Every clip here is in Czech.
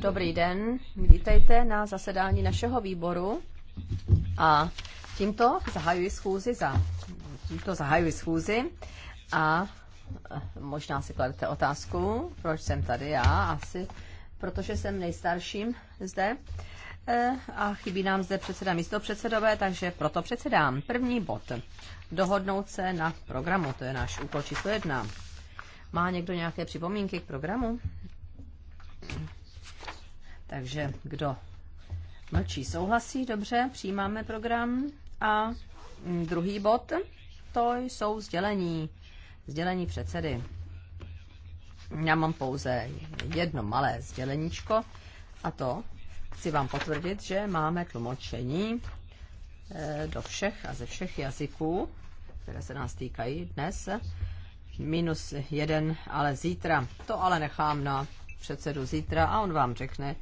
Dobrý den, vítejte na zasedání našeho výboru a tímto zahajuji schůzi za tímto zahajuji schůzi a eh, možná si kladete otázku, proč jsem tady já, asi protože jsem nejstarším zde eh, a chybí nám zde předseda místo předsedové, takže proto předsedám. První bod. Dohodnout se na programu, to je náš úkol číslo jedna. Má někdo nějaké připomínky k programu? Takže kdo mlčí, souhlasí, dobře, přijímáme program. A druhý bod, to jsou sdělení, sdělení předsedy. Já mám pouze jedno malé sděleníčko a to chci vám potvrdit, že máme tlumočení eh, do všech a ze všech jazyků, které se nás týkají dnes minus jeden, ale zítra. To ale nechám na předsedu zítra a on vám řekne,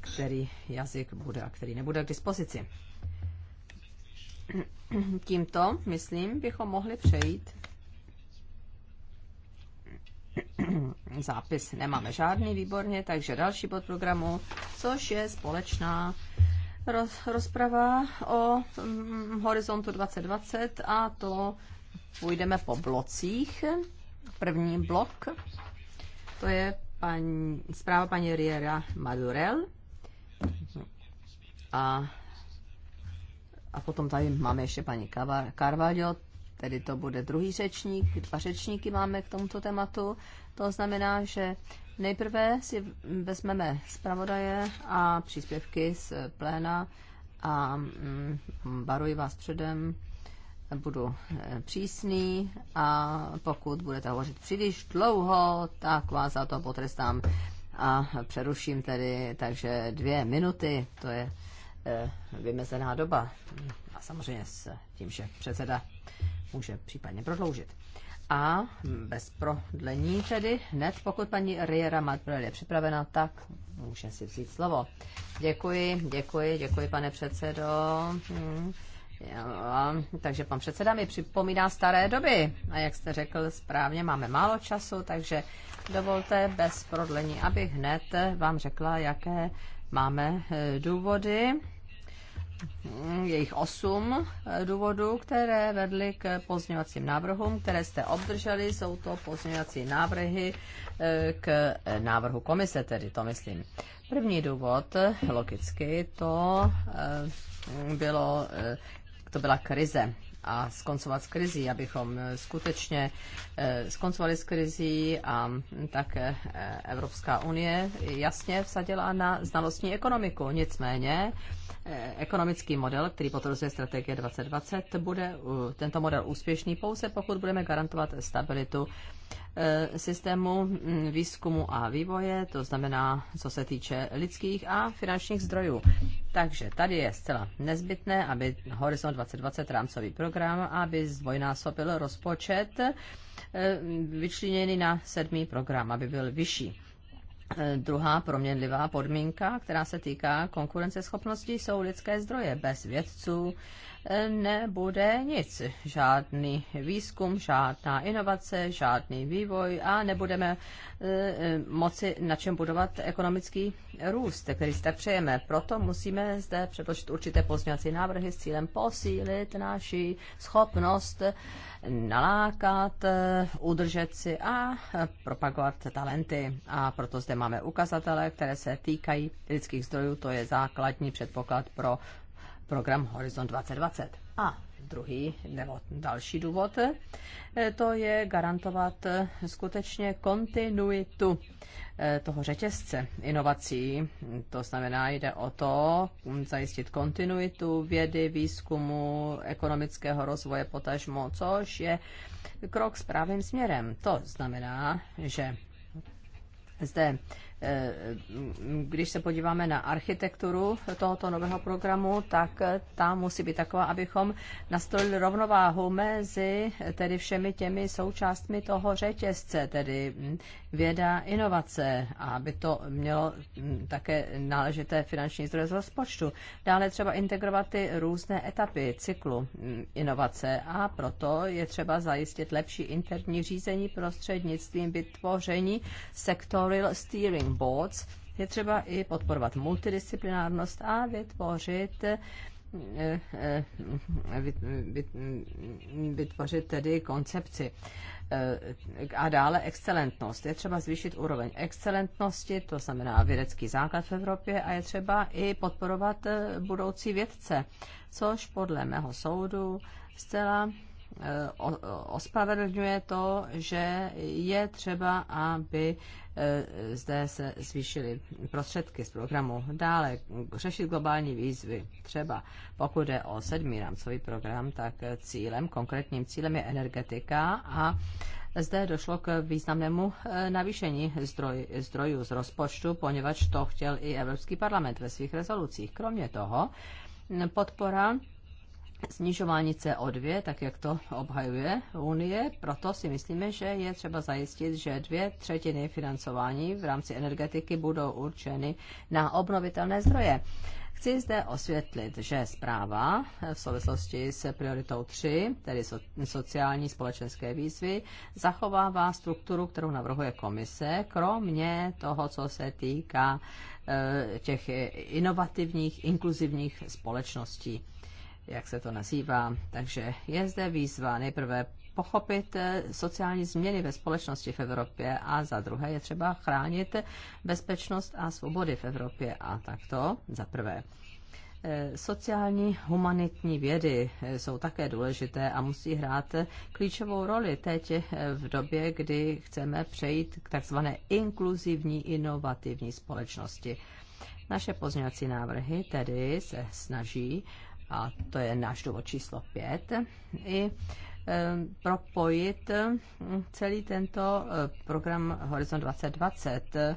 který jazyk bude a který nebude k dispozici. Tímto, myslím, bychom mohli přejít. Zápis nemáme žádný, výborně, takže další bod programu, což je společná rozprava o mm, Horizontu 2020 a to půjdeme po blocích. První blok, to je paní, zpráva paní Riera Madurel. A, a potom tady máme ještě paní Carvalho, tedy to bude druhý řečník, dva řečníky máme k tomuto tématu. To znamená, že nejprve si vezmeme zpravodaje a příspěvky z pléna a mm, varuji vás předem, budu eh, přísný a pokud budete hovořit příliš dlouho, tak vás za to potrestám a přeruším tedy, takže dvě minuty, to je eh, vymezená doba. A samozřejmě s tím, že předseda může případně prodloužit. A bez prodlení tedy, hned pokud paní Riera Madbrel je připravena, tak může si vzít slovo. Děkuji, děkuji, děkuji pane předsedo. Hmm takže pan předseda mi připomíná staré doby. A jak jste řekl správně, máme málo času, takže dovolte bez prodlení, abych hned vám řekla, jaké máme eh, důvody. Mm, Jejich osm eh, důvodů, které vedly k pozměňovacím návrhům, které jste obdrželi, jsou to pozměňovací návrhy eh, k návrhu komise, tedy to myslím. První důvod, logicky, to bylo to byla krize a skoncovat s krizí, abychom eh, skutečně eh, skoncovali s krizí a také eh, Evropská unie jasně vsadila na znalostní ekonomiku. Nicméně Eh, ekonomický model, který potvrzuje strategie 2020, bude eh, tento model úspěšný pouze pokud budeme garantovat stabilitu eh, systému mm, výzkumu a vývoje, to znamená, co se týče lidských a finančních zdrojů. Takže tady je zcela nezbytné, aby Horizon 2020 rámcový program, aby zdvojnásobil rozpočet vyčleněný na sedmý program, aby byl vyšší. E, druhá proměnlivá podmínka, která se týká konkurenceschopnosti, jsou lidské zdroje. Bez vědců nebude nic, žádný výzkum, žádná inovace, žádný vývoj a nebudeme eh, eh, moci na čem budovat ekonomický růst, který si tak přejeme. Proto musíme zde předložit určité pozměňovací návrhy s cílem posílit naši schopnost nalákat, eh, udržet si a propagovat talenty. A proto zde máme ukazatele, které se týkají lidských zdrojů, to je základní předpoklad pro program Horizon 2020. A druhý nebo další důvod, eh, to je garantovat eh, skutečně kontinuitu eh, toho řetězce inovací. To znamená, jde o to hm, zajistit kontinuitu vědy, výzkumu, ekonomického rozvoje potažmo, což je krok správným směrem. To znamená, že zde Eh, když se podíváme na architekturu tohoto nového programu, tak eh, ta musí být taková, abychom nastolili rovnováhu mezi eh, tedy všemi těmi součástmi toho řetězce, tedy hm, věda, inovace, a aby to mělo hm, také náležité finanční zdroje z rozpočtu. Dále třeba integrovat ty různé etapy cyklu hm, inovace a proto je třeba zajistit lepší interní řízení prostřednictvím vytvoření sectorial steering boards, je třeba i podporovat multidisciplinárnost a vytvořit eh, eh, vytvořit tedy koncepci. Eh, a dále excelentnost. Je třeba zvýšit úroveň excelentnosti, to znamená vědecký základ v Evropě, a je třeba i podporovat budoucí vědce, což podle mého soudu zcela ospravedlňuje to, že je třeba, aby e, zde se zvýšily prostředky z programu. Dále řešit globální výzvy. Třeba pokud je o sedmý rámcový program, tak cílem, konkrétním cílem je energetika a zde došlo k významnému e, navýšení zdroj, zdrojů z rozpočtu, poněvadž to chtěl i Evropský parlament ve svých rezolucích. Kromě toho, podpora snižování CO2, tak jak to obhajuje Unie. Proto si myslíme, že je třeba zajistit, že dvě třetiny financování v rámci energetiky budou určeny na obnovitelné zdroje. Chci zde osvětlit, že zpráva v souvislosti s prioritou 3, tedy sociální společenské výzvy, zachovává strukturu, kterou navrhuje komise, kromě toho, co se týká eh, těch inovativních, inkluzivních společností jak se to nazývá. Takže je zde výzva nejprve pochopit eh, sociální změny ve společnosti v Evropě a za druhé je třeba chránit bezpečnost a svobody v Evropě a takto za prvé. Eh, sociální humanitní vědy eh, jsou také důležité a musí hrát klíčovou roli teď v době, kdy chceme přejít k takzvané inkluzivní inovativní společnosti. Naše pozměňovací návrhy tedy se snaží a to je náš důvod číslo 5, i eh, propojit hm, celý tento eh, program Horizon 2020 eh,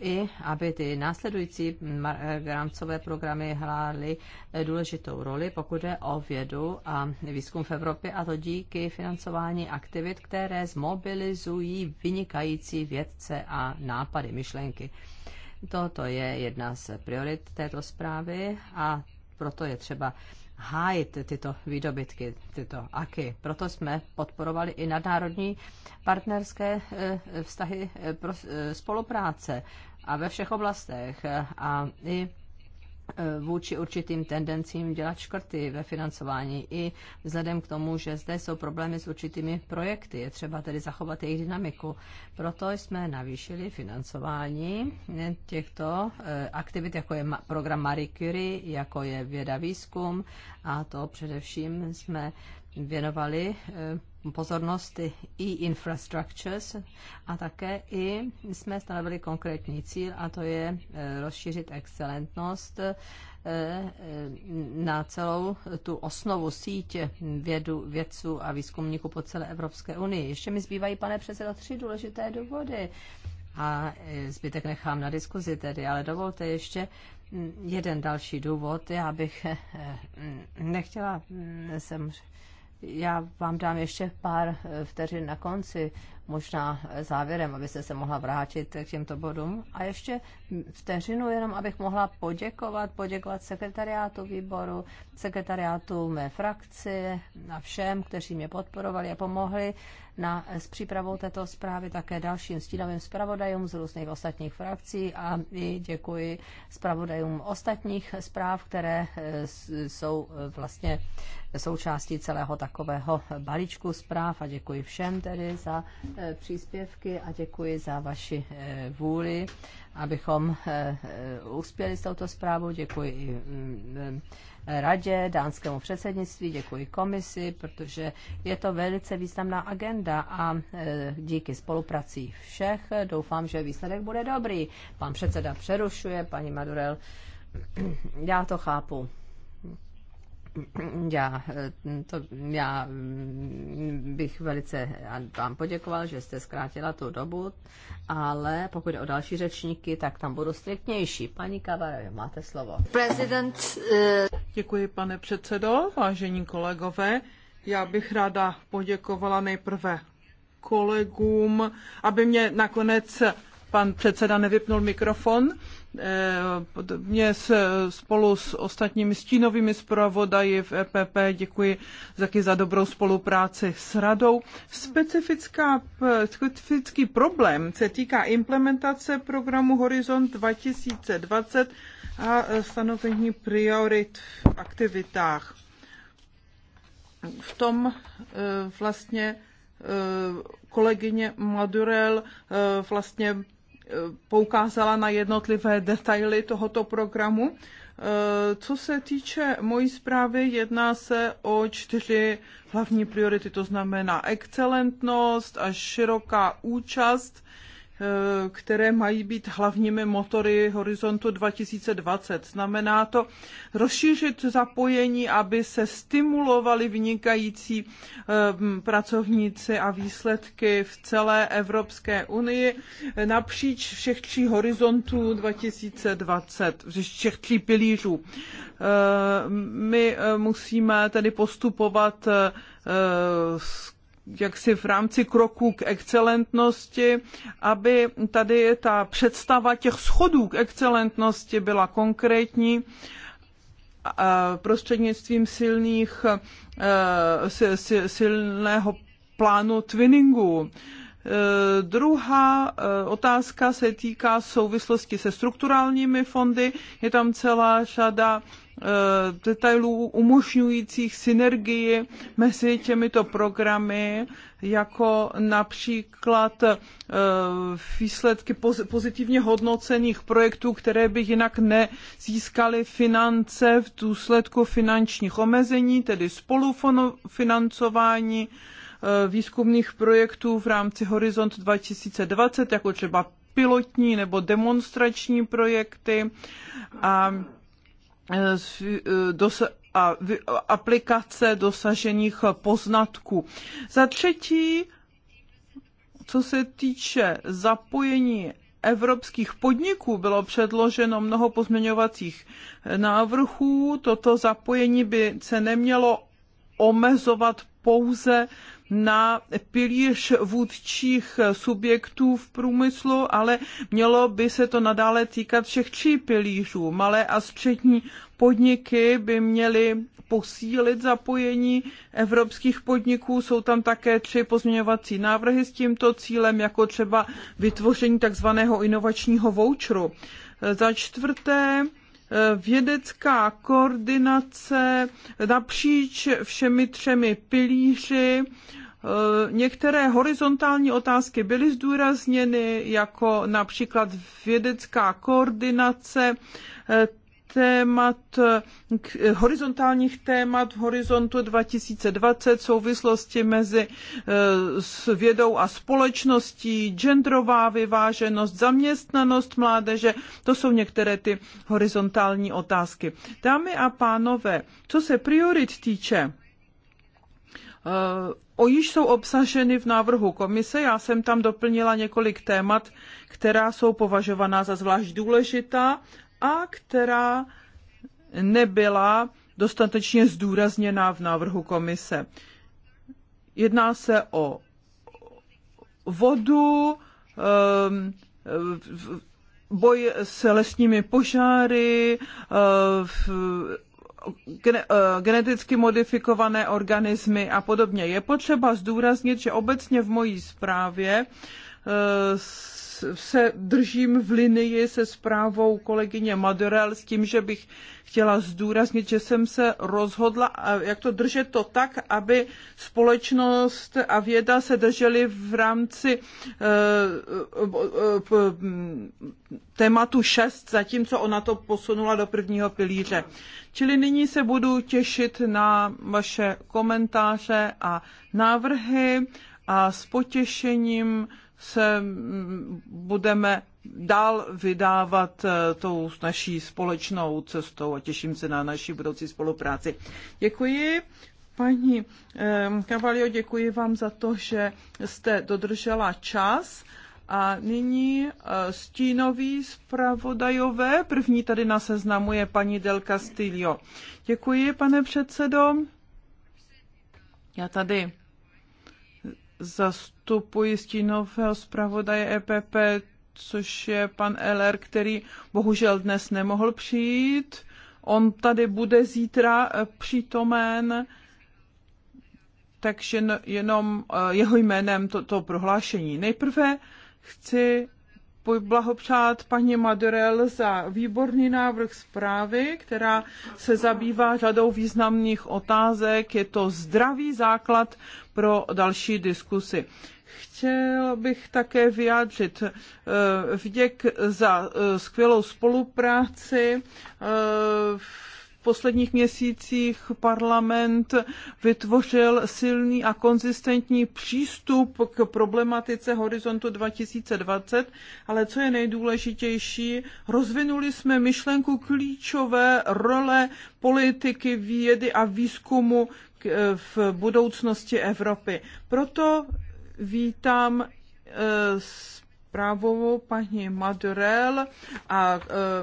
i aby ty následující hm, rámcové programy hrály důležitou roli, pokud je o vědu a výzkum v Evropě, a to díky financování aktivit, které zmobilizují vynikající vědce a nápady, myšlenky. Toto je jedna z priorit této zprávy a proto je třeba hájit tyto výdobytky, tyto aky. Proto jsme podporovali i nadnárodní partnerské e, vztahy e, e, spolupráce a ve všech oblastech a i Eh, vůči určitým tendencím dělat škrty ve financování i vzhledem k tomu, že zde jsou problémy s určitými projekty. Je třeba tedy zachovat jejich dynamiku. Proto jsme navýšili financování těchto eh, aktivit, jako je program Marie Curie, jako je věda výzkum a to především jsme věnovali eh, pozornost i infrastructures a také i jsme stanovili konkrétní cíl a to je e, rozšířit excelentnost e, e, na celou tu osnovu sítě vědu, vědců a výzkumníků po celé Evropské unii. Ještě mi zbývají, pane předsedo, tři důležité důvody a zbytek nechám na diskuzi tedy, ale dovolte ještě jeden další důvod. Já bych nechtěla jsem já vám dám ještě pár eh, vteřin na konci možná závěrem, abyste se mohla vrátit k těmto bodům. A ještě vteřinu jenom, abych mohla poděkovat, poděkovat sekretariátu výboru, sekretariátu mé frakci a všem, kteří mě podporovali a pomohli na, s přípravou této zprávy také dalším stínovým zpravodajům z různých ostatních frakcí a i děkuji zpravodajům ostatních zpráv, které eh, jsou eh, vlastně součástí celého takového balíčku zpráv a děkuji všem tedy za Eh, příspěvky a děkuji za vaši eh, vůli, abychom eh, uspěli s touto zprávou. Děkuji i mm, radě, dánskému předsednictví, děkuji komisi, protože je to velice významná agenda a díky spolupraci všech doufám, že výsledek bude dobrý. Pan předseda přerušuje, paní Madurel, já to chápu já, eh, to, já mm, bych velice vám poděkoval, že jste zkrátila tu dobu, ale pokud o další řečníky, tak tam budu striktnější. Paní Kavarovi, máte slovo. Prezident. Uh... Děkuji, pane předsedo, vážení kolegové. Já bych ráda poděkovala nejprve kolegům, aby mě nakonec pan předseda nevypnul mikrofon. Mě spolu s ostatními stínovými zpravodaji v EPP děkuji taky za dobrou spolupráci s radou. Specifická, specifický problém se týká implementace programu Horizont 2020 a stanovení priorit v aktivitách. V tom eh, vlastně eh, kolegyně Madurel eh, vlastně poukázala na jednotlivé detaily tohoto programu. Eh, co se týče mojí zprávy, jedná se o čtyři hlavní priority, to znamená excelentnost a široká účast Eh, které mají být hlavními motory Horizontu 2020. Znamená to rozšířit zapojení, aby se stimulovali vynikající eh, pracovníci a výsledky v celé Evropské unii napříč všech tří horizontů 2020, všech tří pilířů. Eh, my musíme tedy postupovat s jaksi v rámci kroků k excelentnosti, aby tady ta představa těch schodů k excelentnosti byla konkrétní prostřednictvím silných, eh, silného plánu twinningu. Eh, druhá eh, otázka se týká souvislosti se strukturálními fondy. Je tam celá řada eh, detailů umožňujících synergii mezi těmito programy, jako například výsledky pozitivně hodnocených projektů, které by jinak nezískaly finance v důsledku finančních omezení, tedy spolufinancování, Eh, výzkumných projektů v rámci Horizont 2020, jako třeba pilotní nebo demonstrační projekty a, eh, eh, dosa- a aplikace dosažených poznatků. Za třetí, co se týče zapojení evropských podniků bylo předloženo mnoho pozměňovacích návrhů. Toto zapojení by se nemělo omezovat pouze na pilíř vůdčích subjektů v průmyslu, ale mělo by se to nadále týkat všech tří pilířů. Malé a střední podniky by měly posílit zapojení evropských podniků. Jsou tam také tři pozměňovací návrhy s tímto cílem, jako třeba vytvoření takzvaného inovačního voucheru. Za čtvrté, vědecká koordinace napříč všemi třemi pilíři Eh, některé horizontální otázky byly zdůrazněny, jako například vědecká koordinace, eh, témat, eh, horizontálních témat v horizontu 2020, souvislosti mezi s vědou a společností, genderová vyváženost, zaměstnanost mládeže, to jsou některé ty horizontální otázky. Dámy a pánové, co se priorit týče, Eh, o již jsou obsaženy v návrhu komise. Já jsem tam doplnila několik témat, která jsou považovaná za zvlášť důležitá a která nebyla dostatečně zdůrazněná v návrhu komise. Jedná se o vodu, ehm, boj s lesními požáry, eh, Eh, geneticky modifikované organismy a podobně. Je potřeba zdůraznit, že obecně v mojí zprávě eh, se držím v linii se zprávou kolegyně Madurel s tím, že bych chtěla zdůraznit, že jsem se rozhodla, jak to držet to tak, aby společnost a věda se držely v rámci eh, eh, eh, tématu 6, zatímco ona to posunula do prvního pilíře. Čili nyní se budu těšit na vaše komentáře a návrhy a s potěšením se budeme dál vydávat e, tou naší společnou cestou a těším se na naši budoucí spolupráci. Děkuji. Paní Kavalio, e, děkuji vám za to, že jste dodržela čas. A nyní e, stínový zpravodajové. První tady na seznamu je paní Del Castillo. Děkuji, pane předsedo. Já tady zastupuji stínového zpravodaje EPP, což je pan LR, který bohužel dnes nemohl přijít. On tady bude zítra eh, přítomen, takže jenom eh, jeho jménem toto to prohlášení. Nejprve chci poblahopřát paní Madurel za výborný návrh zprávy, která se zabývá řadou významných otázek. Je to zdravý základ pro další diskusy. Chtěl bych také vyjádřit eh, vděk za eh, skvělou spolupráci eh, v posledních měsících parlament vytvořil silný a konzistentní přístup k problematice Horizontu 2020, ale co je nejdůležitější, rozvinuli jsme myšlenku klíčové role politiky vědy a výzkumu e, v budoucnosti Evropy. Proto vítám e, právo paní Madurel a e,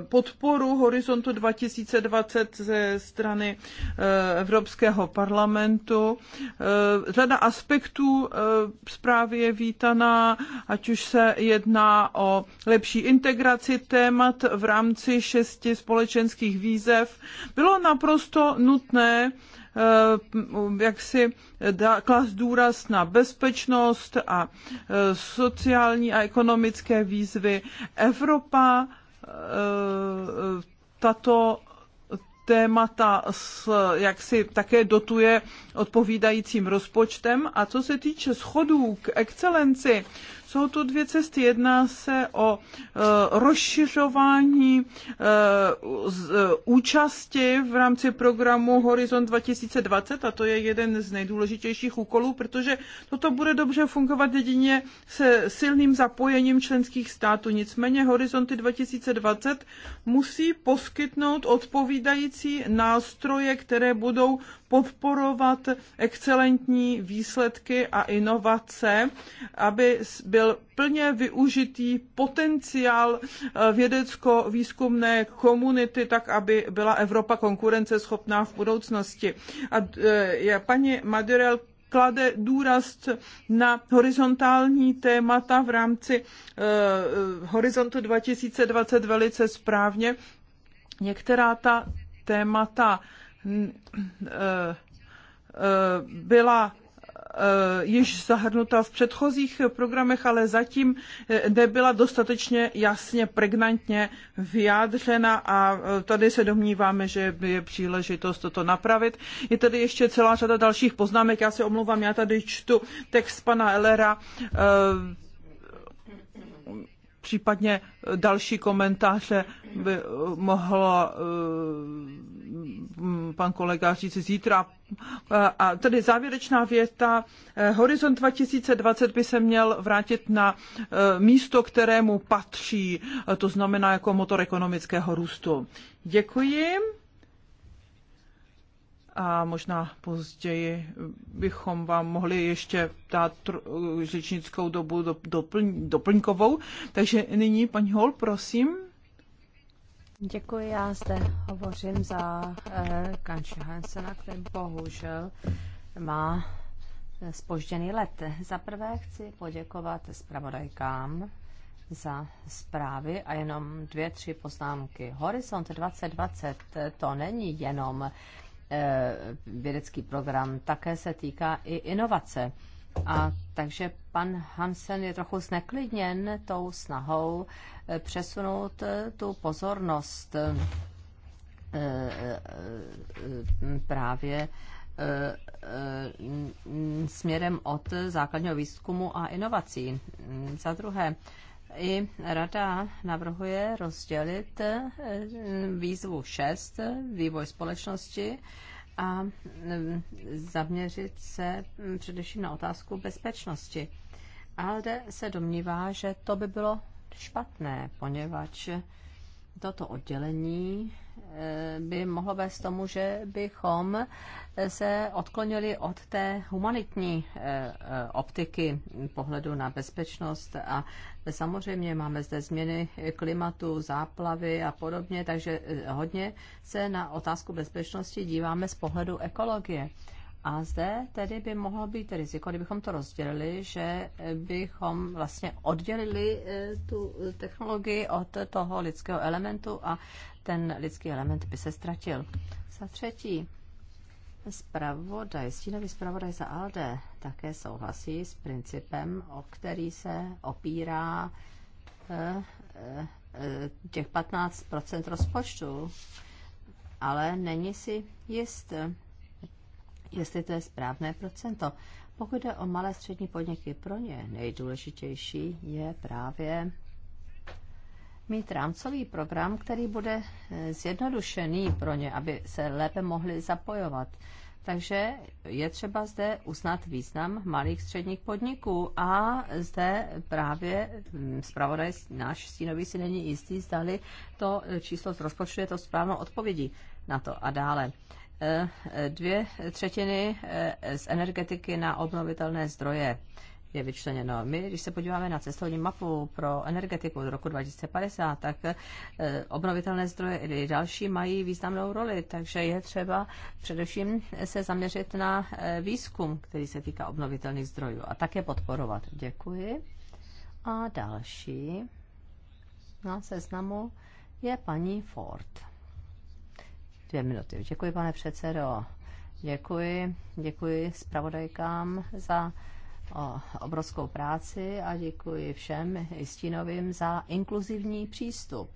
podporu Horizontu 2020 ze strany e, Evropského parlamentu. E, řada aspektů zprávy je vítaná, ať už se jedná o lepší integraci témat v rámci šesti společenských výzev. Bylo naprosto nutné, Eh, jak si klas důraz na bezpečnost a eh, sociální a ekonomické výzvy. Evropa eh, tato témata jak si také dotuje odpovídajícím rozpočtem. A co se týče schodů k excelenci, jsou tu dvě cesty. Jedná se o e, rozšiřování e, e, účasti v rámci programu Horizon 2020 a to je jeden z nejdůležitějších úkolů, protože toto bude dobře fungovat jedině se silným zapojením členských států. Nicméně Horizonty 2020 musí poskytnout odpovídající nástroje, které budou podporovat excelentní výsledky a inovace, aby byly byl plně využitý potenciál eh, vědecko-výzkumné komunity, tak aby byla Evropa konkurenceschopná v budoucnosti. A eh, je paní Madurel klade důraz na horizontální témata v rámci uh, Horizontu 2020 velice správně. Některá ta témata uh, byla Eh, již zahrnuta v předchozích programech, ale zatím eh, nebyla dostatečně jasně, pregnantně vyjádřena a eh, tady se domníváme, že je příležitost toto napravit. Je tady ještě celá řada dalších poznámek, já se omlouvám, já tady čtu text pana Elera případně eh, další komentáře by eh, mohlo eh, pan kolega říct zítra. A tedy závěrečná věta. Horizont 2020 by se měl vrátit na místo, kterému patří, to znamená jako motor ekonomického růstu. Děkuji a možná později bychom vám mohli ještě dát řečnickou dobu dopl- doplňkovou. Takže nyní paní Hol, prosím. Děkuji, já zde hovořím za eh, Kanče Hansena, který bohužel má spožděný let. Za prvé chci poděkovat zpravodajkám za zprávy a jenom dvě, tři poznámky. Horizont 2020 to není jenom eh, Eh, vědecký program také se týká i inovace. A takže pan Hansen je trochu zneklidněn tou snahou eh, přesunout eh, tu pozornost právě směrem od základního výzkumu a inovací. Za druhé, i rada navrhuje rozdělit eh, výzvu 6, vývoj společnosti, a eh, zaměřit se hm, především na otázku bezpečnosti. Alde se domnívá, že to by bylo špatné, poněvadž toto oddělení eh, by mohlo vést tomu, že bychom se odklonili od té humanitní eh, eh, optiky pohledu na bezpečnost a samozřejmě máme zde změny klimatu, záplavy a podobně, takže hodně se na otázku bezpečnosti díváme z pohledu ekologie. A zde tedy by mohlo být riziko, kdybychom to rozdělili, že bychom vlastně oddělili eh, tu technologii od toho lidského elementu a ten lidský element by se ztratil. Za třetí, Spravodaj, stínový spravodaj za ALDE také souhlasí s principem, o který se opírá eh, eh, těch 15 rozpočtu, ale není si jist, jestli to je správné procento. Pokud jde o malé střední podniky, pro ně nejdůležitější je právě mít rámcový program, který bude eh, zjednodušený pro ně, aby se lépe mohli zapojovat. Takže je třeba zde uznat význam malých středních podniků a zde právě hm, zpravodaj náš stínový si není jistý, zdali to eh, číslo z rozpočtu je to správnou odpovědí na to a dále dvě třetiny eh, z energetiky na obnovitelné zdroje je vyčleněno. My, když se podíváme na cestovní mapu pro energetiku do roku 2050, tak eh, obnovitelné zdroje i další mají významnou roli, takže je třeba především se zaměřit na eh, výzkum, který se týká obnovitelných zdrojů a také podporovat. Děkuji. A další na seznamu je paní Ford. Dvě minuty. Děkuji, pane předsedo. Děkuji, děkuji zpravodajkám za o obrovskou práci a děkuji všem istinovým za inkluzivní přístup.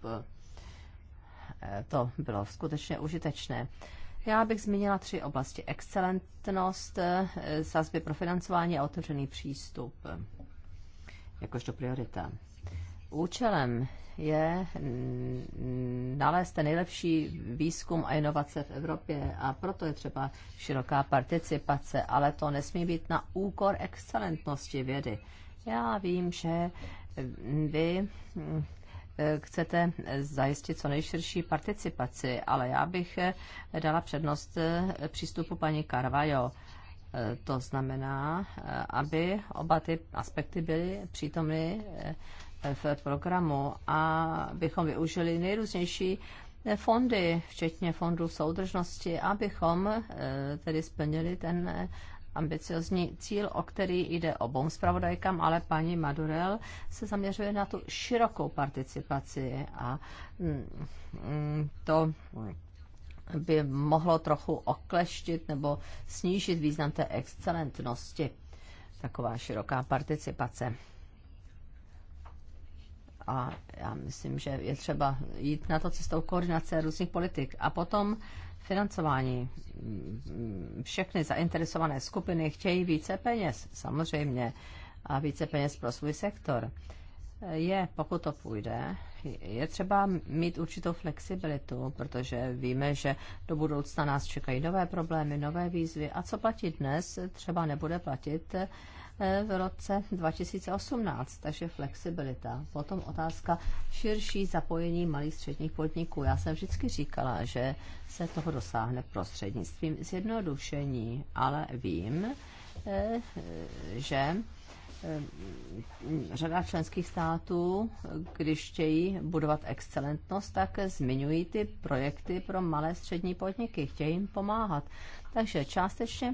E, to bylo skutečně užitečné. Já bych zmínila tři oblasti. Excelentnost, e, sazby pro financování a otevřený přístup e, jakožto priorita. Účelem je nalézt nejlepší výzkum a inovace v Evropě a proto je třeba široká participace, ale to nesmí být na úkor excelentnosti vědy. Já vím, že vy hm, chcete zajistit co nejširší participaci, ale já bych dala přednost přístupu paní Carvajo. To znamená, aby oba ty aspekty byly přítomny v programu a bychom využili nejrůznější fondy, včetně fondů soudržnosti, abychom e, tedy splnili ten ambiciozní cíl, o který jde obou zpravodajkám, ale paní Madurel se zaměřuje na tu širokou participaci a mm, mm, to by mohlo trochu okleštit nebo snížit význam té excelentnosti, taková široká participace. A já myslím, že je třeba jít na to cestou koordinace různých politik. A potom financování. Všechny zainteresované skupiny chtějí více peněz, samozřejmě, a více peněz pro svůj sektor je, pokud to půjde, je třeba mít určitou flexibilitu, protože víme, že do budoucna nás čekají nové problémy, nové výzvy a co platí dnes, třeba nebude platit eh, v roce 2018, takže flexibilita. Potom otázka širší zapojení malých středních podniků. Já jsem vždycky říkala, že se toho dosáhne prostřednictvím zjednodušení, ale vím, eh, že Eh, řada členských států, když chtějí budovat excelentnost, tak zmiňují ty projekty pro malé střední podniky, chtějí jim pomáhat. Takže částečně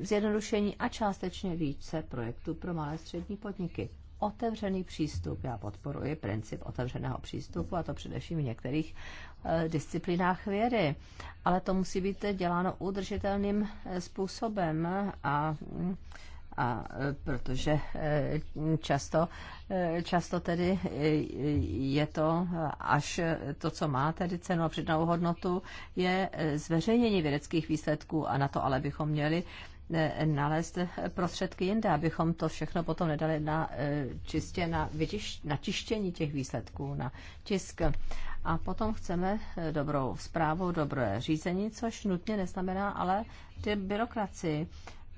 zjednodušení a částečně více projektů pro malé střední podniky. Otevřený přístup. Já podporuji princip otevřeného přístupu, a to především v některých eh, disciplinách vědy. Ale to musí být děláno udržitelným eh, způsobem a mm, a e, protože e, často, e, často tedy je to, až to, co má tedy cenu a přidanou hodnotu, je zveřejnění vědeckých výsledků a na to ale bychom měli nalézt prostředky jinde, abychom to všechno potom nedali na, čistě na, vytiš, na čištění těch výsledků, na tisk. A potom chceme dobrou zprávu, dobré řízení, což nutně neznamená ale ty byrokracii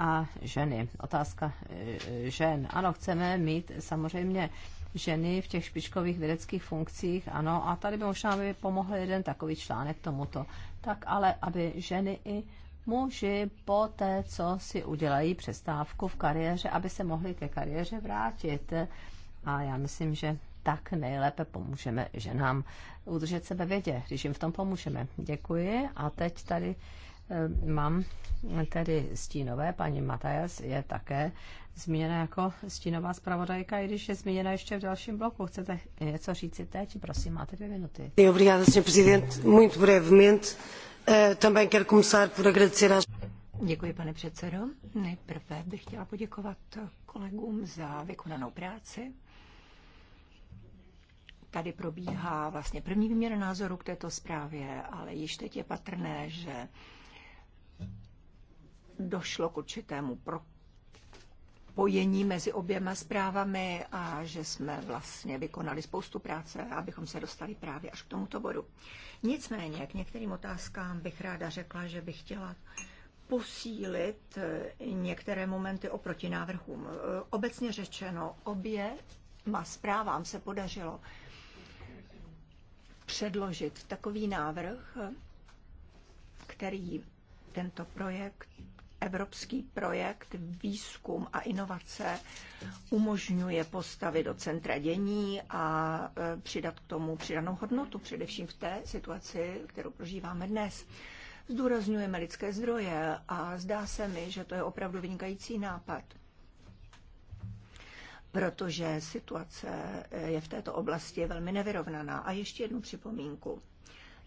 a ženy. Otázka e, žen. Ano, chceme mít samozřejmě ženy v těch špičkových vědeckých funkcích, ano, a tady by možná by pomohl jeden takový článek tomuto. Tak ale, aby ženy i muži po té, co si udělají přestávku v kariéře, aby se mohli ke kariéře vrátit. A já myslím, že tak nejlépe pomůžeme ženám udržet se ve vědě, když jim v tom pomůžeme. Děkuji a teď tady Ehm, mám tedy stínové, paní Matajas je také zmíněna jako stínová zpravodajka, i když je zmíněna ještě v dalším bloku. Chcete něco říci teď? Prosím, máte dvě minuty. Obrigada, senhor Muito brevemente. Eh, também quero começar por agradecer às... Děkuji, pane předsedo. Nejprve bych chtěla poděkovat kolegům za vykonanou práci. Tady probíhá vlastně první výměra názoru k této zprávě, ale již teď je patrné, že došlo k určitému propojení mezi oběma zprávami a že jsme vlastně vykonali spoustu práce, abychom se dostali právě až k tomuto bodu. Nicméně k některým otázkám bych ráda řekla, že bych chtěla posílit eh, některé momenty oproti návrhům. Eh, obecně řečeno, obě má zprávám se podařilo předložit takový návrh, eh, který tento projekt evropský projekt Výzkum a inovace umožňuje postavit do centra dění a e, přidat k tomu přidanou hodnotu, především v té situaci, kterou prožíváme dnes. Zdůrazňujeme lidské zdroje a zdá se mi, že to je opravdu vynikající nápad protože situace e, je v této oblasti velmi nevyrovnaná. A ještě jednu připomínku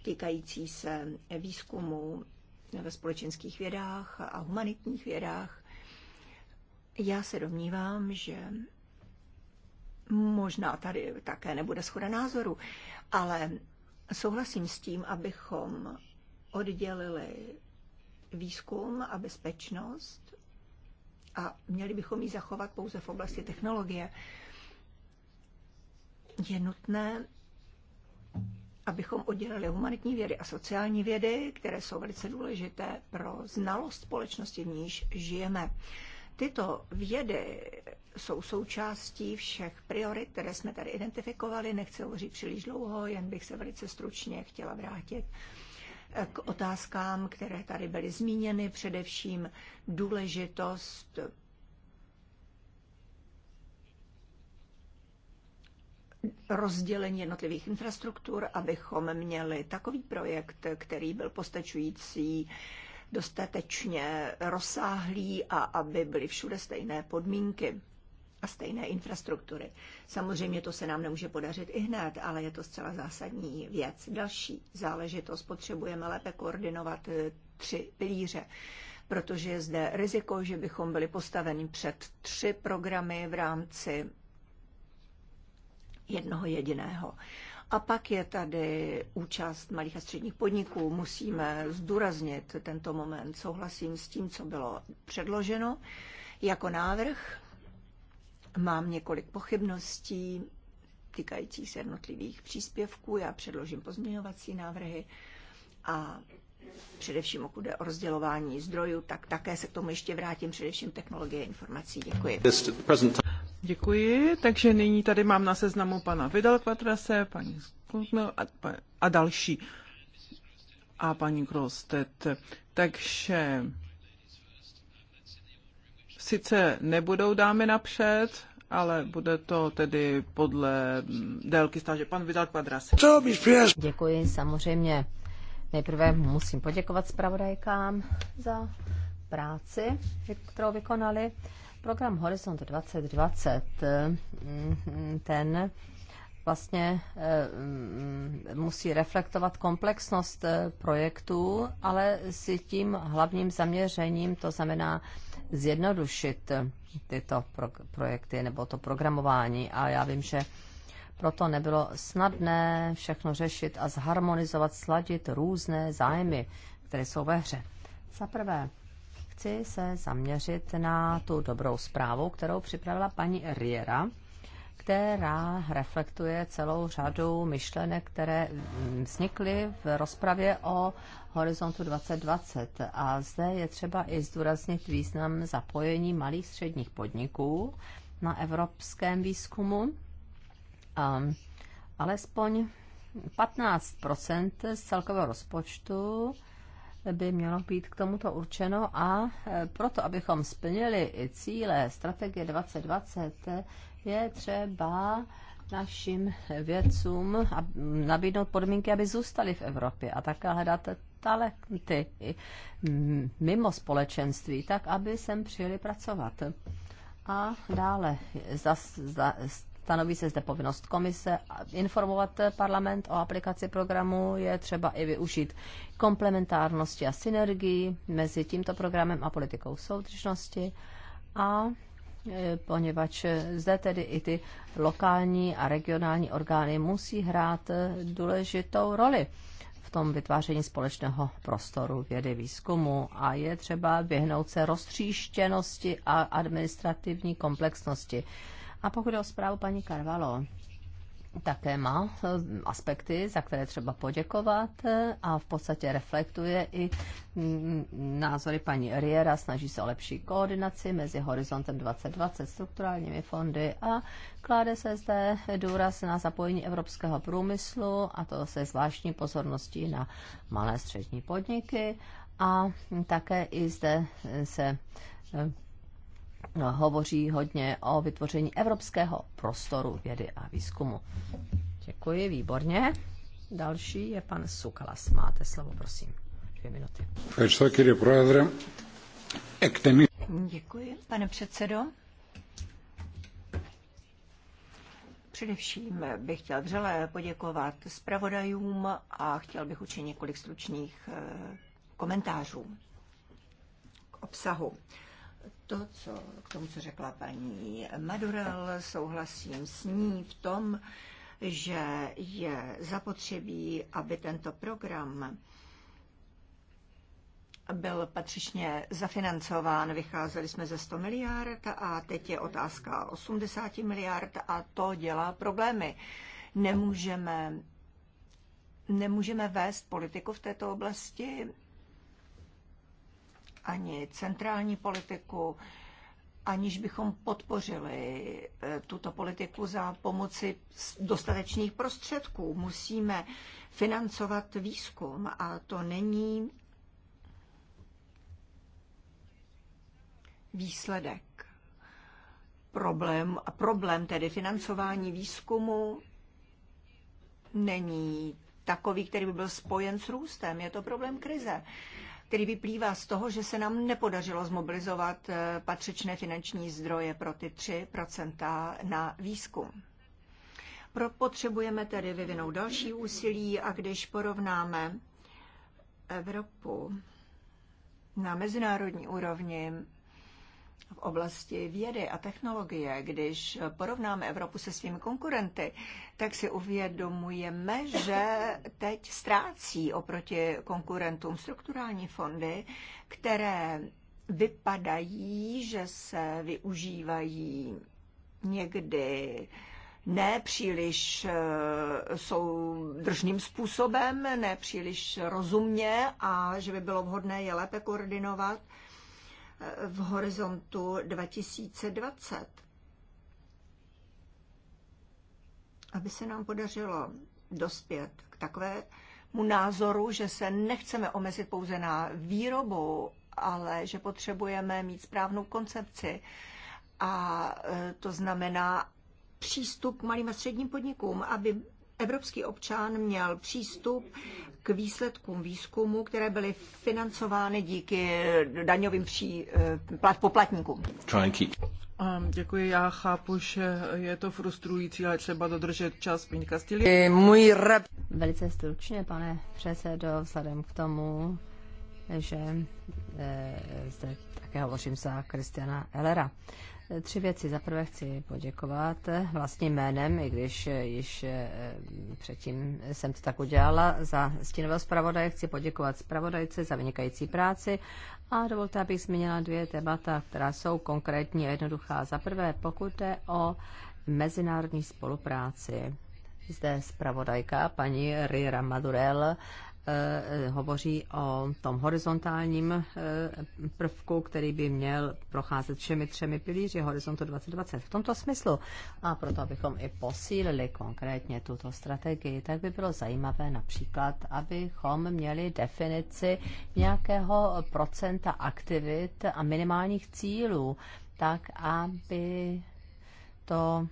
týkající se výzkumu ve společenských vědách a humanitních vědách. Já se domnívám, že možná tady také nebude schoda názoru, ale souhlasím s tím, abychom oddělili výzkum a bezpečnost a měli bychom ji zachovat pouze v oblasti technologie. Je nutné abychom oddělili humanitní vědy a sociální vědy, které jsou velice důležité pro znalost společnosti, v níž žijeme. Tyto vědy jsou součástí všech priorit, které jsme tady identifikovali. Nechci hovořit příliš dlouho, jen bych se velice stručně chtěla vrátit k otázkám, které tady byly zmíněny, především důležitost rozdělení jednotlivých infrastruktur, abychom měli takový projekt, který byl postačující dostatečně rozsáhlý a aby byly všude stejné podmínky a stejné infrastruktury. Samozřejmě to se nám nemůže podařit i hned, ale je to zcela zásadní věc. Další záležitost potřebujeme lépe koordinovat eh, tři pilíře protože je zde riziko, že bychom byli postaveni před tři programy v rámci jednoho jediného. A pak je tady účast malých a středních podniků. Musíme zdůraznit tento moment. Souhlasím s tím, co bylo předloženo jako návrh. Mám několik pochybností týkajících se jednotlivých příspěvků. Já předložím pozměňovací návrhy a především pokud jde o rozdělování zdrojů, tak také se k tomu ještě vrátím, především technologie informací. Děkuji. Děkuji. Takže nyní tady mám na seznamu pana Vidal Quatrase, paní Skutno a, a další. A paní Grostet. Takže sice nebudou dámy napřed, ale bude to tedy podle délky stáže. Pan Vidal Quadras. Děkuji samozřejmě. Nejprve musím poděkovat zpravodajkám za práci, kterou vykonali. Program Horizont 2020, mm, ten vlastně eh, musí reflektovat komplexnost eh, projektů, ale s tím hlavním zaměřením, to znamená zjednodušit tyto pro projekty nebo to programování. A já vím, že proto nebylo snadné všechno řešit a zharmonizovat, sladit různé zájmy, které jsou ve hře. Za prvé, chci se zaměřit na tu dobrou zprávu, kterou připravila paní Riera, která reflektuje celou řadu myšlenek, které vznikly v rozpravě o Horizontu 2020. A zde je třeba i zdůraznit význam zapojení malých středních podniků na evropském výzkumu. A alespoň 15 z celkového rozpočtu by mělo být k tomuto určeno a e, proto, abychom splnili cíle strategie 2020, je třeba našim vědcům nabídnout podmínky, aby zůstali v Evropě a také hledat talenty mimo společenství, tak aby sem přijeli pracovat. A dále, zda, zda, Stanoví se zde povinnost komise informovat parlament o aplikaci programu. Je třeba i využít komplementárnosti a synergii mezi tímto programem a politikou soudržnosti. A e, poněvadž zde tedy i ty lokální a regionální orgány musí hrát důležitou roli v tom vytváření společného prostoru vědy výzkumu a je třeba vyhnout se roztříštěnosti a administrativní komplexnosti. A pokud o zprávu paní Karvalo, také má eh, aspekty, za které třeba poděkovat eh, a v podstatě reflektuje i mm, názory paní Riera, snaží se o lepší koordinaci mezi horizontem 2020, strukturálními fondy a kláde se zde důraz na zapojení evropského průmyslu a to se zvláštní pozorností na malé střední podniky a také i zde se eh, hovoří hodně o vytvoření evropského prostoru vědy a výzkumu. Děkuji, výborně. Další je pan Sukalas. Máte slovo, prosím. Dvě minuty. Děkuji, pane předsedo. Především bych chtěl vřele poděkovat zpravodajům a chtěl bych učinit několik stručných eh, komentářů k obsahu to, co, k tomu, co řekla paní Madurel, souhlasím s ní v tom, že je zapotřebí, aby tento program byl patřičně zafinancován. Vycházeli jsme ze 100 miliard a teď je otázka 80 miliard a to dělá problémy. Nemůžeme, nemůžeme vést politiku v této oblasti ani centrální politiku, aniž bychom podpořili eh, tuto politiku za pomoci dostatečných prostředků. Musíme financovat výzkum a to není výsledek. Problém, problém tedy financování výzkumu není takový, který by byl spojen s růstem. Je to problém krize který vyplývá z toho, že se nám nepodařilo zmobilizovat eh, patřičné finanční zdroje pro ty 3 na výzkum. Potřebujeme tedy vyvinout další úsilí a když porovnáme Evropu na mezinárodní úrovni v oblasti vědy a technologie. Když porovnáme Evropu se svými konkurenty, tak si uvědomujeme, že teď ztrácí oproti konkurentům strukturální fondy, které vypadají, že se využívají někdy nepříliš eh, držným způsobem, nepříliš rozumně a že by bylo vhodné je lépe koordinovat v horizontu 2020. Aby se nám podařilo dospět k takovému názoru, že se nechceme omezit pouze na výrobu, ale že potřebujeme mít správnou koncepci. A e, to znamená přístup k malým a středním podnikům, aby evropský občan měl přístup k výsledkům výzkumu, které byly financovány díky daňovým pří, eh, plat, poplatníkům. Ehm, děkuji, já chápu, že je to frustrující, ale třeba dodržet čas. Pěňka Stili. Eh, můj rap. Velice stručně, pane předsedo, vzhledem k tomu, že e, zde také hovořím za Kristiana Elera. E, Tři věci. Za prvé chci poděkovat vlastním jménem, i když eh, již eh, předtím jsem to tak udělala, za stínového zpravodaje. Chci poděkovat zpravodajce za vynikající práci a dovolte, abych zmínila dvě témata, která jsou konkrétní a jednoduchá. Za prvé, pokud jde o mezinárodní spolupráci. Zde zpravodajka paní Rira Madurel Eh, hovoří o tom horizontálním eh, prvku, který by měl procházet všemi třemi pilíři horizontu 2020. V tomto smyslu a proto, abychom i posílili konkrétně tuto strategii, tak by bylo zajímavé například, abychom měli definici nějakého procenta aktivit a minimálních cílů, tak aby to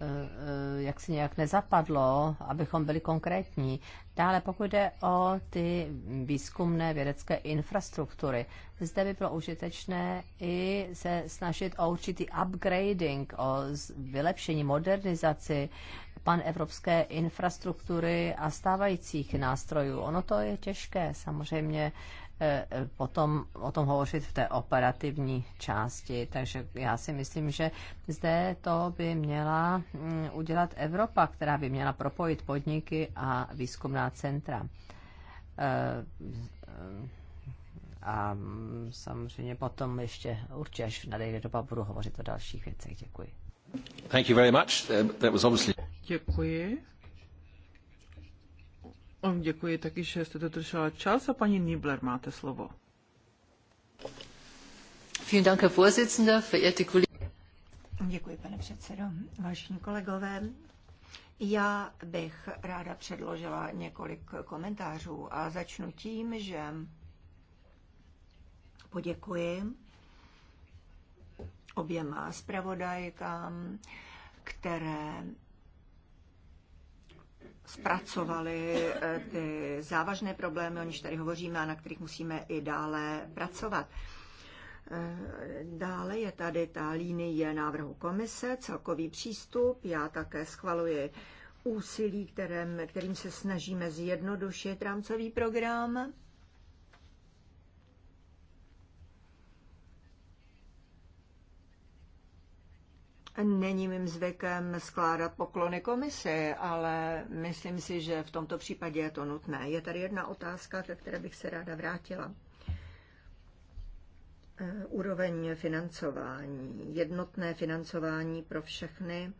Eh, eh, jak si nějak nezapadlo, abychom byli konkrétní. Dále pokud jde o ty výzkumné vědecké infrastruktury, zde by bylo užitečné i se snažit o určitý upgrading, o vylepšení, modernizaci panevropské infrastruktury a stávajících nástrojů. Ono to je těžké, samozřejmě E, potom o tom hovořit v té operativní části. Takže já si myslím, že zde to by měla mm, udělat Evropa, která by měla propojit podniky a výzkumná centra. E, e, a mm, samozřejmě potom ještě určitě, až nadejde doba, budu hovořit o dalších věcech. Děkuji. Thank you very much. Um, that was obviously... Děkuji. Děkuji taky, že jste dodržela čas a paní Nibler máte slovo. Vielen Dank, Herr Děkuji, pane předsedo. Vážení kolegové, já bych ráda předložila několik komentářů a začnu tím, že poděkuji oběma zpravodajkám, které zpracovali eh, ty závažné problémy, o nichž tady hovoříme a na kterých musíme i dále pracovat. Eh, dále je tady ta linie návrhu komise, celkový přístup. Já také schvaluji úsilí, kterým, kterým se snažíme zjednodušit rámcový program Není mým zvykem skládat poklony komisi, ale myslím si, že v tomto případě je to nutné. Je tady jedna otázka, ke které bych se ráda vrátila. E, úroveň financování, jednotné financování pro všechny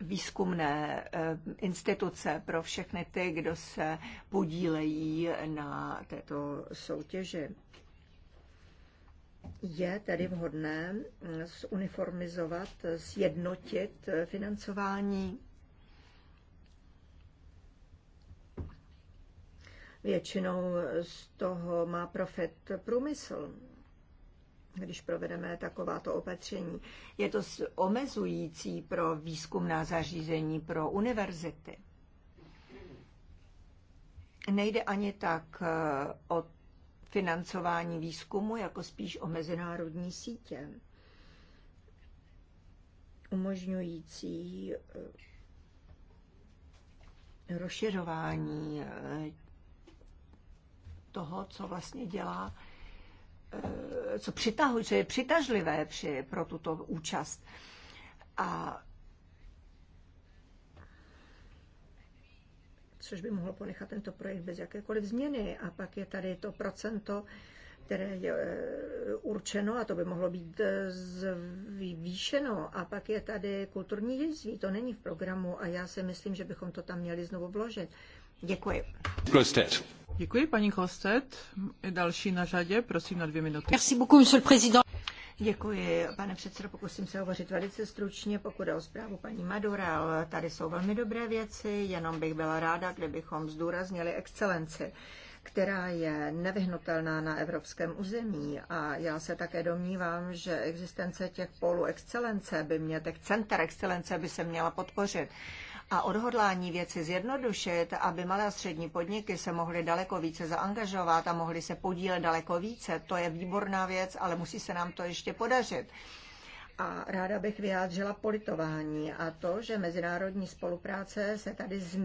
výzkumné e, instituce, pro všechny ty, kdo se podílejí na této soutěži je tedy vhodné eh, zuniformizovat, sjednotit eh, financování. Většinou z toho má profit průmysl, když provedeme takováto opatření. Je to omezující pro výzkumná zařízení, pro univerzity. Nejde ani tak eh, o financování výzkumu jako spíš o mezinárodní sítě, umožňující eh, rozšiřování eh, toho, co vlastně dělá, eh, co přitahuje, co je přitažlivé při, pro tuto účast. A což by mohlo ponechat tento projekt bez jakékoliv změny. A pak je tady to procento, které je eh, určeno a to by mohlo být eh, zvýšeno. A pak je tady kulturní dědictví, to není v programu a já si myslím, že bychom to tam měli znovu vložit. Děkuji. Grostet. Děkuji, paní Kostet. Další na řadě, prosím na dvě minuty. Merci beaucoup, monsieur le président. Děkuji, pane předsedo. Pokusím se hovořit velice stručně, pokud je o zprávu paní Madural. Tady jsou velmi dobré věci, jenom bych byla ráda, kdybychom zdůraznili excelenci která je nevyhnutelná na evropském území. A já se také domnívám, že existence těch pólů excelence by mě, těch center excelence by se měla podpořit a odhodlání věci zjednodušit, aby malé a střední podniky se mohly daleko více zaangažovat a mohly se podílet daleko více. To je výborná věc, ale musí se nám to ještě podařit. A ráda bych vyjádřila politování a to, že mezinárodní spolupráce se tady z,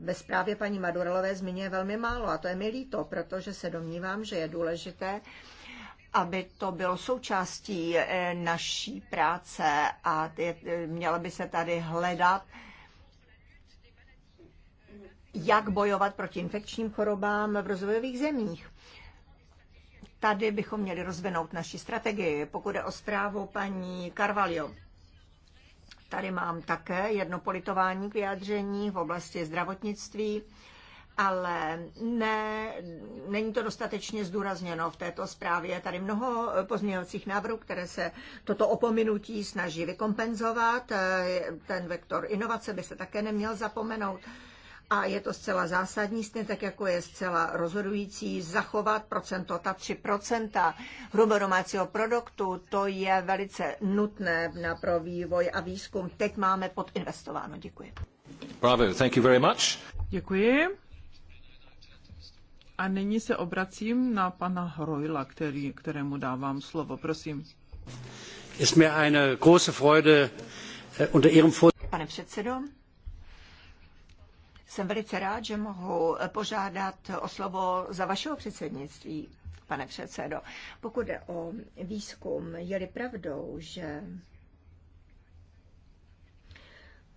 ve zprávě paní Madurelové zmiňuje velmi málo a to je mi líto, protože se domnívám, že je důležité, aby to bylo součástí eh, naší práce a eh, měla by se tady hledat jak bojovat proti infekčním chorobám v rozvojových zemích. Tady bychom měli rozvinout naši strategii, pokud je o zprávu paní Carvalho. Tady mám také jedno politování k vyjádření v oblasti zdravotnictví, ale ne, není to dostatečně zdůrazněno v této zprávě. Je tady mnoho pozměňovacích návrhů, které se toto opominutí snaží vykompenzovat. Ten vektor inovace by se také neměl zapomenout a je to zcela zásadní, stejně tak jako je zcela rozhodující zachovat procento, ta 3% procenta hrubodomácího produktu, to je velice nutné na pro vývoj a výzkum. Teď máme podinvestováno. Děkuji. Bravo, thank you very much. Děkuji. A nyní se obracím na pana Hrojla, který, kterému dávám slovo. Prosím. Ist mir eine große Freude, äh, unter Ihrem Pane předsedo, jsem velice rád, že mohu požádat o slovo za vašeho předsednictví, pane předsedo. Pokud jde o výzkum, je-li pravdou, že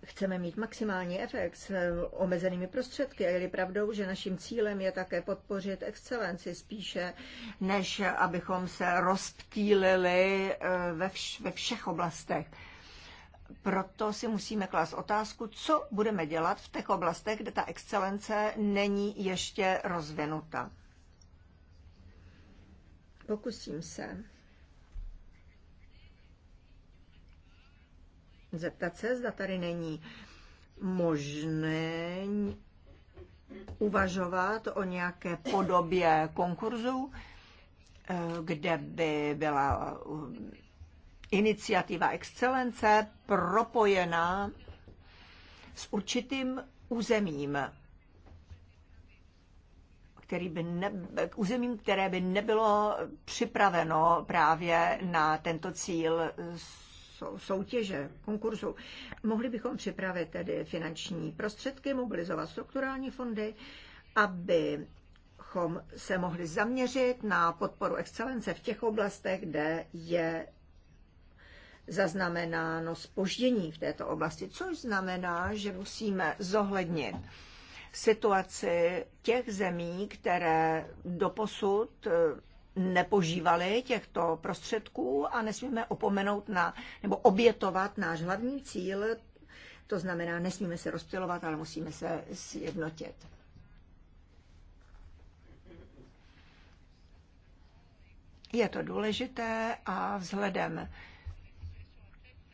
chceme mít maximální efekt s omezenými prostředky. A je pravdou, že naším cílem je také podpořit excelenci spíše, než abychom se rozptýlili eh, ve, vš- ve všech oblastech proto si musíme klást otázku, co budeme dělat v těch oblastech, kde ta excelence není ještě rozvinuta. Pokusím se zeptat se, zda tady není možné uvažovat o nějaké podobě konkurzu, eh, kde by byla iniciativa excelence propojená s určitým územím, který by ne, k územím, které by nebylo připraveno právě na tento cíl soutěže, konkurzu. Mohli bychom připravit tedy finanční prostředky, mobilizovat strukturální fondy, aby se mohli zaměřit na podporu excelence v těch oblastech, kde je zaznamenáno spoždění v této oblasti, což znamená, že musíme zohlednit situaci těch zemí, které doposud eh, nepožívaly těchto prostředků a nesmíme opomenout na, nebo obětovat náš hlavní cíl, to znamená, nesmíme se rozptilovat, ale musíme se sjednotit. Je to důležité a vzhledem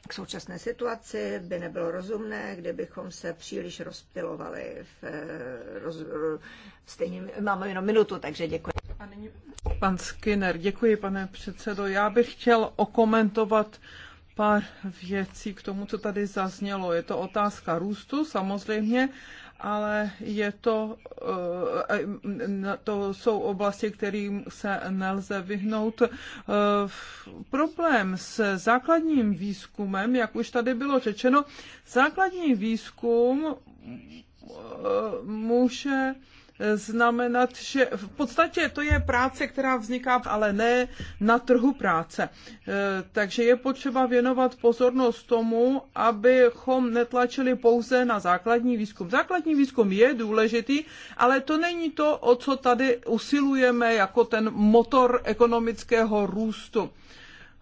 k současné situaci by nebylo rozumné, kdybychom se příliš rozptilovali. V, eh, roz, eh, stejně, máme jenom minutu, takže děkuji. A nyní... Pan Skinner, děkuji, pane předsedo. Já bych chtěl okomentovat pár věcí k tomu, co tady zaznělo. Je to otázka růstu, samozřejmě, ale je to, eh, to jsou oblasti, kterým se nelze vyhnout. Eh, problém s základním výzkumem, jak už tady bylo řečeno, základní výzkum eh, může znamenat, že v podstatě to je práce, která vzniká, ale ne na trhu práce. E, takže je potřeba věnovat pozornost tomu, abychom netlačili pouze na základní výzkum. Základní výzkum je důležitý, ale to není to, o co tady usilujeme jako ten motor ekonomického růstu.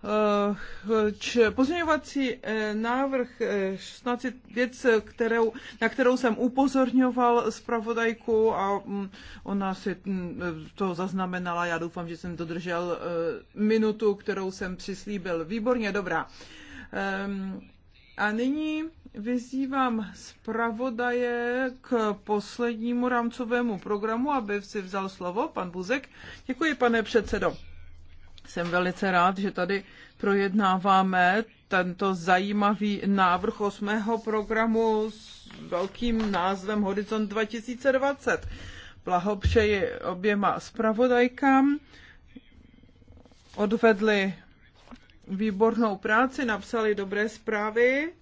Eh, pozměňovací eh, návrh 16 eh, věc, kterou, na kterou jsem upozorňoval zpravodajku a mm, ona si mm, to zaznamenala. Já doufám, že jsem dodržel minutu, kterou jsem přislíbil. Výborně, dobrá. Ehm, a nyní vyzývám zpravodaje k poslednímu rámcovému programu, aby si vzal slovo pan Buzek. Děkuji, pane předsedo. Jsem velice rád, že tady projednáváme tento zajímavý návrh osmého programu s velkým názvem Horizont 2020. Blahopřeji oběma zpravodajkám. Odvedli výbornou práci, napsali dobré zprávy.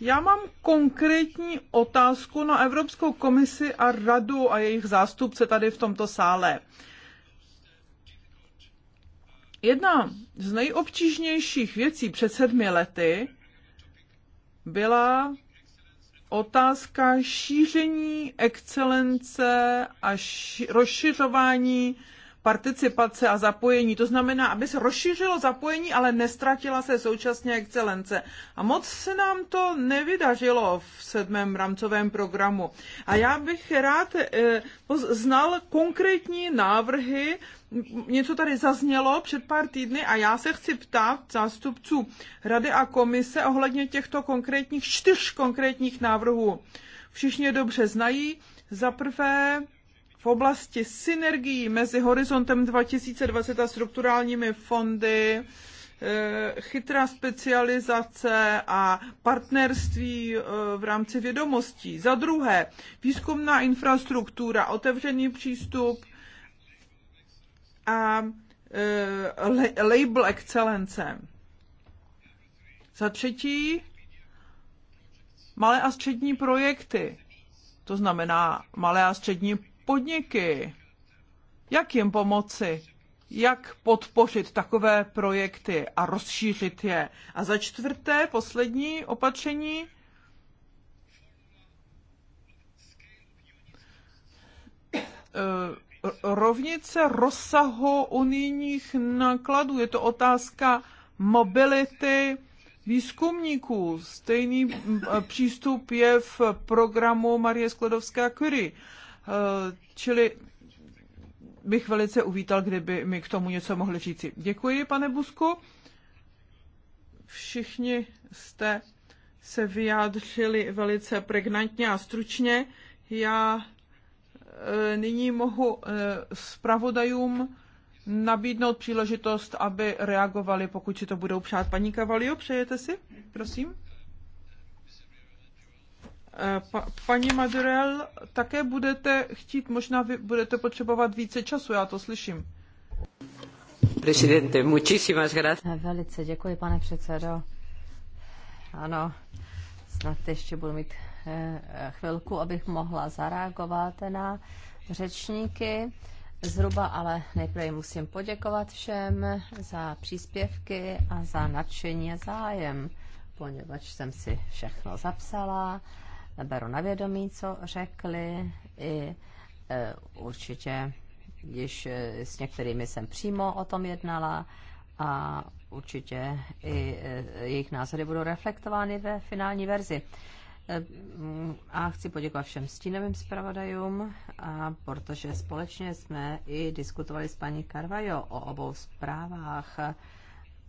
Já mám konkrétní otázku na Evropskou komisi a radu a jejich zástupce tady v tomto sále. Jedna z nejobtížnějších věcí před sedmi lety byla otázka šíření excelence a rozšiřování participace a zapojení. To znamená, aby se rozšířilo zapojení, ale nestratila se současně excelence. A moc se nám to nevydařilo v sedmém rámcovém programu. A já bych rád eh, znal konkrétní návrhy, něco tady zaznělo před pár týdny a já se chci ptát zástupců Rady a komise ohledně těchto konkrétních, čtyř konkrétních návrhů. Všichni je dobře znají. Za prvé v oblasti synergií mezi Horizontem 2020 a strukturálními fondy, eh, chytrá specializace a partnerství eh, v rámci vědomostí. Za druhé, výzkumná infrastruktura, otevřený přístup a eh, label excelence. Za třetí, malé a střední projekty, to znamená malé a střední podniky, jak jim pomoci, jak podpořit takové projekty a rozšířit je. A za čtvrté, poslední opatření, eh, rovnice rozsahu unijních nákladů. Je to otázka mobility výzkumníků. Stejný eh, přístup je v programu Marie Sklodovské a Curie. Eh, čili bych velice uvítal, kdyby mi k tomu něco mohli říci. Děkuji, pane Busku. Všichni jste se vyjádřili velice pregnantně a stručně. Já eh, nyní mohu eh, zpravodajům nabídnout příležitost, aby reagovali, pokud si to budou přát. Paní Kavalio, přejete si? Prosím. Eh, pa, paní Madurel, také budete chtít, možná vy budete potřebovat více času, já to slyším. Presidente, muchísimas gracias. Eh, velice děkuji, pane předsedo. Ano, snad ještě budu mít eh, chvilku, abych mohla zareagovat na řečníky. Zhruba ale nejprve musím poděkovat všem za příspěvky a za nadšení a zájem, poněvadž jsem si všechno zapsala beru na vědomí, co řekli i e, určitě e, s některými jsem přímo o tom jednala a určitě i e, jejich názory budou reflektovány ve finální verzi. E, a chci poděkovat všem stínovým zpravodajům, a protože společně jsme i diskutovali s paní Carvajo o obou zprávách.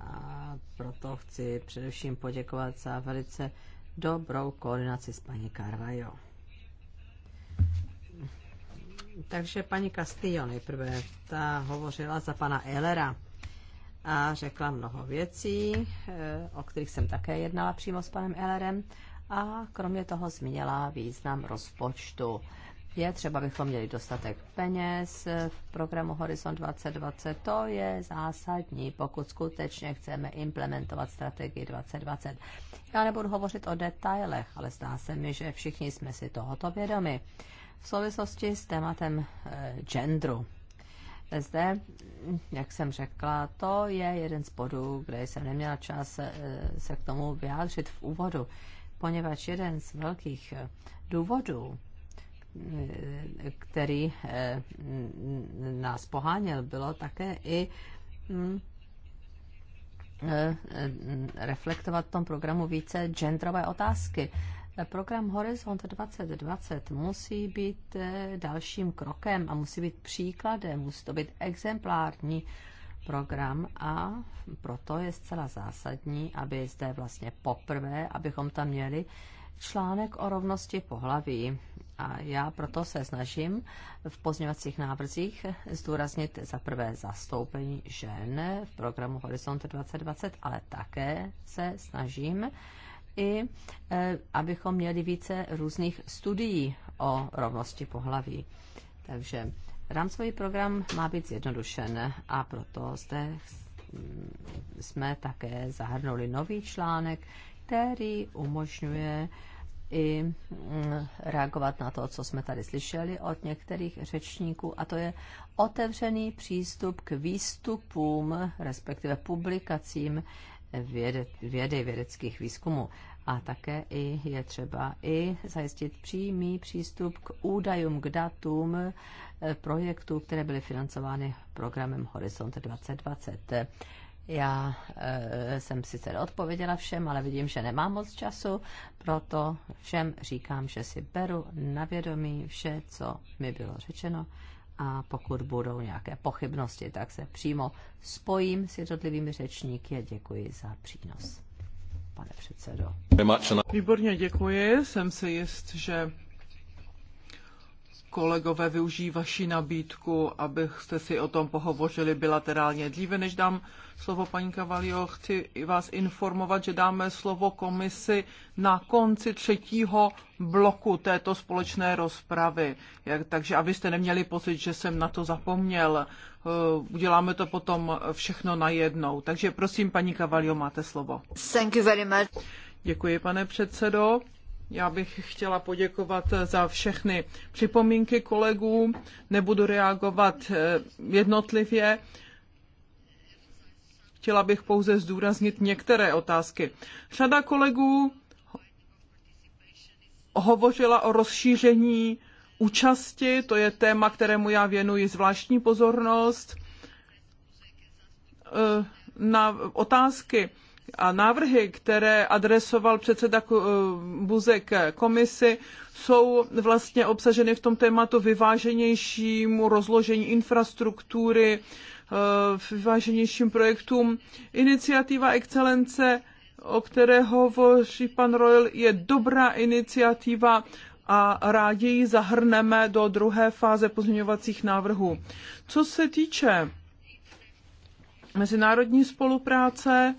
A proto chci především poděkovat za velice dobrou koordinaci s paní Carvajo. Takže paní Castillo nejprve, ta hovořila za pana Elera a řekla mnoho věcí, eh, o kterých jsem také jednala přímo s panem Ellerem a kromě toho zmínila význam rozpočtu je třeba, bychom měli dostatek peněz v programu Horizon 2020. To je zásadní, pokud skutečně chceme implementovat strategii 2020. Já nebudu hovořit o detailech, ale zdá se mi, že všichni jsme si tohoto vědomi. V souvislosti s tématem e, genderu. Zde, jak jsem řekla, to je jeden z bodů, kde jsem neměla čas eh, se k tomu vyjádřit v úvodu, poněvadž jeden z velkých eh, důvodů, který eh, nás poháněl, bylo také i hm, eh, reflektovat v tom programu více genderové otázky. Program Horizont 2020 musí být eh, dalším krokem a musí být příkladem, musí to být exemplární program a proto je zcela zásadní, aby zde vlastně poprvé, abychom tam měli eh, článek o rovnosti pohlaví. A já proto se snažím v pozněvacích návrzích zdůraznit za prvé zastoupení žen v programu Horizont 2020, ale také se snažím i, e, abychom měli více různých studií o rovnosti pohlaví. Takže rámcový program má být zjednodušen a proto zde jsme také zahrnuli nový článek, který umožňuje i mm, reagovat na to, co jsme tady slyšeli od některých řečníků, a to je otevřený přístup k výstupům, respektive publikacím věde, vědy, vědeckých výzkumů. A také i je třeba i zajistit přímý přístup k údajům, k datům eh, projektů, které byly financovány programem Horizont 2020. Já eh, jsem sice odpověděla všem, ale vidím, že nemám moc času, proto všem říkám, že si beru na vědomí vše, co mi bylo řečeno a pokud budou nějaké pochybnosti, tak se přímo spojím s jednotlivými řečníky a děkuji za přínos. Pane předsedo. Výborně děkuji, jsem si jist, že kolegové využijí vaši nabídku, abyste si o tom pohovořili bilaterálně. Dříve než dám slovo paní Kavalio, chci vás informovat, že dáme slovo komisi na konci třetího bloku této společné rozpravy. Jak, takže abyste neměli pocit, že jsem na to zapomněl, eh, uděláme to potom všechno najednou. Takže prosím, paní Kavalio, máte slovo. Thank you very much. Děkuji, pane předsedo. Já bych chtěla poděkovat za všechny připomínky kolegů, nebudu reagovat eh, jednotlivě. Chtěla bych pouze zdůraznit některé otázky. Řada kolegů hovořila o rozšíření účasti, to je téma, kterému já věnuji zvláštní pozornost. Eh, na otázky a návrhy, které adresoval předseda eh, Buzek komisi, jsou vlastně obsaženy v tom tématu vyváženějšímu rozložení infrastruktury, eh, vyváženějším projektům. Iniciativa Excelence, o které hovoří pan Royal, je dobrá iniciativa a rádi ji zahrneme do druhé fáze pozměňovacích návrhů. Co se týče mezinárodní spolupráce,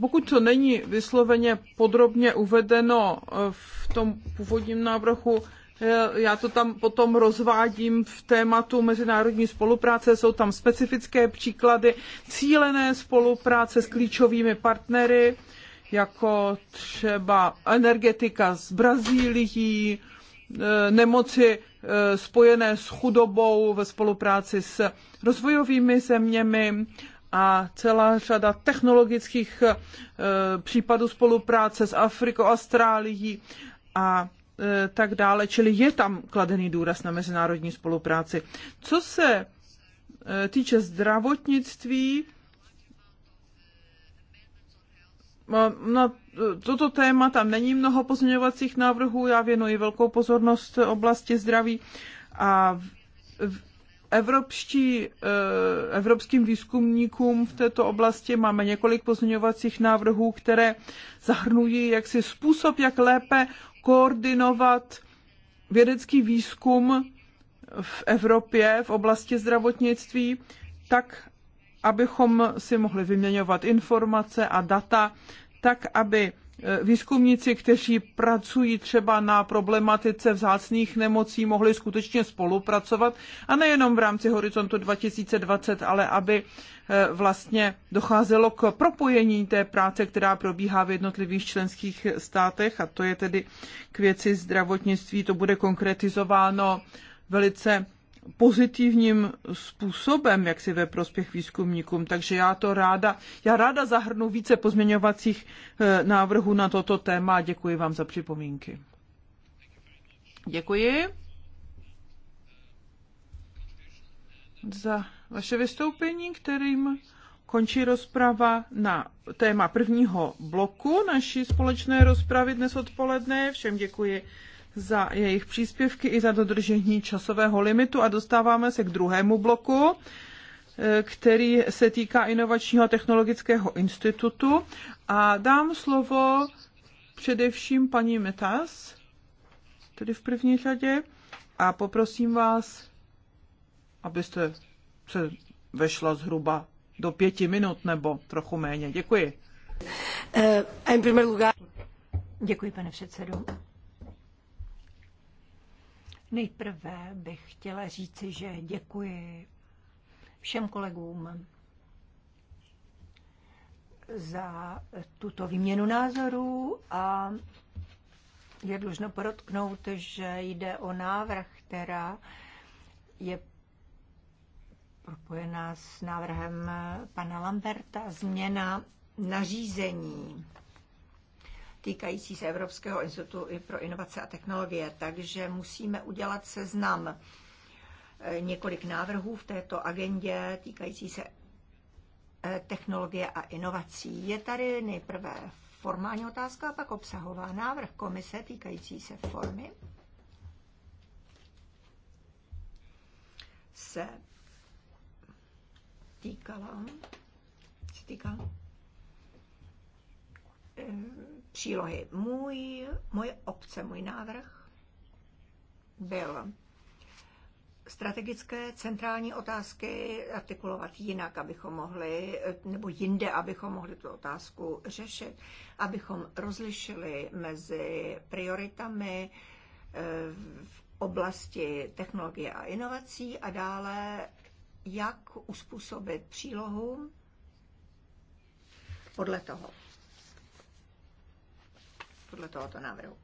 pokud to není vysloveně podrobně uvedeno eh, v tom původním návrhu, eh, já to tam potom rozvádím v tématu mezinárodní spolupráce, jsou tam specifické příklady cílené spolupráce s klíčovými partnery, jako třeba energetika z Brazílií, eh, nemoci spojené s chudobou ve spolupráci s rozvojovými zeměmi a celá řada technologických uh, případů spolupráce s Afrikou, Austrálií a uh, tak dále. Čili je tam kladený důraz na mezinárodní spolupráci. Co se uh, týče zdravotnictví, na toto téma tam není mnoho pozměňovacích návrhů, já věnuji velkou pozornost oblasti zdraví a evropští, eh, evropským výzkumníkům v této oblasti. Máme několik pozměňovacích návrhů, které zahrnují jaksi způsob, jak lépe koordinovat vědecký výzkum v Evropě v oblasti zdravotnictví, tak abychom si mohli vyměňovat informace a data, tak aby Eh, výzkumníci, kteří pracují třeba na problematice vzácných nemocí, mohli skutečně spolupracovat a nejenom v rámci Horizontu 2020, ale aby eh, vlastně docházelo k propojení té práce, která probíhá v jednotlivých členských státech a to je tedy k věci zdravotnictví, to bude konkretizováno velice pozitivním způsobem, jak si ve prospěch výzkumníkům. Takže já to ráda, já ráda zahrnu více pozměňovacích eh, návrhů na toto téma. Děkuji vám za připomínky. Děkuji za vaše vystoupení, kterým končí rozprava na téma prvního bloku naší společné rozpravy dnes odpoledne. Všem děkuji za jejich příspěvky i za dodržení časového limitu a dostáváme se k druhému bloku e, který se týká Inovačního technologického institutu. A dám slovo především paní Metas, tedy v první řadě, a poprosím vás, abyste se vešla zhruba do pěti minut nebo trochu méně. Děkuji. E, Děkuji, pane předsedo. Nejprve bych chtěla říci, že děkuji všem kolegům za tuto výměnu názorů a je dlužno podotknout, že jde o návrh, která je propojená s návrhem pana Lamberta změna nařízení týkající se Evropského institutu pro inovace a technologie, takže musíme udělat seznam eh, několik návrhů v této agendě týkající se eh, technologie a inovací. Je tady nejprve formální otázka a pak obsahová návrh komise týkající se formy. Se týkala, se týkala přílohy. Můj, moje obce, můj návrh byl strategické centrální otázky artikulovat jinak, abychom mohli, nebo jinde, abychom mohli tu otázku řešit, abychom rozlišili mezi prioritami eh, v oblasti technologie a inovací a dále, jak uspůsobit přílohu podle toho podle tohoto návrhu.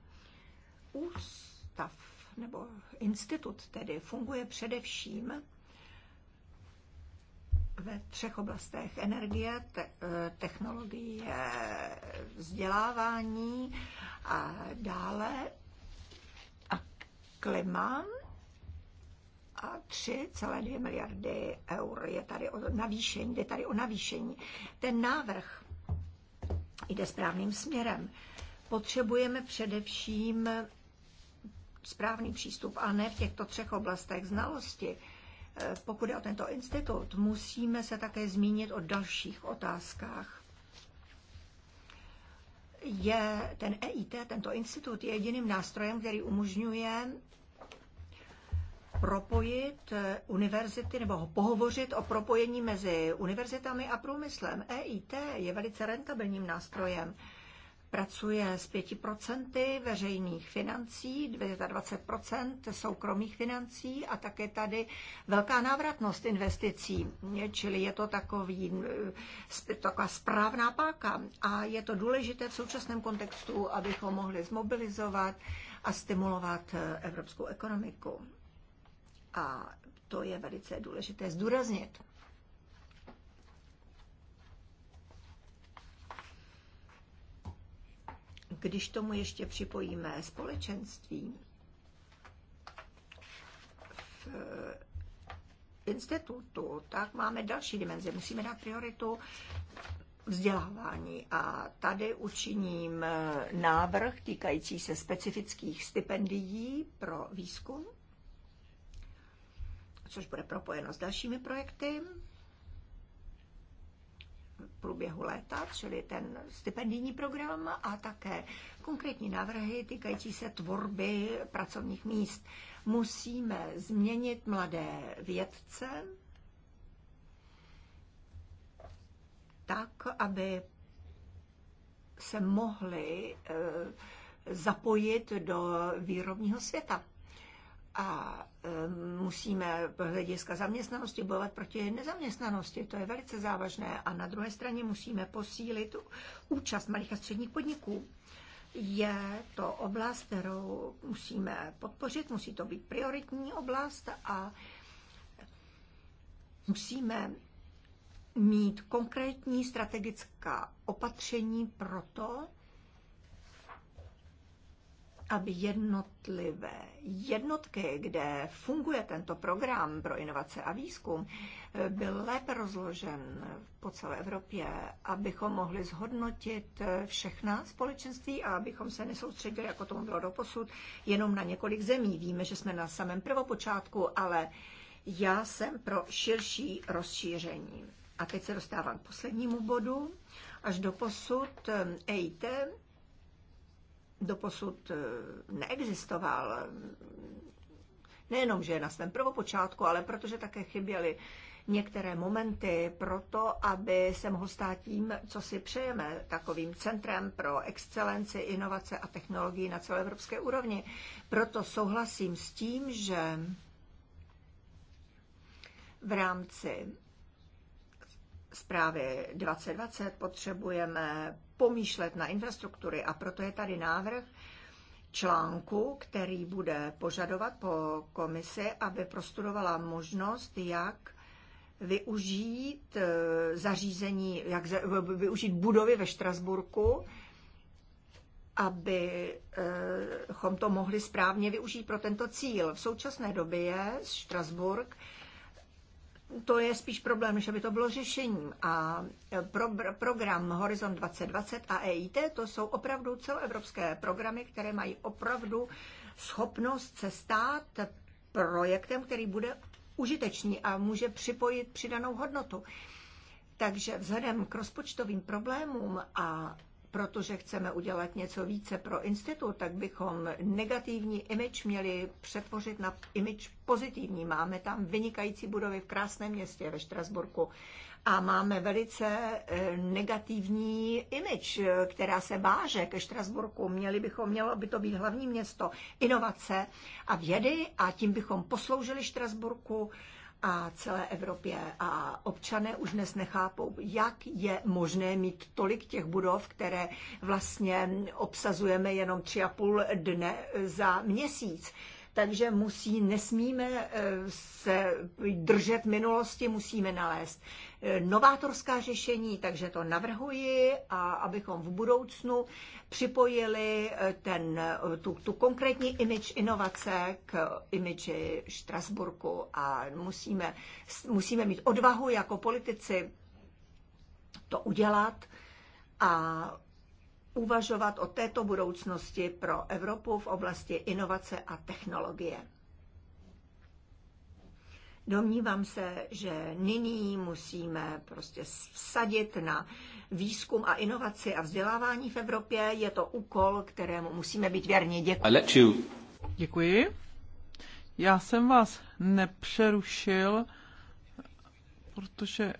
Ústav nebo institut tedy funguje především ve třech oblastech energie, te, eh, technologie, vzdělávání a dále a klima a 3,2 miliardy eur je tady o navýšení, jde tady o navýšení. Ten návrh jde správným směrem potřebujeme především správný přístup a ne v těchto třech oblastech znalosti. Pokud je o tento institut, musíme se také zmínit o dalších otázkách. Je ten EIT, tento institut, je jediným nástrojem, který umožňuje propojit univerzity nebo pohovořit o propojení mezi univerzitami a průmyslem. EIT je velice rentabilním nástrojem pracuje s 5% veřejných financí, 22% soukromých financí a také tady velká návratnost investicí, čili je to takový, eh, taková správná páka a je to důležité v současném kontextu, abychom mohli zmobilizovat a stimulovat eh, evropskou ekonomiku. A to je velice důležité zdůraznit. Když tomu ještě připojíme společenství, v eh, institutu, tak máme další dimenzi. Musíme dát prioritu vzdělávání. A tady učiním eh, návrh týkající se specifických stipendií pro výzkum, což bude propojeno s dalšími projekty průběhu léta, čili ten stipendijní program a také konkrétní návrhy týkající se tvorby pracovních míst. Musíme změnit mladé vědce tak, aby se mohli eh, zapojit do výrobního světa a e, musíme hlediska zaměstnanosti bojovat proti nezaměstnanosti. To je velice závažné. A na druhé straně musíme posílit účast malých a středních podniků. Je to oblast, kterou musíme podpořit, musí to být prioritní oblast a musíme mít konkrétní strategická opatření pro to, aby jednotlivé jednotky, kde funguje tento program pro inovace a výzkum, byl lépe rozložen po celé Evropě, abychom mohli zhodnotit všechna společenství a abychom se nesoustředili, jako tomu bylo doposud, jenom na několik zemí. Víme, že jsme na samém prvopočátku, ale já jsem pro širší rozšíření. A teď se dostávám k poslednímu bodu. Až do posud EIT eh, e doposud eh, neexistoval. Nejenom, že na svém prvopočátku, ale protože také chyběly některé momenty pro to, aby se mohl stát tím, co si přejeme, takovým centrem pro excelenci, inovace a technologii na celé evropské úrovni. Proto souhlasím s tím, že v rámci zprávy 2020 potřebujeme pomýšlet na infrastruktury a proto je tady návrh článku, který bude požadovat po komisi, aby prostudovala možnost, jak využít e, zařízení, jak využít budovy ve Štrasburku, abychom e, to mohli správně využít pro tento cíl. V současné době je Štrasburg to je spíš problém, než aby to bylo řešením. A e, pro, program Horizon 2020 a EIT, to jsou opravdu celoevropské programy, které mají opravdu schopnost se stát projektem, který bude užitečný a může připojit přidanou hodnotu. Takže vzhledem k rozpočtovým problémům a protože chceme udělat něco více pro institut, tak bychom negativní image měli přetvořit na image pozitivní. Máme tam vynikající budovy v krásném městě ve Štrasburku a máme velice eh, negativní image, eh, která se váže ke Štrasburku. Měli bychom, mělo by to být hlavní město inovace a vědy a tím bychom posloužili Štrasburku a celé Evropě. A občané už dnes nechápou, jak je možné mít tolik těch budov, které vlastně obsazujeme jenom tři a půl dne za měsíc takže musí, nesmíme eh, se držet minulosti, musíme nalézt novátorská řešení, takže to navrhuji, a abychom v budoucnu připojili eh, ten, eh, tu, tu konkrétní image inovace k imidži Štrasburku a musíme, musíme mít odvahu jako politici to udělat a uvažovat o této budoucnosti pro Evropu v oblasti inovace a technologie. Domnívám se, že nyní musíme prostě vsadit na výzkum a inovaci a vzdělávání v Evropě. Je to úkol, kterému musíme být věrně. Děkuji. Děkuji. Já jsem vás nepřerušil, protože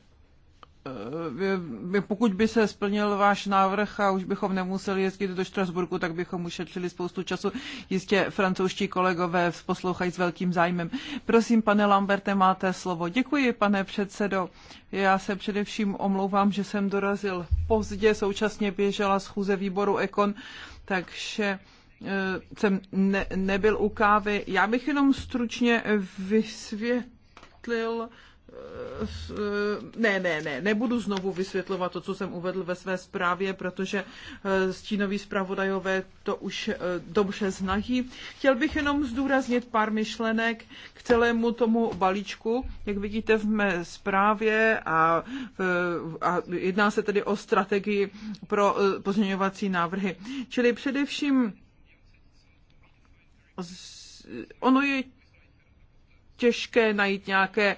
Eh, pokud by se splnil váš návrh a už bychom nemuseli jezdit do Štrasburku, tak bychom ušetřili spoustu času. Jistě francouzští kolegové poslouchají s velkým zájmem. Prosím, pane Lamberte, máte slovo. Děkuji, pane předsedo. Já se především omlouvám, že jsem dorazil pozdě, současně běžela schůze výboru Ekon, takže eh, jsem ne, nebyl u kávy. Já bych jenom stručně vysvětlil, Eh, ne, ne, ne, nebudu znovu vysvětlovat to, co jsem uvedl ve své zprávě, protože eh, stínoví zpravodajové to už eh, dobře znají. Chtěl bych jenom zdůraznit pár myšlenek k celému tomu balíčku. Jak vidíte v mé zprávě a, a jedná se tedy o strategii pro pozměňovací návrhy. Čili především ono je těžké najít nějaké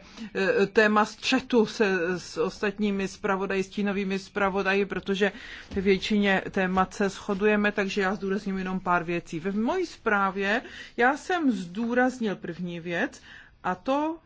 eh, téma střetu se s ostatními zpravodaji, tínovými zpravodaji, protože většině témat se shodujeme, takže já zdůrazním jenom pár věcí. Ve mojí zprávě já jsem zdůraznil první věc a to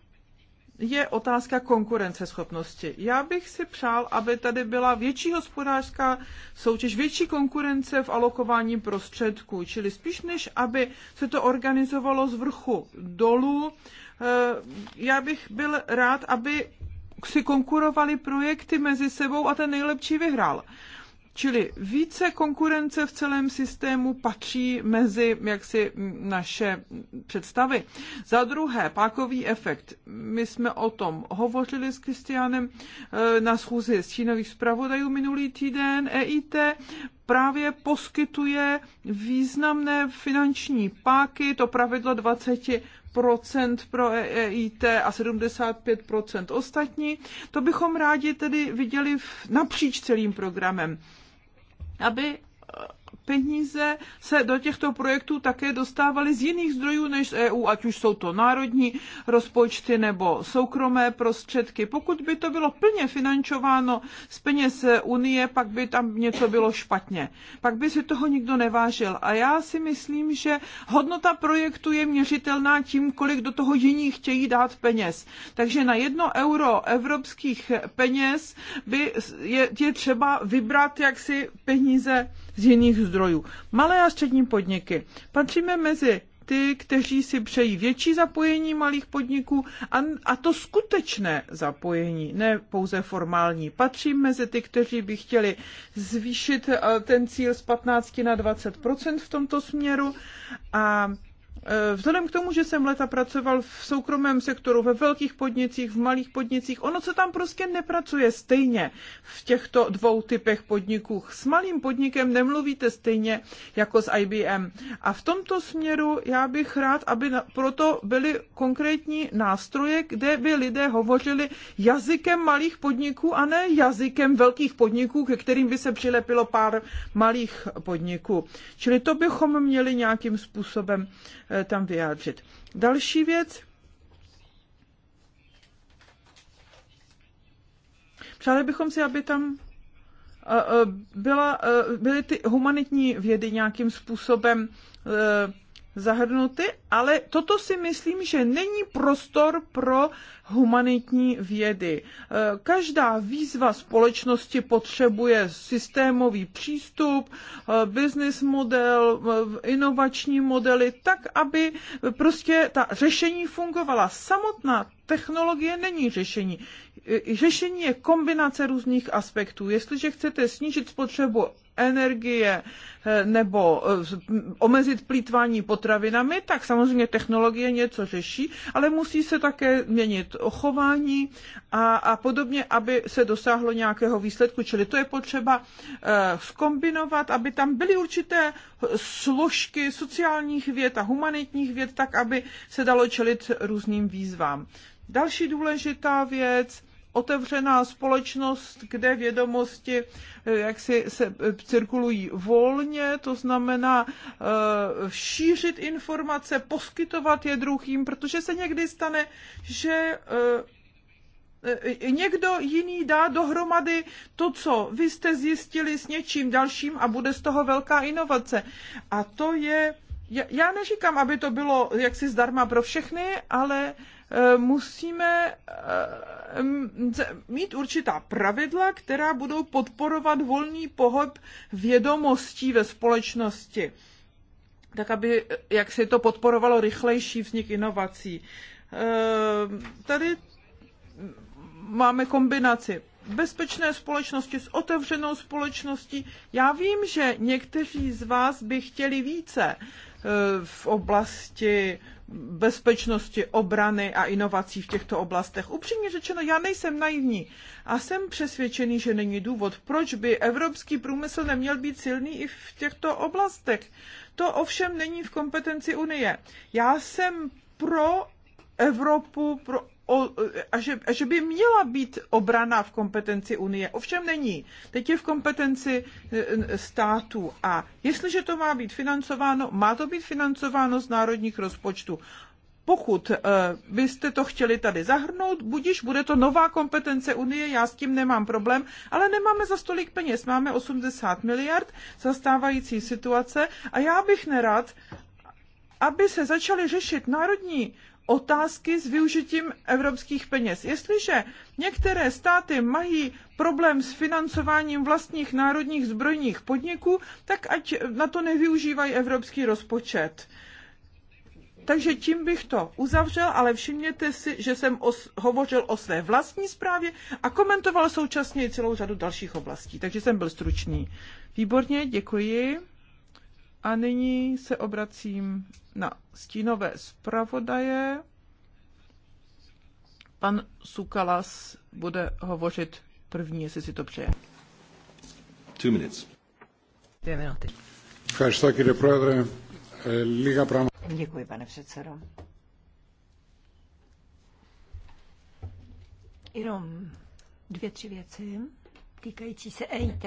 je otázka konkurenceschopnosti. Já bych si přál, aby tady byla větší hospodářská soutěž, větší konkurence v alokování prostředků, čili spíš než aby se to organizovalo z vrchu dolů, Eh, já bych byl rád, aby si konkurovali projekty mezi sebou a ten nejlepší vyhrál. Čili více konkurence v celém systému patří mezi jaksi naše představy. Za druhé, pákový efekt. My jsme o tom hovořili s Kristianem eh, na schůzi z čínových zpravodajů minulý týden. EIT právě poskytuje významné finanční páky, to pravidlo 20 pro EIT e a 75 ostatní. To bychom rádi tedy viděli napříč celým programem, aby peníze se do těchto projektů také dostávaly z jiných zdrojů než z EU, ať už jsou to národní rozpočty nebo soukromé prostředky. Pokud by to bylo plně financováno z peněz Unie, pak by tam něco bylo špatně. Pak by si toho nikdo nevážil. A já si myslím, že hodnota projektu je měřitelná tím, kolik do toho jiní chtějí dát peněz. Takže na jedno euro evropských peněz by je, je třeba vybrat jaksi peníze z jiných zdrojů. Malé a střední podniky. Patříme mezi ty, kteří si přejí větší zapojení malých podniků a, a to skutečné zapojení, ne pouze formální. Patřím mezi ty, kteří by chtěli zvýšit eh, ten cíl z 15 na 20 v tomto směru a Eh, vzhledem k tomu, že jsem leta pracoval v soukromém sektoru, ve velkých podnicích, v malých podnicích, ono se tam prostě nepracuje stejně v těchto dvou typech podniků. S malým podnikem nemluvíte stejně jako s IBM. A v tomto směru já bych rád, aby proto byly konkrétní nástroje, kde by lidé hovořili jazykem malých podniků a ne jazykem velkých podniků, ke kterým by se přilepilo pár malých podniků. Čili to bychom měli nějakým způsobem Eh, tam vyjádřit. Další věc. Přáli bychom si, aby tam eh, eh, byla, byly ty humanitní vědy nějakým způsobem zahrnuty, ale toto si myslím, že není prostor pro humanitní vědy. E, každá výzva společnosti potřebuje systémový přístup, e, business model, e, inovační modely, tak, aby prostě ta řešení fungovala. Samotná technologie není řešení. Řešení je kombinace různých aspektů. Jestliže chcete snížit spotřebu energie eh, nebo eh, omezit plítvání potravinami, tak samozřejmě technologie něco řeší, ale musí se také měnit chování a, a podobně, aby se dosáhlo nějakého výsledku. Čili to je potřeba skombinovat, eh, aby tam byly určité složky sociálních věd a humanitních věd, tak aby se dalo čelit různým výzvám. Další důležitá věc, otevřená společnost, kde vědomosti eh, jak si se eh, cirkulují volně, to znamená eh, šířit informace, poskytovat je druhým, protože se někdy stane, že někdo jiný dá dohromady to, co vy jste zjistili s něčím dalším a bude z toho velká inovace. A to je, já neříkám, aby to bylo jaksi zdarma pro všechny, ale musíme mít určitá pravidla, která budou podporovat volný pohyb vědomostí ve společnosti, tak aby jak se to podporovalo rychlejší vznik inovací. Ehm, tady máme kombinaci bezpečné společnosti, s otevřenou společností. Já vím, že někteří z vás by chtěli více eh, v oblasti bezpečnosti, obrany a inovací v těchto oblastech. Upřímně řečeno, já nejsem naivní a jsem přesvědčený, že není důvod, proč by evropský průmysl neměl být silný i v těchto oblastech. To ovšem není v kompetenci Unie. Já jsem pro Evropu, pro o, a, že, a že by měla být obrana v kompetenci Unie. Ovšem není. Teď je v kompetenci e, e, států. A jestliže to má být financováno, má to být financováno z národních rozpočtů. Pokud e, byste to chtěli tady zahrnout, budiš, bude to nová kompetence Unie, já s tím nemám problém, ale nemáme za stolik peněz, máme 80 miliard zastávající situace a já bych nerad, aby se začaly řešit národní otázky s využitím evropských peněz. Jestliže některé státy mají problém s financováním vlastních národních zbrojních podniků, tak ať na to nevyužívají evropský rozpočet. Takže tím bych to uzavřel, ale všimněte si, že jsem os, hovořil o své vlastní zprávě a komentoval současně celou řadu dalších oblastí, takže jsem byl stručný. Výborně, děkuji. A nyní se obracím na stínové zpravodaje. Pan Sukalas bude hovořit první, jestli si to přeje. Two minutes. Dvě minuty. Děkuji, pane předsedo. Jenom dvě, tři věci týkající se EIT.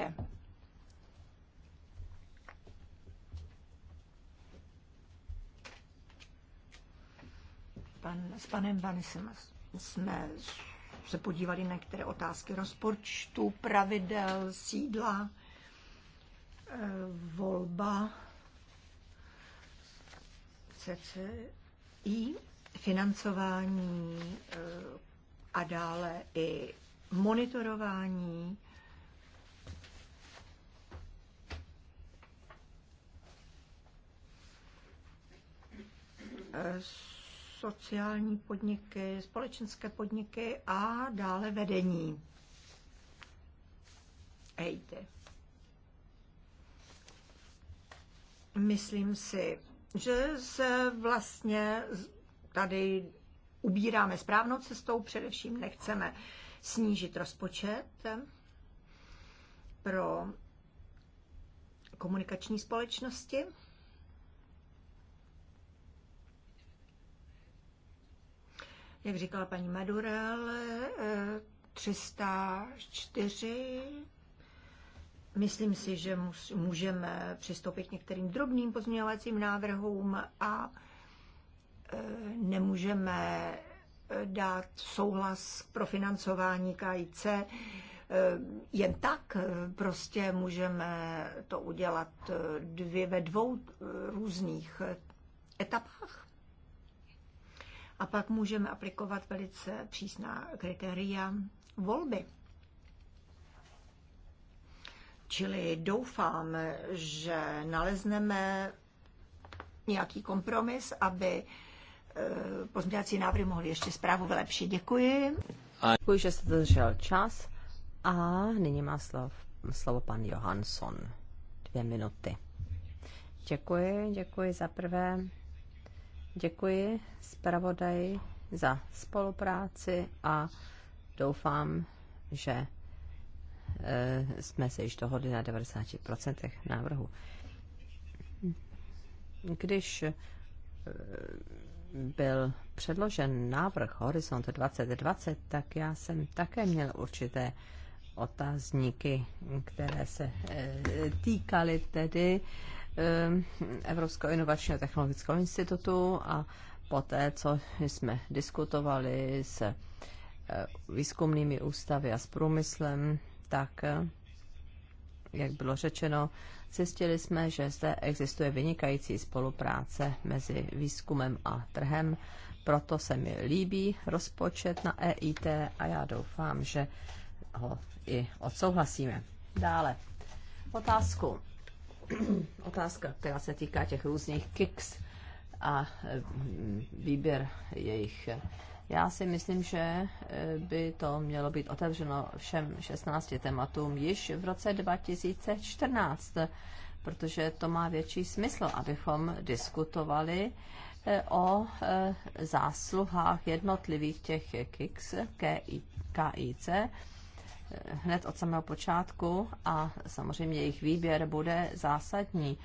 pan, s panem Vanisem jsme se podívali na některé otázky rozpočtu, pravidel, sídla, e, volba CCI, financování e, a dále i monitorování e, s sociální podniky, společenské podniky a dále vedení. Ejte. Myslím si, že se vlastně tady ubíráme správnou cestou, především nechceme snížit rozpočet pro komunikační společnosti. jak říkala paní Madurel, 304. Eh, Myslím si, že můžeme přistoupit k některým drobným pozměňovacím návrhům a eh, nemůžeme eh, dát souhlas pro financování KIC jen tak. Prostě můžeme to udělat dvě, ve dvou různých etapách. A pak můžeme aplikovat velice přísná kritéria volby. Čili doufám, že nalezneme nějaký kompromis, aby e, pozměňovací návrhy mohly ještě zprávu vylepšit. Děkuji. A... Děkuji, že jste držel čas. A nyní má slov slovo pan Johansson. Dvě minuty. Děkuji, děkuji za prvé. Děkuji zpravodaji za spolupráci a doufám, že eh, jsme se již dohodli na 90% návrhu. Když eh, byl předložen návrh Horizont 2020, tak já jsem také měl určité otázníky, které se eh, týkaly tedy Eh, Evropského inovačního technologického institutu a poté, co jsme diskutovali s eh, výzkumnými ústavy a s průmyslem, tak, eh, jak bylo řečeno, zjistili jsme, že zde existuje vynikající spolupráce mezi výzkumem a trhem, proto se mi líbí rozpočet na EIT a já doufám, že ho i odsouhlasíme. Dále otázku otázka, která se týká těch různých kicks a e, výběr jejich. Já si myslím, že e, by to mělo být otevřeno všem 16 tématům již v roce 2014, protože to má větší smysl, abychom diskutovali e, o zásluhách jednotlivých těch KIX, KIC, hned od samého počátku a samozřejmě jejich výběr bude zásadní.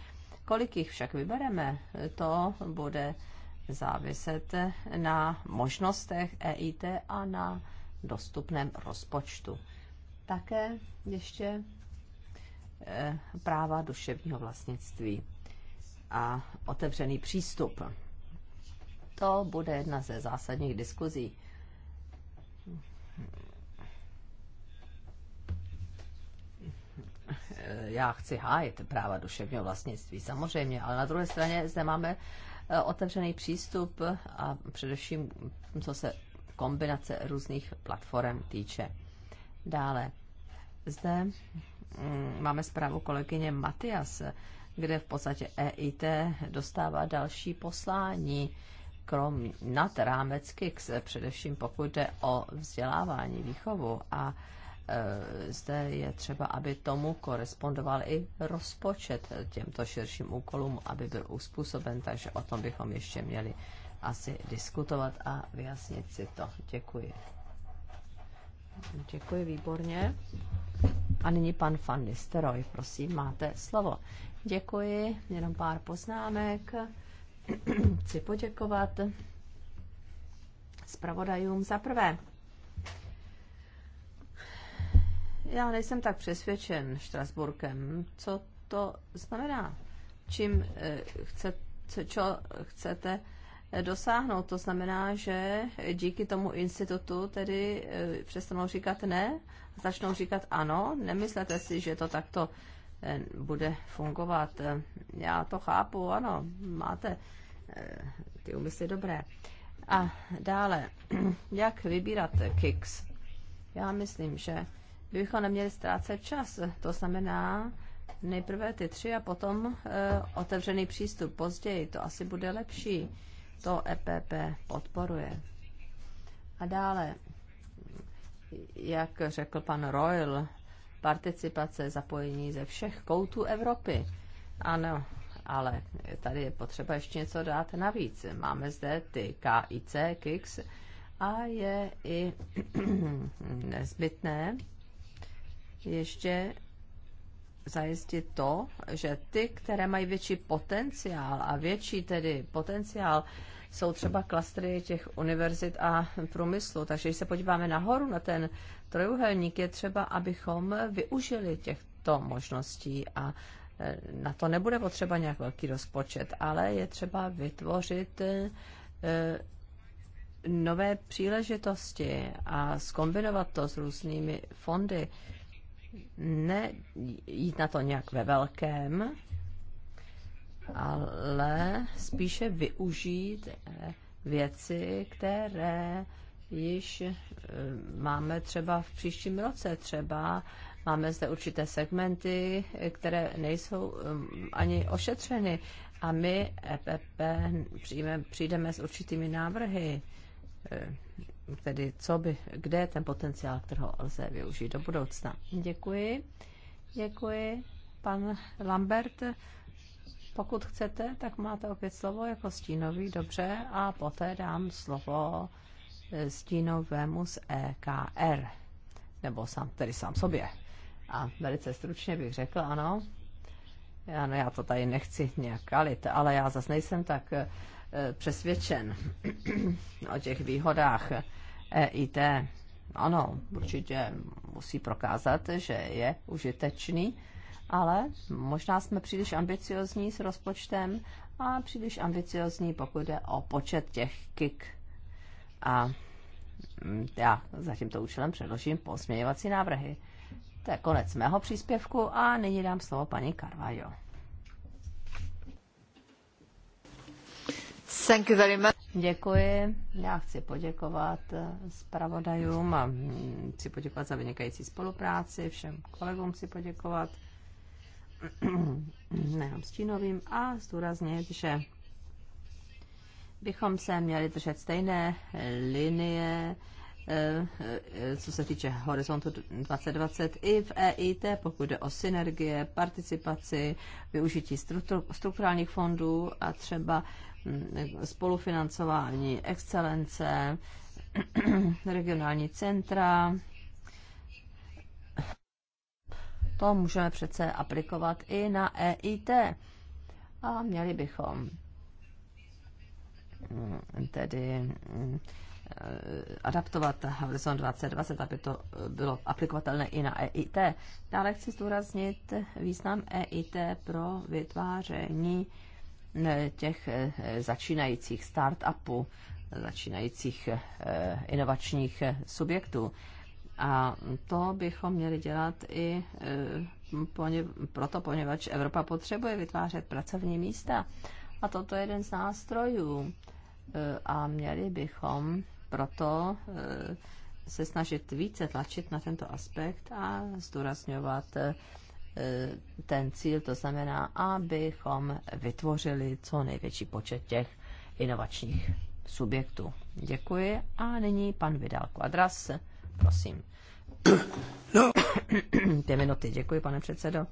Kolik jich však vybereme, to bude záviset na možnostech EIT a na dostupném rozpočtu. Také ještě eh, práva duševního vlastnictví a otevřený přístup. To bude jedna ze zásadních diskuzí Eh, já chci hájit práva duševního vlastnictví, samozřejmě, ale na druhé straně zde máme eh, otevřený přístup a především co se kombinace různých platform týče. Dále, zde mm, máme zprávu kolegyně Matias, kde v podstatě EIT dostává další poslání krom nad rámec KIX, především pokud jde o vzdělávání, výchovu a Eh, zde je třeba, aby tomu korespondoval i rozpočet těmto širším úkolům, aby byl uspůsoben, takže o tom bychom ještě měli asi diskutovat a vyjasnit si to. Děkuji. Děkuji, výborně. A nyní pan Van Nisteroj, prosím, máte slovo. Děkuji, jenom pár poznámek. Chci poděkovat zpravodajům za prvé já nejsem tak přesvědčen Štrasburkem, co to znamená. Čím eh, chce, co chcete eh, dosáhnout. To znamená, že díky tomu institutu tedy eh, přestanou říkat ne, začnou říkat ano. Nemyslete si, že to takto bude fungovat. Já to chápu, ano, máte ty úmysly dobré. A dále, jak vybírat kicks? Já myslím, že bychom neměli ztrácet čas. To znamená nejprve ty tři a potom e, otevřený přístup později. To asi bude lepší. To EPP podporuje. A dále, jak řekl pan Royal, participace, zapojení ze všech koutů Evropy. Ano, ale tady je potřeba ještě něco dát navíc. Máme zde ty KIC, KIX a je i nezbytné, ještě zajistit to, že ty, které mají větší potenciál a větší tedy potenciál, jsou třeba klastry těch univerzit a průmyslu. Takže když se podíváme nahoru na ten trojuhelník, je třeba, abychom využili těchto možností a eh, na to nebude potřeba nějak velký rozpočet, ale je třeba vytvořit eh, nové příležitosti a skombinovat to s různými fondy ne jít na to nějak ve velkém, ale spíše využít eh, věci, které již eh, máme třeba v příštím roce. Třeba máme zde určité segmenty, které nejsou eh, ani ošetřeny. A my, EPP, přijdeme s určitými návrhy tedy co by, kde je ten potenciál, kterého lze využít do budoucna. Děkuji. Děkuji. Pan Lambert, pokud chcete, tak máte opět slovo jako stínový, dobře, a poté dám slovo stínovému z EKR, nebo sám, tedy sám sobě. A velice stručně bych řekl, ano, ano, já to tady nechci nějak kalit, ale já zase nejsem tak Eh, přesvědčen o těch výhodách EIT. Ano, určitě musí prokázat, že je užitečný, ale možná jsme příliš ambiciozní s rozpočtem a příliš ambiciozní, pokud jde o počet těch kik. A mm, já za tímto účelem předložím pozměňovací návrhy. To je konec mého příspěvku a nyní dám slovo paní Carvajo. Thank you very much. Děkuji. Já chci poděkovat zpravodajům a chci poděkovat za vynikající spolupráci, všem kolegům chci poděkovat, nejenom stínovým, a zdůraznit, že bychom se měli držet stejné linie, eh, eh, co se týče Horizontu 2020 i v EIT, pokud jde o synergie, participaci, využití strukturálních fondů a třeba spolufinancování excelence, regionální centra. To můžeme přece aplikovat i na EIT. A měli bychom mm, tedy mm, eh, adaptovat Horizon 2020, aby to bylo aplikovatelné i na EIT. Dále chci zdůraznit význam EIT pro vytváření těch eh, začínajících start-upů, začínajících eh, inovačních eh, subjektů. A to bychom měli dělat i proto, poněvadž Evropa potřebuje vytvářet pracovní místa. A toto je jeden z nástrojů. A měli bychom proto se snažit více tlačit na tento aspekt a zdůrazňovat ten cíl, to znamená, abychom vytvořili co největší počet těch inovačních subjektů. Děkuji. A nyní pan Vidal Quadras, prosím. No. Dvě minuty, děkuji, pane předsedo.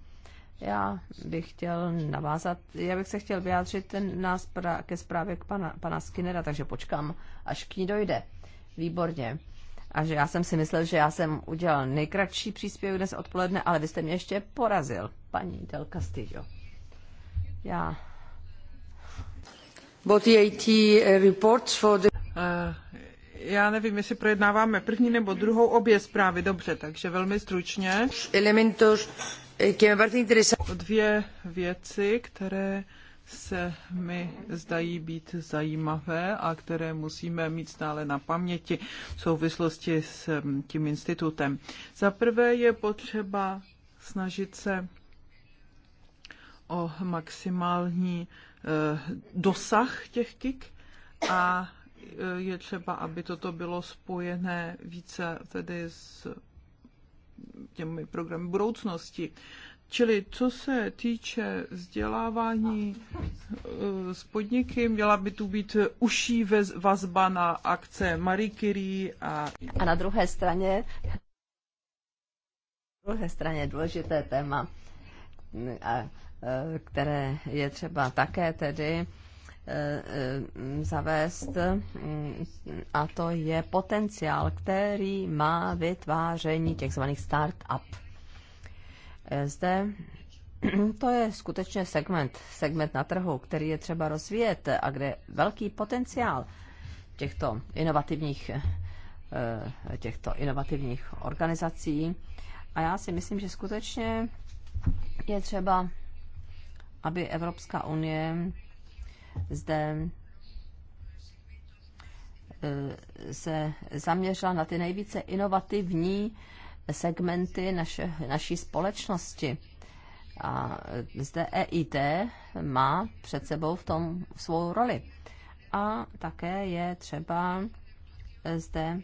Já bych chtěl navázat, já bych se chtěl vyjádřit na spra- ke zprávě k pana, pana Skinnera, takže počkám, až k ní dojde. Výborně a že já jsem si myslel, že já jsem udělal nejkratší příspěvek dnes odpoledne, ale vy jste mě ještě porazil, paní Del Castillo. Já. Bod IT eh, reports for the... Uh, já nevím, jestli projednáváme první nebo druhou obě zprávy. Dobře, takže velmi stručně. Eh, Dvě věci, které se mi zdají být zajímavé a které musíme mít stále na paměti v souvislosti s mm, tím institutem. Za prvé je potřeba snažit se o maximální eh, dosah těch kik a eh, je třeba, aby toto bylo spojené více tedy s těmi programy budoucnosti. Čili co se týče vzdělávání eh, s podniky, měla by tu být uší vazba na akce Marie Curie a... A na druhé straně, na druhé straně důležité téma, eh, které je třeba také tedy eh, zavést, mm, a to je potenciál, který má vytváření těch zvaných start-up zde to je skutečně segment, segment na trhu, který je třeba rozvíjet a kde je velký potenciál těchto inovativních, eh, těchto inovativních organizací. A já si myslím, že skutečně je třeba, aby Evropská unie zde eh, se zaměřila na ty nejvíce inovativní segmenty naše, naší společnosti. A zde EIT má před sebou v tom svou roli. A také je třeba zde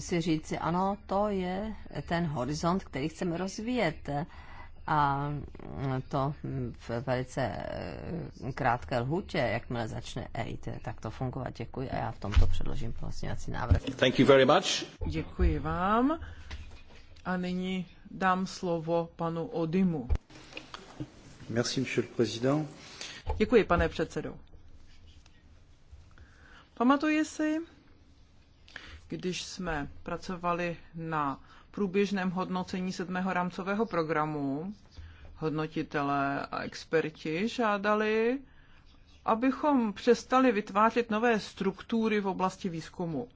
eh, si říci, ano, to je ten horizont, který chceme rozvíjet a to v velice eh, krátké lhůtě, jakmile začne EIT takto fungovat. Děkuji a já v tomto předložím pozměňovací návrh. Thank you very much. Děkuji vám a nyní dám slovo panu Odimu. Merci, monsieur le président. Děkuji, pane předsedo. Pamatuji si, když jsme pracovali na průběžném hodnocení sedmého rámcového programu hodnotitelé a experti žádali, abychom přestali vytvářet nové struktury v oblasti výzkumu.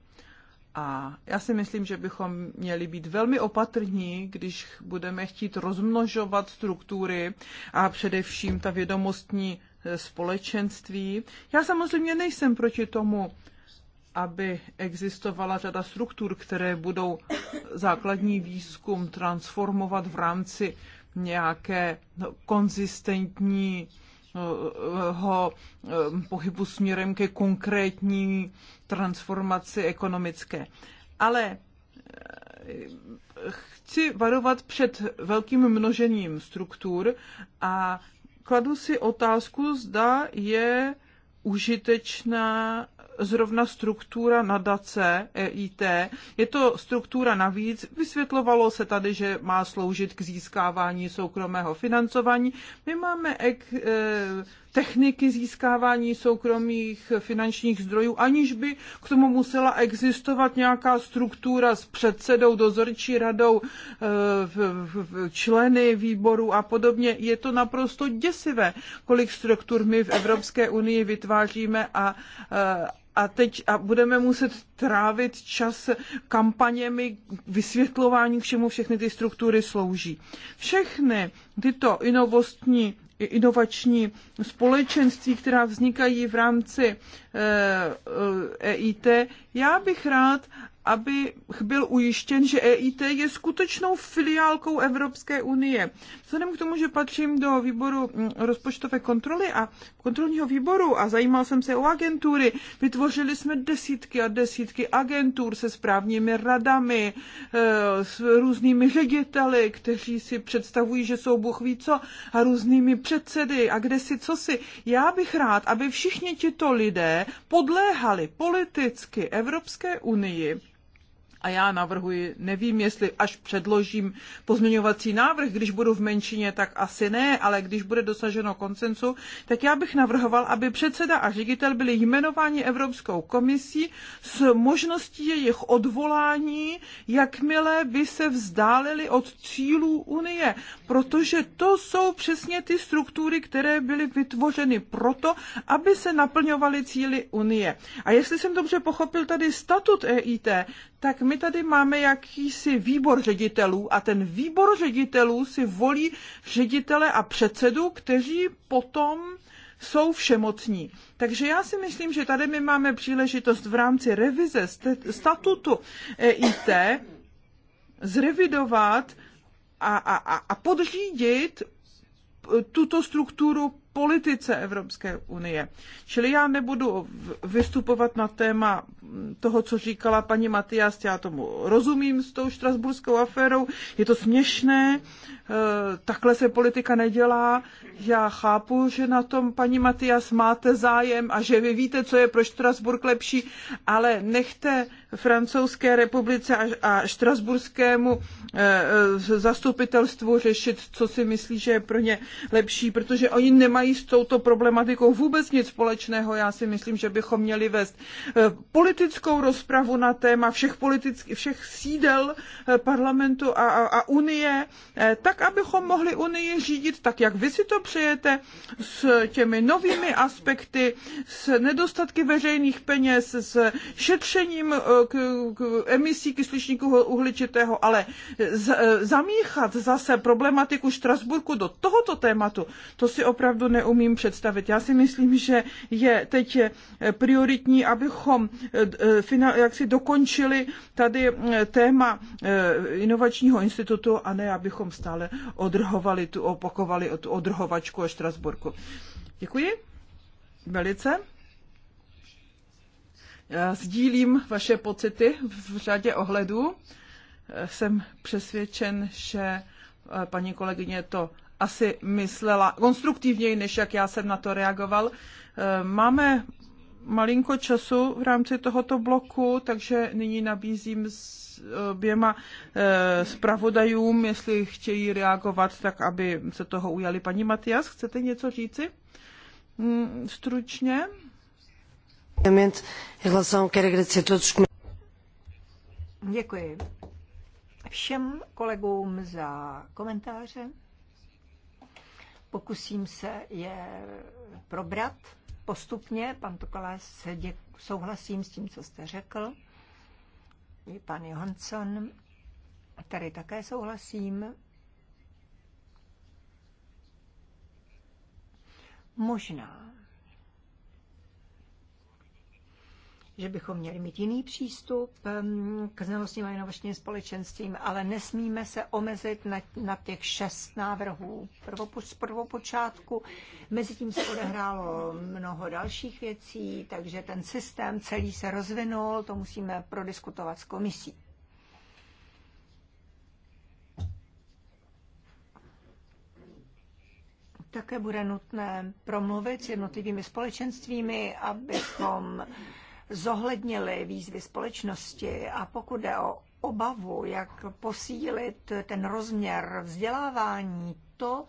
A já si myslím, že bychom měli být velmi opatrní, když budeme chtít rozmnožovat struktury a především ta vědomostní e, společenství. Já samozřejmě nejsem proti tomu aby existovala řada struktur, které budou základní výzkum transformovat v rámci nějaké konzistentní ho eh, pohybu směrem ke konkrétní transformaci ekonomické. Ale eh, chci varovat před velkým množením struktur a kladu si otázku, zda je užitečná zrovna struktura nadace EIT. Je to struktura navíc, vysvětlovalo se tady, že má sloužit k získávání soukromého financování. My máme ek, eh, techniky získávání soukromých finančních zdrojů, aniž by k tomu musela existovat nějaká struktura s předsedou, dozorčí radou, eh, členy výboru a podobně. Je to naprosto děsivé, kolik struktur my v Evropské unii vytváříme a, eh, a teď a budeme muset trávit čas kampaněmi, vysvětlování, k čemu všechny ty struktury slouží. Všechny tyto inovostní inovační společenství, která vznikají v rámci EIT. Eh, eh, e Já bych rád, abych byl ujištěn, že EIT je skutečnou filiálkou Evropské unie. Vzhledem k tomu, že patřím do výboru mm, rozpočtové kontroly a kontrolního výboru a zajímal jsem se o agentury, vytvořili jsme desítky a desítky agentur se správními radami, eh, s různými řediteli, kteří si představují, že jsou Bůh ví co, a různými předsedy a kde si co si. Já bych rád, aby všichni tito lidé podléhali politicky Evropské unii, a já navrhuji, nevím, jestli až předložím pozměňovací návrh, když budu v menšině, tak asi ne, ale když bude dosaženo koncensu, tak já bych navrhoval, aby předseda a ředitel byli jmenováni Evropskou komisí s možností jejich odvolání, jakmile by se vzdálili od cílů Unie, protože to jsou přesně ty struktury, které byly vytvořeny proto, aby se naplňovaly cíly Unie. A jestli jsem dobře pochopil tady statut EIT, tak my tady máme jakýsi výbor ředitelů a ten výbor ředitelů si volí ředitele a předsedu, kteří potom jsou všemocní. Takže já si myslím, že tady my máme příležitost v rámci revize statutu EIT eh, zrevidovat a, a, a podřídit eh, tuto strukturu politice Evropské unie. Čili já nebudu vystupovat na téma toho, co říkala paní Matias, já tomu rozumím s tou štrasburskou aférou, je to směšné, Eh, takhle se politika nedělá. Já chápu, že na tom, paní Matias, máte zájem a že vy víte, co je pro Štrasburg lepší, ale nechte francouzské republice a štrasburskému eh, eh, zastupitelstvu řešit, co si myslí, že je pro ně lepší, protože oni nemají s touto problematikou vůbec nic společného. Já si myslím, že bychom měli vést politickou rozpravu na téma všech, politických, všech sídel parlamentu a, a, a unie, tak tak abychom mohli Unii řídit tak, jak vy si to přejete, s těmi novými aspekty, s nedostatky veřejných peněz, s šetřením eh, k, k emisí kysličníku uhličitého, ale z, eh, zamíchat zase problematiku Štrasburku do tohoto tématu, to si opravdu neumím představit. Já si myslím, že je teď eh, prioritní, abychom jak si dokončili tady téma inovačního institutu a ne, abychom stále jsme odrhovali tu, opakovali tu odrhovačku a Štrasburku. Děkuji. Velice. Já sdílím vaše pocity v řadě ohledů. Jsem přesvědčen, že eh, paní kolegyně to asi myslela konstruktivněji, než jak já jsem na to reagoval. Eh, máme malinko času v rámci tohoto bloku, takže nyní nabízím oběma eh, zpravodajům, jestli chtějí reagovat, tak aby se toho ujali. Paní Matias, chcete něco říci? Mm, stručně? Děkuji všem kolegům za komentáře. Pokusím se je probrat postupně. Pan Tokalás, souhlasím s tím, co jste řekl i pan Johansson. Tady také souhlasím. Možná že bychom měli mít jiný přístup ehm, k znalostním a inovačním společenstvím, ale nesmíme se omezit na, na těch šest návrhů. z prvopočátku mezi tím se odehrálo mnoho dalších věcí, takže ten systém celý se rozvinul, to musíme prodiskutovat s komisí. také bude nutné promluvit s jednotlivými společenstvími, abychom zohlednili výzvy společnosti a pokud jde o obavu, jak posílit ten rozměr vzdělávání, to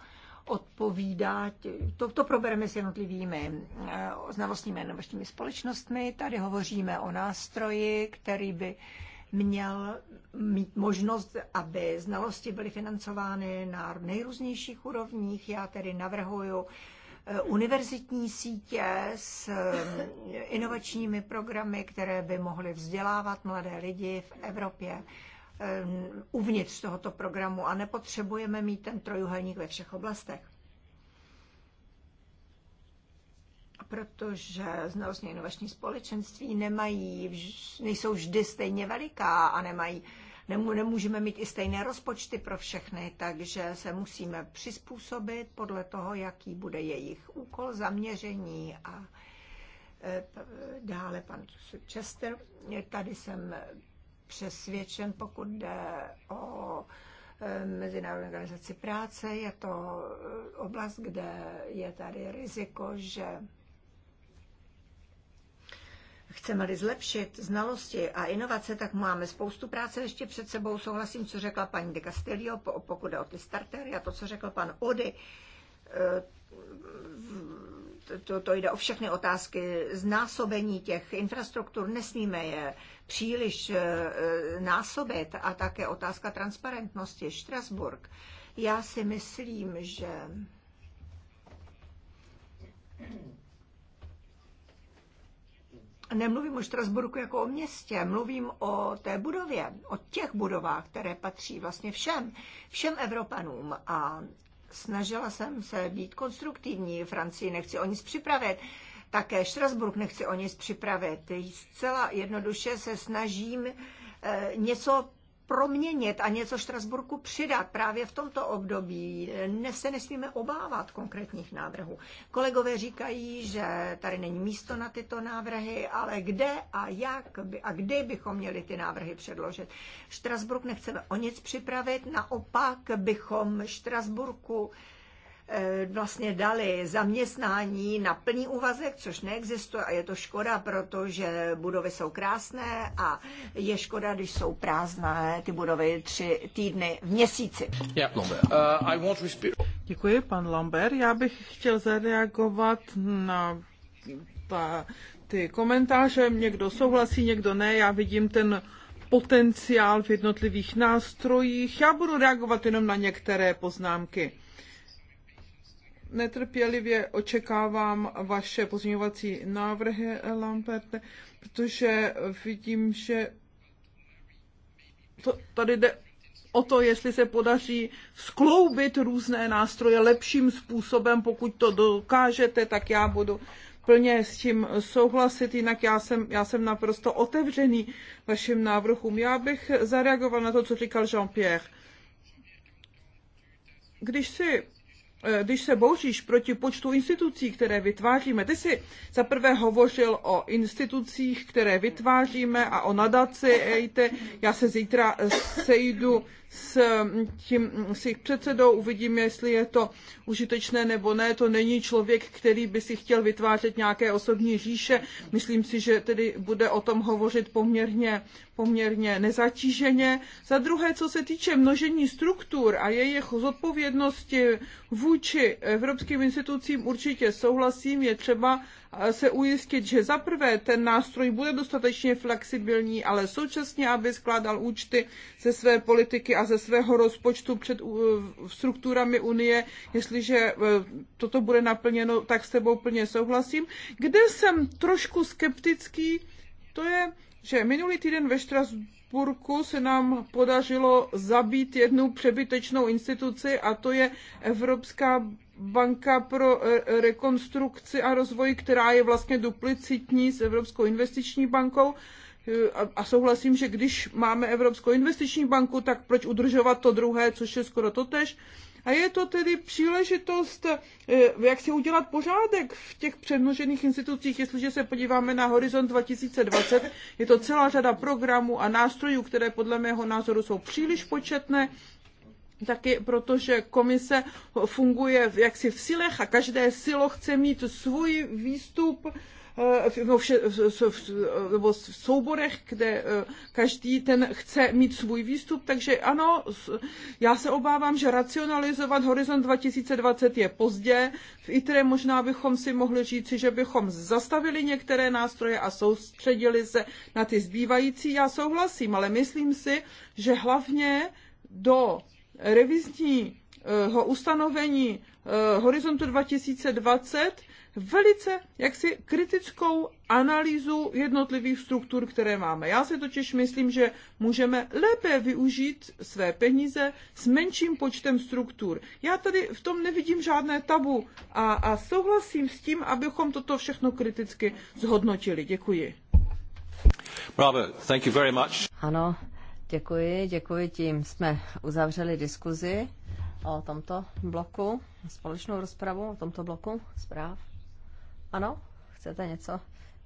odpovídá, to, to probereme s jednotlivými eh, znalostními inovačními společnostmi. Tady hovoříme o nástroji, který by měl mít možnost, aby znalosti byly financovány na nejrůznějších úrovních. Já tedy navrhuju Eh, univerzitní sítě s eh, inovačními programy, které by mohly vzdělávat mladé lidi v Evropě eh, uvnitř tohoto programu a nepotřebujeme mít ten trojuhelník ve všech oblastech. protože znalostně inovační společenství nemají, nejsou vždy stejně veliká a nemají nemůžeme mít i stejné rozpočty pro všechny, takže se musíme přizpůsobit podle toho, jaký bude jejich úkol, zaměření a e, dále pan Chester. Tady jsem přesvědčen, pokud jde o e, Mezinárodní organizaci práce. Je to e, oblast, kde je tady riziko, že Chceme-li zlepšit znalosti a inovace, tak máme spoustu práce ještě před sebou. Souhlasím, co řekla paní de Castillo, pokud jde o ty startery a to, co řekl pan Ody. E, to, to jde o všechny otázky znásobení těch infrastruktur. Nesmíme je příliš e, násobit a také otázka transparentnosti. Štrasburg. Já si myslím, že nemluvím o Štrasburku jako o městě, mluvím o té budově, o těch budovách, které patří vlastně všem, všem Evropanům. A snažila jsem se být konstruktivní, Francii nechci o nic připravit, také Štrasburg nechci o nic připravit. Zcela jednoduše se snažím eh, něco proměnit a něco Štrasburku přidat právě v tomto období. Ne, se nesmíme obávat konkrétních návrhů. Kolegové říkají, že tady není místo na tyto návrhy, ale kde a jak by, a kdy bychom měli ty návrhy předložit. Štrasburk nechceme o nic připravit, naopak bychom Štrasburku Eh, vlastně dali zaměstnání na plný úvazek, což neexistuje a je to škoda, protože budovy jsou krásné a je škoda, když jsou prázdné ty budovy tři týdny v měsíci. Eh, Děkuji, pan Lambert. Já bych chtěl zareagovat na ta, ty komentáře. Někdo souhlasí, někdo ne. Já vidím ten potenciál v jednotlivých nástrojích. Já budu reagovat jenom na některé poznámky netrpělivě očekávám vaše pozměňovací návrhy, Lamperte, protože vidím, že to, tady jde o to, jestli se podaří skloubit různé nástroje lepším způsobem. Pokud to dokážete, tak já budu plně s tím souhlasit, jinak já jsem, já jsem naprosto otevřený vašim návrhům. Já bych zareagoval na to, co říkal Jean-Pierre. Když si Eh, když se bouříš proti počtu institucí, které vytváříme, ty jsi zaprvé hovořil o institucích, které vytváříme a o nadaci EIT. Já se zítra sejdu s mm, tím mm, si předsedou, uvidíme, jestli je to užitečné nebo ne. To není člověk, který by si chtěl vytvářet nějaké osobní říše. Myslím si, že tedy bude o tom hovořit poměrně, poměrně nezatíženě. Za druhé, co se týče množení struktur a jejich zodpovědnosti vůči evropským institucím, určitě souhlasím, je třeba se ujistit, že za prvé ten nástroj bude dostatečně flexibilní, ale současně, aby skládal účty ze své politiky a ze svého rozpočtu před strukturami Unie, jestliže e, toto bude naplněno, tak s tebou plně souhlasím. Kde jsem trošku skeptický, to je, že minulý týden ve Štrasburku se nám podařilo zabít jednu přebytečnou instituci a to je Evropská banka pro e, e, rekonstrukci a rozvoj, která je vlastně duplicitní s Evropskou investiční bankou. E, a souhlasím, že když máme Evropskou investiční banku, tak proč udržovat to druhé, což je skoro totež. A je to tedy příležitost, jak si udělat pořádek v těch předložených institucích. Jestliže se podíváme na Horizont 2020, je to celá řada programů a nástrojů, které podle mého názoru jsou příliš početné taky protože komise funguje jaksi v silech a každé silo chce mít svůj výstup eh, v, no, vše, v, v souborech, kde eh, každý ten chce mít svůj výstup. Takže ano, já se obávám, že racionalizovat Horizont 2020 je pozdě. V ITRE možná bychom si mohli říci, že bychom zastavili některé nástroje a soustředili se na ty zbývající. Já souhlasím, ale myslím si, že hlavně do revizní ustanovení eh, Horizontu 2020 velice jaksi kritickou analýzu jednotlivých struktur, které máme. Já si totiž myslím, že můžeme lépe využít své peníze s menším počtem struktur. Já tady v tom nevidím žádné tabu a, a souhlasím s tím, abychom toto všechno kriticky zhodnotili. Děkuji. Bravo, thank you very much. Ano, Děkuji, děkuji. Tím jsme uzavřeli diskuzi o tomto bloku, společnou rozpravu o tomto bloku zpráv. Ano, chcete něco?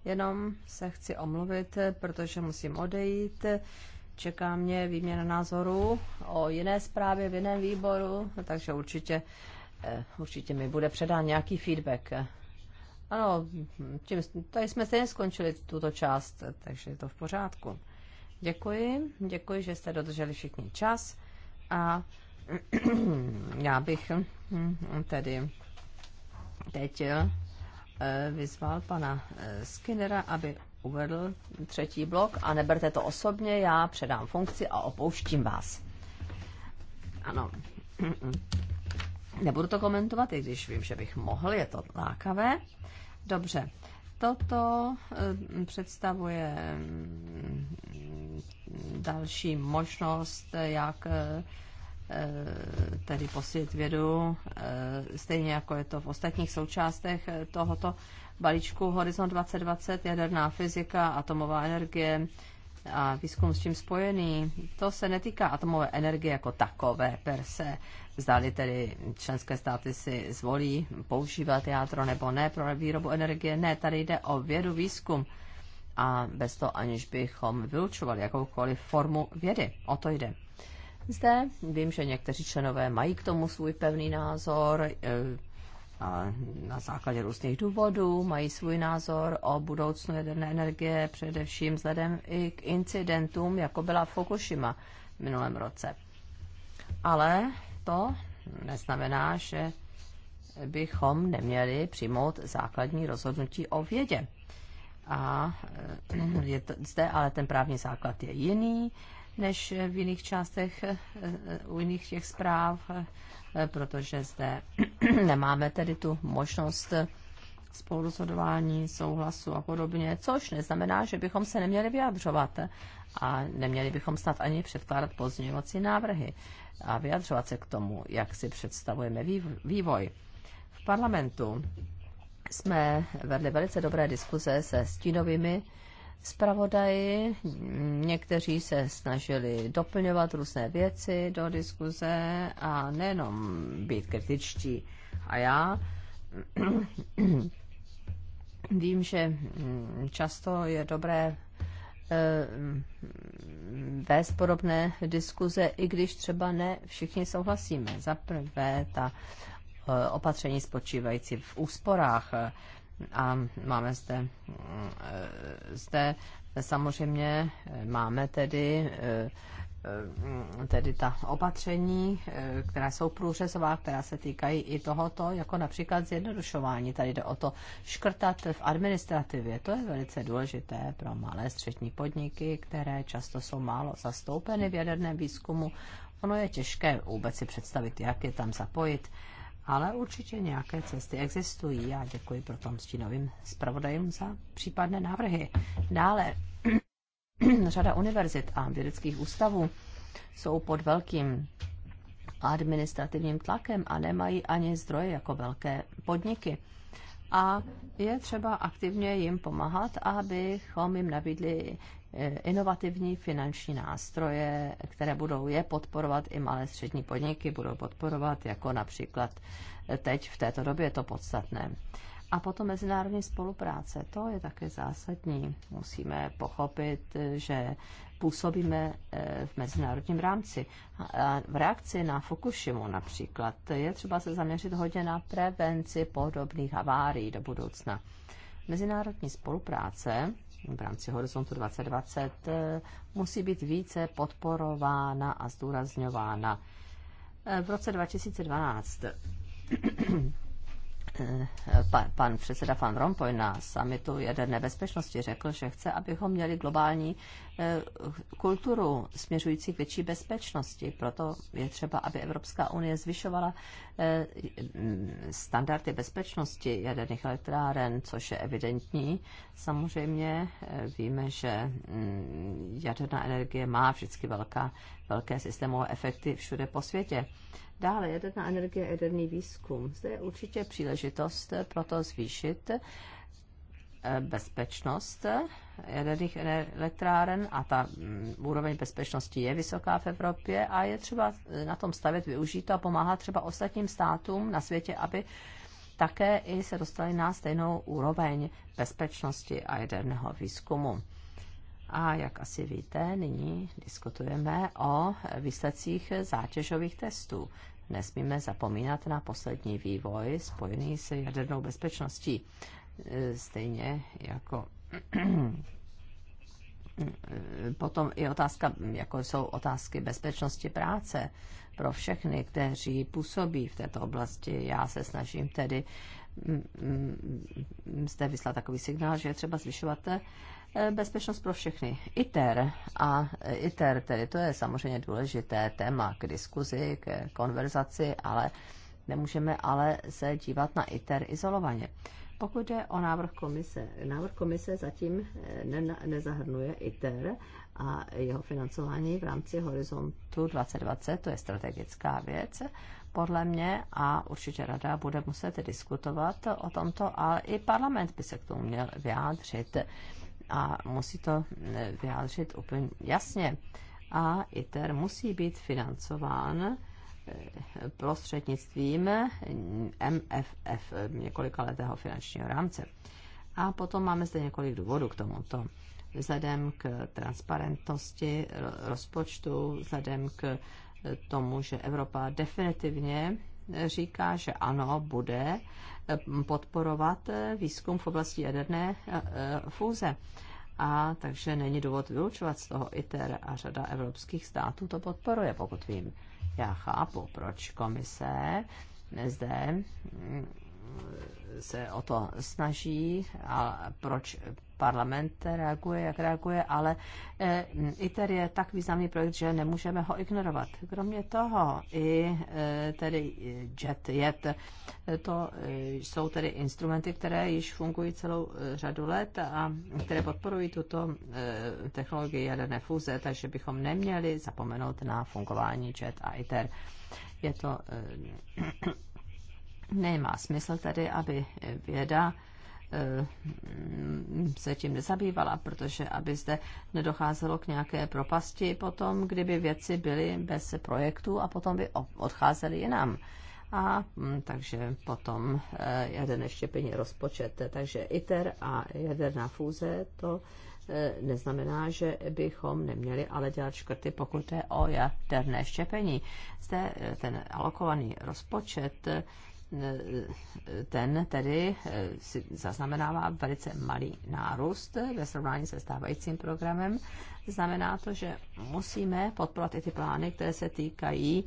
Jenom se chci omluvit, protože musím odejít. Čeká mě výměna názorů o jiné zprávě v jiném výboru, takže určitě, eh, určitě mi bude předán nějaký feedback. Ano, tím, tady jsme stejně skončili tuto část, takže je to v pořádku. Děkuji, děkuji, že jste dodrželi všichni čas a já bych hm, tedy teď eh, vyzval pana eh, Skinnera, aby uvedl třetí blok a neberte to osobně, já předám funkci a opouštím vás. Ano. Nebudu to komentovat, i když vím, že bych mohl, je to lákavé. Dobře, toto eh, představuje hm, další možnost, jak eh, eh, tedy posílit vědu, eh, stejně jako je to v ostatních součástech tohoto balíčku Horizont 2020, jaderná fyzika, atomová energie a výzkum s tím spojený. To se netýká atomové energie jako takové per se. Zdali tedy členské státy si zvolí používat jádro nebo ne pro výrobu energie. Ne, tady jde o vědu, výzkum a bez toho aniž bychom vylučovali jakoukoliv formu vědy. O to jde. Zde vím, že někteří členové mají k tomu svůj pevný názor, e, a na základě různých důvodů mají svůj názor o budoucnu jaderné energie, především vzhledem i k incidentům, jako byla Fukushima v minulém roce. Ale to neznamená, že bychom neměli přijmout základní rozhodnutí o vědě. A eh, je to, zde ale ten právní základ je jiný než v jiných částech, eh, eh, u jiných těch zpráv, protože zde nemáme tedy tu možnost spolurozhodování, souhlasu a podobně, což neznamená, že bychom se neměli vyjadřovat a neměli bychom snad ani předkládat pozměňovací návrhy a vyjadřovat se k tomu, jak si představujeme vývoj. V parlamentu jsme vedli velice dobré diskuze se stínovými zpravodaji. Někteří se snažili doplňovat různé věci do diskuze a nejenom být kritičtí. A já vím, že mm, často je dobré eh, mm, vést podobné diskuze, i když třeba ne všichni souhlasíme. Za prvé, ta Eh, opatření spočívající v úsporách. A máme zde, eh, zde samozřejmě máme tedy eh, tedy ta opatření, která jsou průřezová, která se týkají i tohoto, jako například zjednodušování. Tady jde o to škrtat v administrativě. To je velice důležité pro malé střední podniky, které často jsou málo zastoupeny v jaderném výzkumu. Ono je těžké vůbec si představit, jak je tam zapojit ale určitě nějaké cesty existují. Já děkuji pro tom stínovým zpravodajům za případné návrhy. Dále řada univerzit a vědeckých ústavů jsou pod velkým administrativním tlakem a nemají ani zdroje jako velké podniky. A je třeba aktivně jim pomáhat, abychom jim nabídli E, inovativní finanční nástroje, které budou je podporovat i malé střední podniky, budou podporovat jako například e, teď v této době je to podstatné. A potom mezinárodní spolupráce, to je také zásadní. Musíme pochopit, e, že působíme v mezinárodním rámci. A v reakci na Fukushimu například je třeba se zaměřit hodně na prevenci podobných havárií do budoucna. Mezinárodní spolupráce v rámci Horizontu 2020 eh, musí být více podporována a zdůrazňována. Eh, v roce 2012 Eh, pan, předseda Van Rompuy na samitu jaderné bezpečnosti řekl, že chce, abychom měli globální eh, kulturu směřující k větší bezpečnosti. Proto je třeba, aby Evropská unie zvyšovala eh, standardy bezpečnosti jaderných elektráren, což je evidentní. Samozřejmě víme, že mm, jaderná energie má vždycky velká velké systémové efekty všude po světě. Dále jaderná energie a jaderný výzkum. Zde je určitě příležitost pro to zvýšit eh, bezpečnost eh, jaderných elektráren a ta mm, úroveň bezpečnosti je vysoká v Evropě a je třeba eh, na tom stavět, využít to a pomáhat třeba ostatním státům na světě, aby také i se dostali na stejnou úroveň bezpečnosti a jaderného výzkumu. A jak asi víte, nyní diskutujeme o výsledcích zátěžových testů. Nesmíme zapomínat na poslední vývoj spojený s jadernou bezpečností. Stejně jako potom i otázka, jako jsou otázky bezpečnosti práce pro všechny, kteří působí v této oblasti. Já se snažím tedy mm, mm, mm, zde vyslat takový signál, že je třeba zvyšovat Eh, bezpečnost pro všechny. ITER a eh, ITER, tedy to je samozřejmě důležité téma k diskuzi, k konverzaci, ale nemůžeme ale se dívat na ITER izolovaně. Pokud jde o návrh komise, návrh komise zatím eh, ne, nezahrnuje ITER a jeho financování v rámci Horizontu 2020, to je strategická věc, podle mě, a určitě rada bude muset diskutovat o tomto, ale i parlament by se k tomu měl vyjádřit a musí to mm, vyjádřit úplně jasně. A ITER musí být financován eh, prostřednictvím MFF, mm, několika letého finančního rámce. A potom máme zde několik důvodů k tomuto. Vzhledem k transparentnosti rozpočtu, vzhledem k eh, tomu, že Evropa definitivně říká, že ano, bude eh, podporovat eh, výzkum v oblasti jaderné eh, fúze. A takže není důvod vylučovat z toho ITER a řada evropských států to podporuje, pokud vím. Já chápu, proč komise zde mm, se o to snaží a proč parlament reaguje, jak reaguje, ale e, ITER je tak významný projekt, že nemůžeme ho ignorovat. Kromě toho i e, tedy jet, jet, to e, jsou tedy instrumenty, které již fungují celou řadu let a které podporují tuto technologii jaderné fúze, takže bychom neměli zapomenout na fungování jet a ITER. Je to nemá smysl tedy, aby věda eh, se tím nezabývala, protože aby zde nedocházelo k nějaké propasti potom, kdyby věci byly bez projektu a potom by odcházely jinam. A hm, takže potom eh, jaderné štěpení rozpočet. Takže ITER a jaderná fúze to eh, neznamená, že bychom neměli ale dělat škrty, pokud je o jaderné štěpení. Zde ten alokovaný rozpočet ten tedy eh, si zaznamenává velice malý nárůst ve srovnání se stávajícím programem. Znamená to, že musíme podporovat i ty plány, které se týkají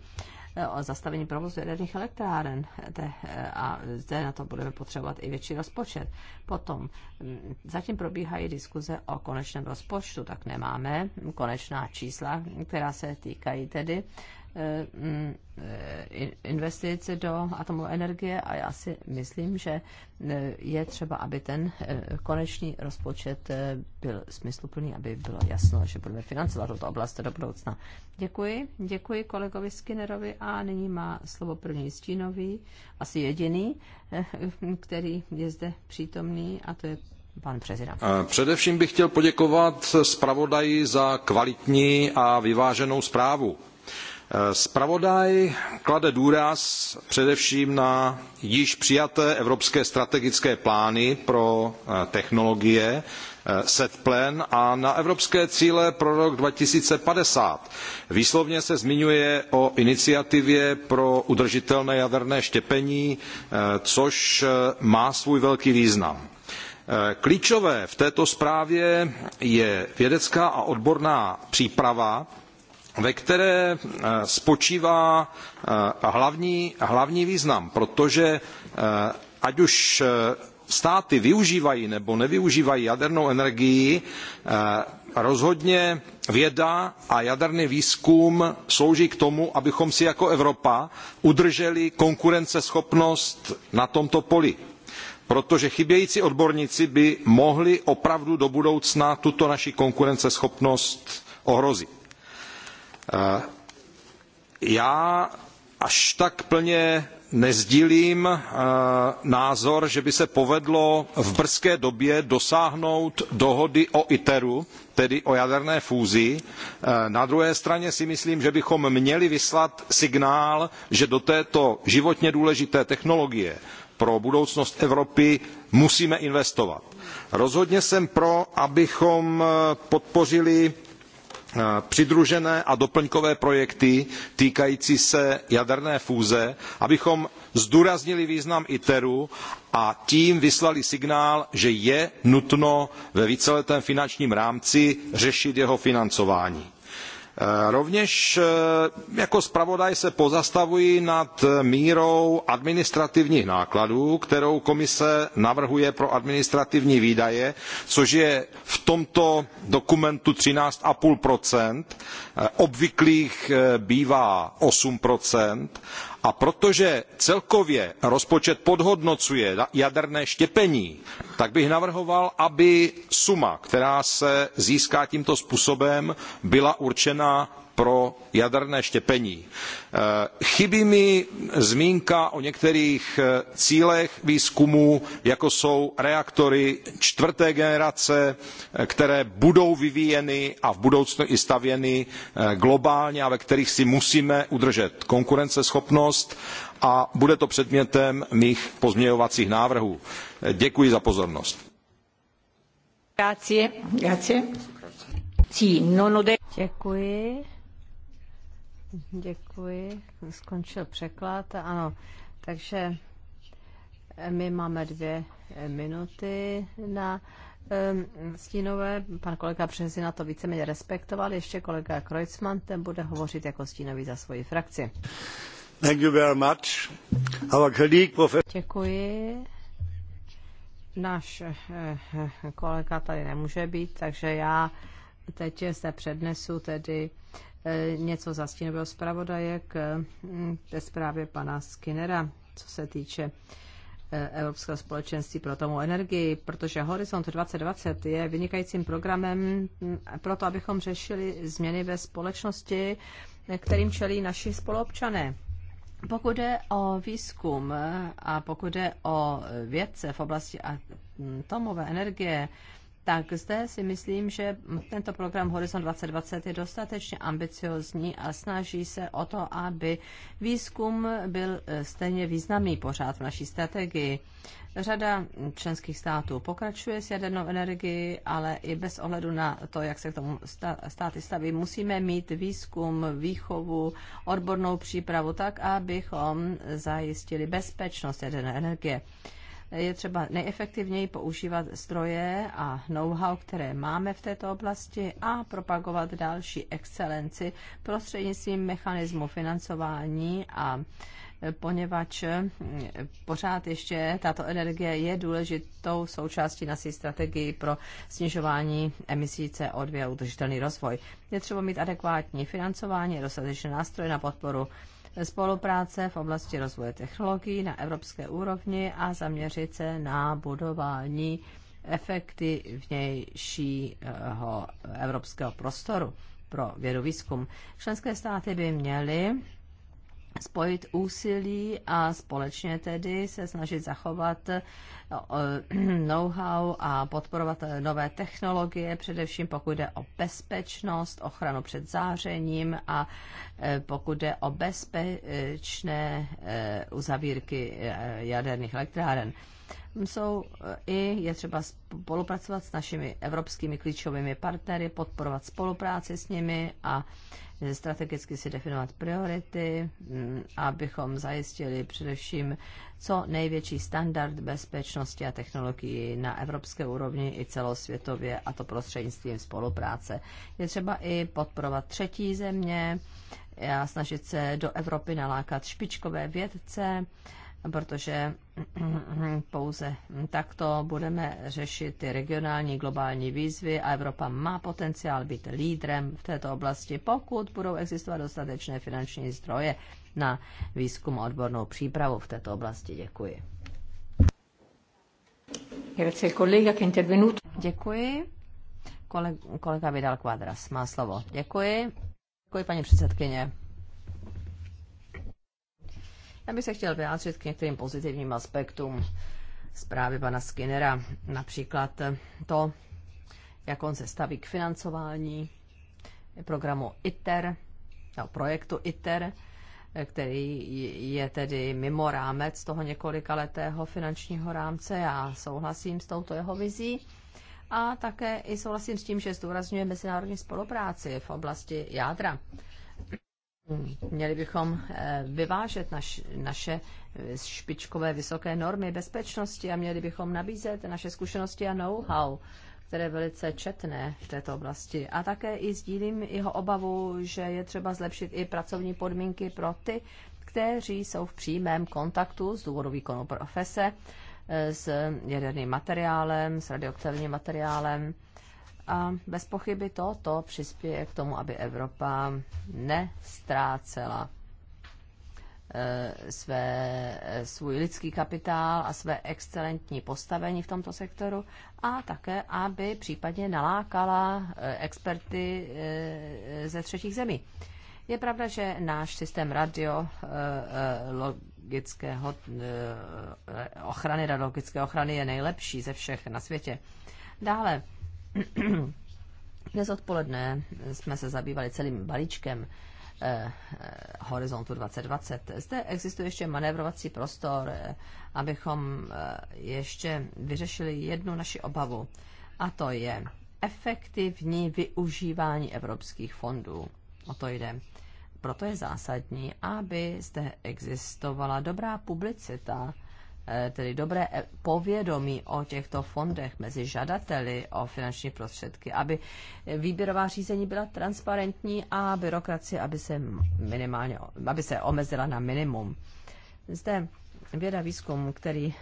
eh, o zastavení provozu jaderných elektráren eh, a zde na to budeme potřebovat i větší rozpočet. Potom mm, zatím probíhají diskuze o konečném rozpočtu, tak nemáme konečná čísla, která se týkají tedy Eh, mm, eh, investic do atomové energie a já si myslím, že eh, je třeba, aby ten konečný rozpočet byl smysluplný, aby bylo jasno, že budeme financovat tuto oblast do budoucna. Děkuji, děkuji kolegovi Skinnerovi a nyní má slovo první stínový, asi jediný, který je zde přítomný a to je pan prezident. Především bych chtěl poděkovat zpravodaji za kvalitní a vyváženou zprávu Spravodaj klade důraz především na již přijaté evropské strategické plány pro eh, technologie, eh, set plan a na evropské cíle pro rok 2050. Výslovně se zmiňuje o iniciativě pro udržitelné jaderné štěpení, eh, což má svůj velký význam. Klíčové v této zprávě je vědecká a odborná příprava ve které eh, spočívá eh, hlavní, hlavní význam, protože eh, ať už státy využívají nebo nevyužívají jadernou energii, rozhodně věda a jaderný výzkum slouží k tomu, abychom si jako Evropa udrželi konkurenceschopnost na tomto poli. Protože chybějící odborníci by mohli opravdu do budoucna tuto naši konkurenceschopnost ohrozit Eh, já až tak plně nezdílím eh, názor, že by se povedlo v brzké době dosáhnout dohody o ITERu, tedy o jaderné fúzi. Eh, na druhé straně si myslím, že bychom měli vyslat signál, že do této životně důležité technologie pro budoucnost Evropy musíme investovat. Rozhodně jsem pro, abychom podpořili Eh, přidružené a doplňkové projekty týkající se jaderné fúze, abychom zdůraznili význam ITERu a tím vyslali signál, že je nutno ve víceletém finančním rámci řešit jeho financování. Eh, rovněž eh, jako zpravodaj se pozastavuji nad mírou administrativních nákladů, kterou komise navrhuje pro administrativní výdaje, což je v tomto dokumentu 13,5 eh, obvyklých bývá 8 a protože celkově rozpočet podhodnocuje jaderné štěpení, tak bych navrhoval, aby suma, která se získá tímto způsobem, byla určena pro jaderné štěpení. E, chybí mi zmínka o některých e, cílech výzkumu, jako jsou reaktory čtvrté generace, e, které budou vyvíjeny a v budoucnu i stavěny globálně a ve kterých si musíme udržet konkurenceschopnost a bude to předmětem mých pozměňovacích návrhů. Děkuji za pozornost. Grazie. Grazie. Sì, non ho detto... Děkuji. Skončil překlad. Ano, takže eh, my máme dvě eh, minuty na ehm, stínové. Pan kolega Březina to víceméně respektoval. Ještě kolega Kreuzmann, ten bude hovořit jako stínový za svoji frakci. Thank you very much. Our colleague, professor... Děkuji. Náš eh, kolega tady nemůže být, takže já teď se přednesu tedy eh, něco za stínového zpravodaje k té hm, zprávě pana Skinnera, co se týče eh, Evropského společenství pro tomu energii, protože Horizont 2020 je vynikajícím programem hm, pro to, abychom řešili změny ve společnosti, eh, kterým čelí naši spoluobčané. Pokud jde o výzkum a pokud jde o vědce v oblasti hm, atomové energie, tak zde si myslím, že tento program Horizon 2020 je dostatečně ambiciozní a snaží se o to, aby výzkum byl eh, stejně významný pořád v naší strategii. Řada členských států pokračuje s jadernou energií, ale i bez ohledu na to, jak se k tomu státy staví, musíme mít výzkum, výchovu, odbornou přípravu tak, abychom zajistili bezpečnost jaderné energie je třeba nejefektivněji používat zdroje a know-how, které máme v této oblasti a propagovat další excelenci prostřednictvím mechanismu financování a e, poněvadž pořád ještě tato energie je důležitou součástí naší strategii pro snižování emisí CO2 a udržitelný rozvoj. Je třeba mít adekvátní financování, dostatečné nástroje na podporu spolupráce v oblasti rozvoje technologií na evropské úrovni a zaměřit se na budování efekty vnějšího evropského prostoru pro vědu výzkum. Členské státy by měly spojit úsilí a společně tedy se snažit zachovat eh, eh, know-how a podporovat eh, nové technologie, především pokud jde o bezpečnost, ochranu před zářením a pokud jde o bezpečné uzavírky jaderných elektráren. Jsou i, je třeba spolupracovat s našimi evropskými klíčovými partnery, podporovat spolupráci s nimi a strategicky si definovat priority, mm, abychom zajistili především co největší standard bezpečnosti a technologií na evropské úrovni i celosvětově, a to prostřednictvím spolupráce. Je třeba i podporovat třetí země a snažit se do Evropy nalákat špičkové vědce, protože pouze takto budeme řešit ty regionální globální výzvy a Evropa má potenciál být lídrem v této oblasti, pokud budou existovat dostatečné finanční zdroje na výzkum a odbornou přípravu v této oblasti. Děkuji. Děkuji. Kolega Vidal Quadras má slovo. Děkuji. Děkuji, paní předsedkyně. Já bych se chtěl vyjádřit k některým pozitivním aspektům zprávy pana Skinnera, například to, jak on se staví k financování programu ITER, no, projektu ITER, který je tedy mimo rámec toho letého finančního rámce. Já souhlasím s touto jeho vizí a také i souhlasím s tím, že zdůrazňuje mezinárodní spolupráci v oblasti jádra. Měli bychom eh, vyvážet naš, naše eh, špičkové vysoké normy bezpečnosti a měli bychom nabízet naše zkušenosti a know-how, které je velice četné v této oblasti. A také i sdílím jeho obavu, že je třeba zlepšit i pracovní podmínky pro ty, kteří jsou v přímém kontaktu z důvodu výkonu profese eh, s jaderným materiálem, s radioaktivním materiálem a bez pochyby to, to přispěje k tomu, aby Evropa nestrácela eh, své, eh, svůj lidský kapitál a své excelentní postavení v tomto sektoru a také, aby případně nalákala eh, experty ze třetích zemí. Je pravda, že náš systém radiologického ochrany, radiologické ochrany je nejlepší ze všech na světě. Dále Dnes odpoledne jsme se zabývali celým balíčkem eh, eh Horizontu 2020. Zde existuje ještě manévrovací prostor, eh, abychom eh, ještě vyřešili jednu naši obavu, a to je efektivní využívání evropských fondů. O to jde. Proto je zásadní, aby zde existovala dobrá publicita Eh, tedy dobré eh, povědomí o těchto fondech mezi žadateli o finanční prostředky, aby eh, výběrová řízení byla transparentní a byrokracie, aby se, minimálně, aby se omezila na minimum. Zde věda výzkum, který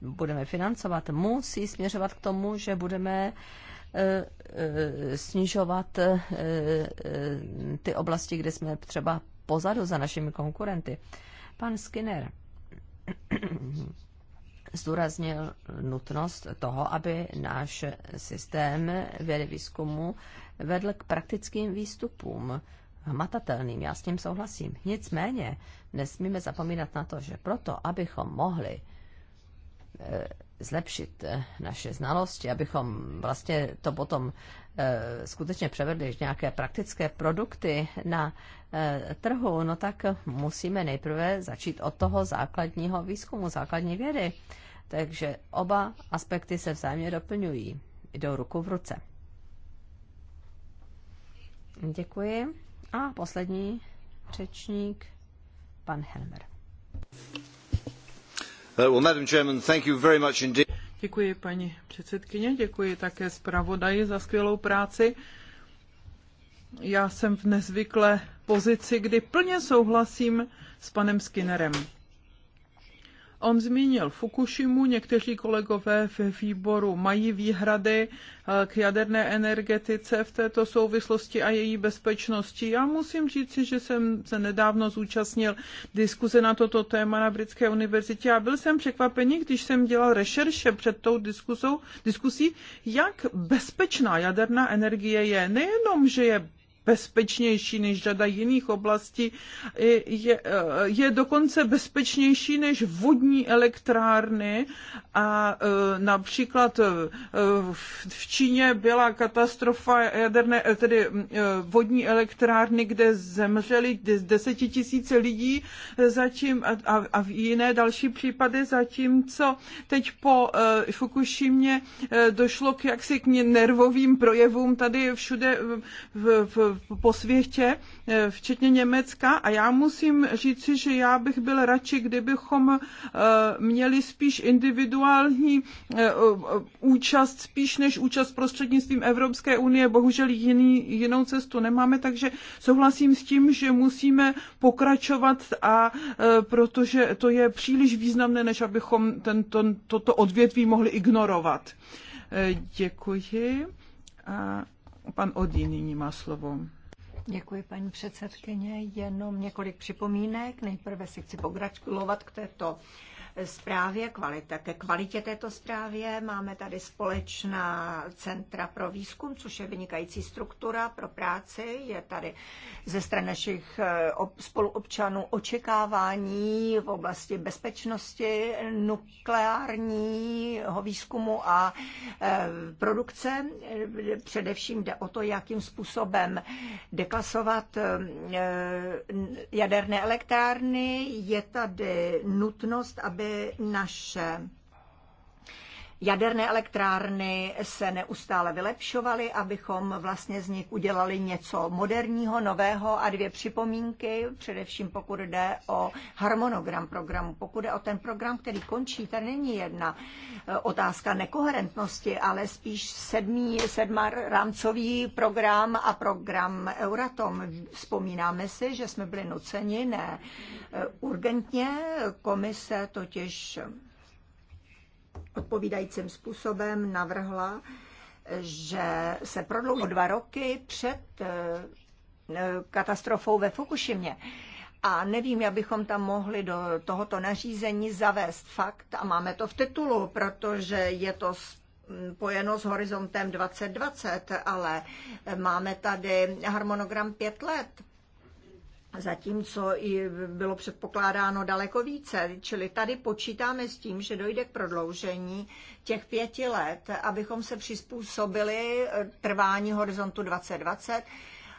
budeme financovat, musí směřovat k tomu, že budeme snižovat ty oblasti, kde jsme třeba pozadu za našimi konkurenty. Pan Skinner zdůraznil nutnost toho, aby náš systém vědy výzkumu vedl k praktickým výstupům, hmatatelným, já s tím souhlasím. Nicméně nesmíme zapomínat na to, že proto, abychom mohli Eh, zlepšit eh, naše znalosti, abychom vlastně to potom eh, skutečně převedli nějaké praktické produkty na trhu, no tak musíme nejprve začít od toho základního výzkumu, základní vědy. Takže oba aspekty se vzájemně doplňují, jdou ruku v ruce. Děkuji. A poslední řečník, pan Helmer. Uh, děkuji paní předsedkyně, děkuji také zpravodaji za skvělou práci. Já jsem v nezvyklé pozici, kdy plně souhlasím s panem Skinnerem. On zmínil Fukushimu, někteří kolegové ve výboru mají výhrady eh, k jaderné energetice v této souvislosti a její bezpečnosti. Já musím říci, že jsem se nedávno zúčastnil diskuze na toto téma na Britské univerzitě a byl jsem překvapený, když jsem dělal rešerše před tou diskusou, diskusí, jak bezpečná jaderná energie je. Nejenom, že je bezpečnější než řada jiných oblastí, je, eh, je dokonce bezpečnější než vodní elektrárny a eh, například eh, v Číně byla katastrofa jaderné, tedy vodní elektrárny, kde zemřeli desetitisíce lidí zatím a, a v jiné další případy zatímco teď po Fukushimě došlo k jaksi k nervovým projevům tady všude v, v, po světě, eh, včetně Německa. A já musím říci, že já bych byl radši, kdybychom eh, měli spíš individuální eh, účast, spíš než účast prostřednictvím Evropské unie. Bohužel jiný, jinou cestu nemáme, takže souhlasím s tím, že musíme pokračovat a protože to je příliš významné, než abychom tento, toto odvětví mohli ignorovat. Děkuji. A Pan Odí nyní má slovo. Děkuji, paní předsedkyně. Jenom několik připomínek. Nejprve si chci pogratulovat k této zprávě, kvalita, ke kvalitě této zprávě. Máme tady společná centra pro výzkum, což je vynikající struktura pro práci. Je tady ze strany našich eh, spoluobčanů očekávání v oblasti bezpečnosti nukleárního výzkumu a eh, produkce. Především jde o to, jakým způsobem deklasovat eh, jaderné elektrárny. Je tady nutnost, aby naše Jaderné elektrárny se neustále vylepšovaly, abychom vlastně z nich udělali něco moderního, nového a dvě připomínky, především pokud jde o harmonogram programu. Pokud jde o ten program, který končí, tady není jedna e, otázka nekoherentnosti, ale spíš sedmý, sedmá rámcový program a program Euratom. Vzpomínáme si, že jsme byli nuceni, ne e, urgentně, komise totiž odpovídajícím způsobem navrhla, že se prodlouží dva roky před eh, katastrofou ve Fukušimě. A nevím, jak bychom tam mohli do tohoto nařízení zavést fakt, a máme to v titulu, protože je to spojeno s horizontem 2020, ale máme tady harmonogram pět let zatímco i bylo předpokládáno daleko více. Čili tady počítáme s tím, že dojde k prodloužení těch pěti let, abychom se přizpůsobili eh, trvání horizontu 2020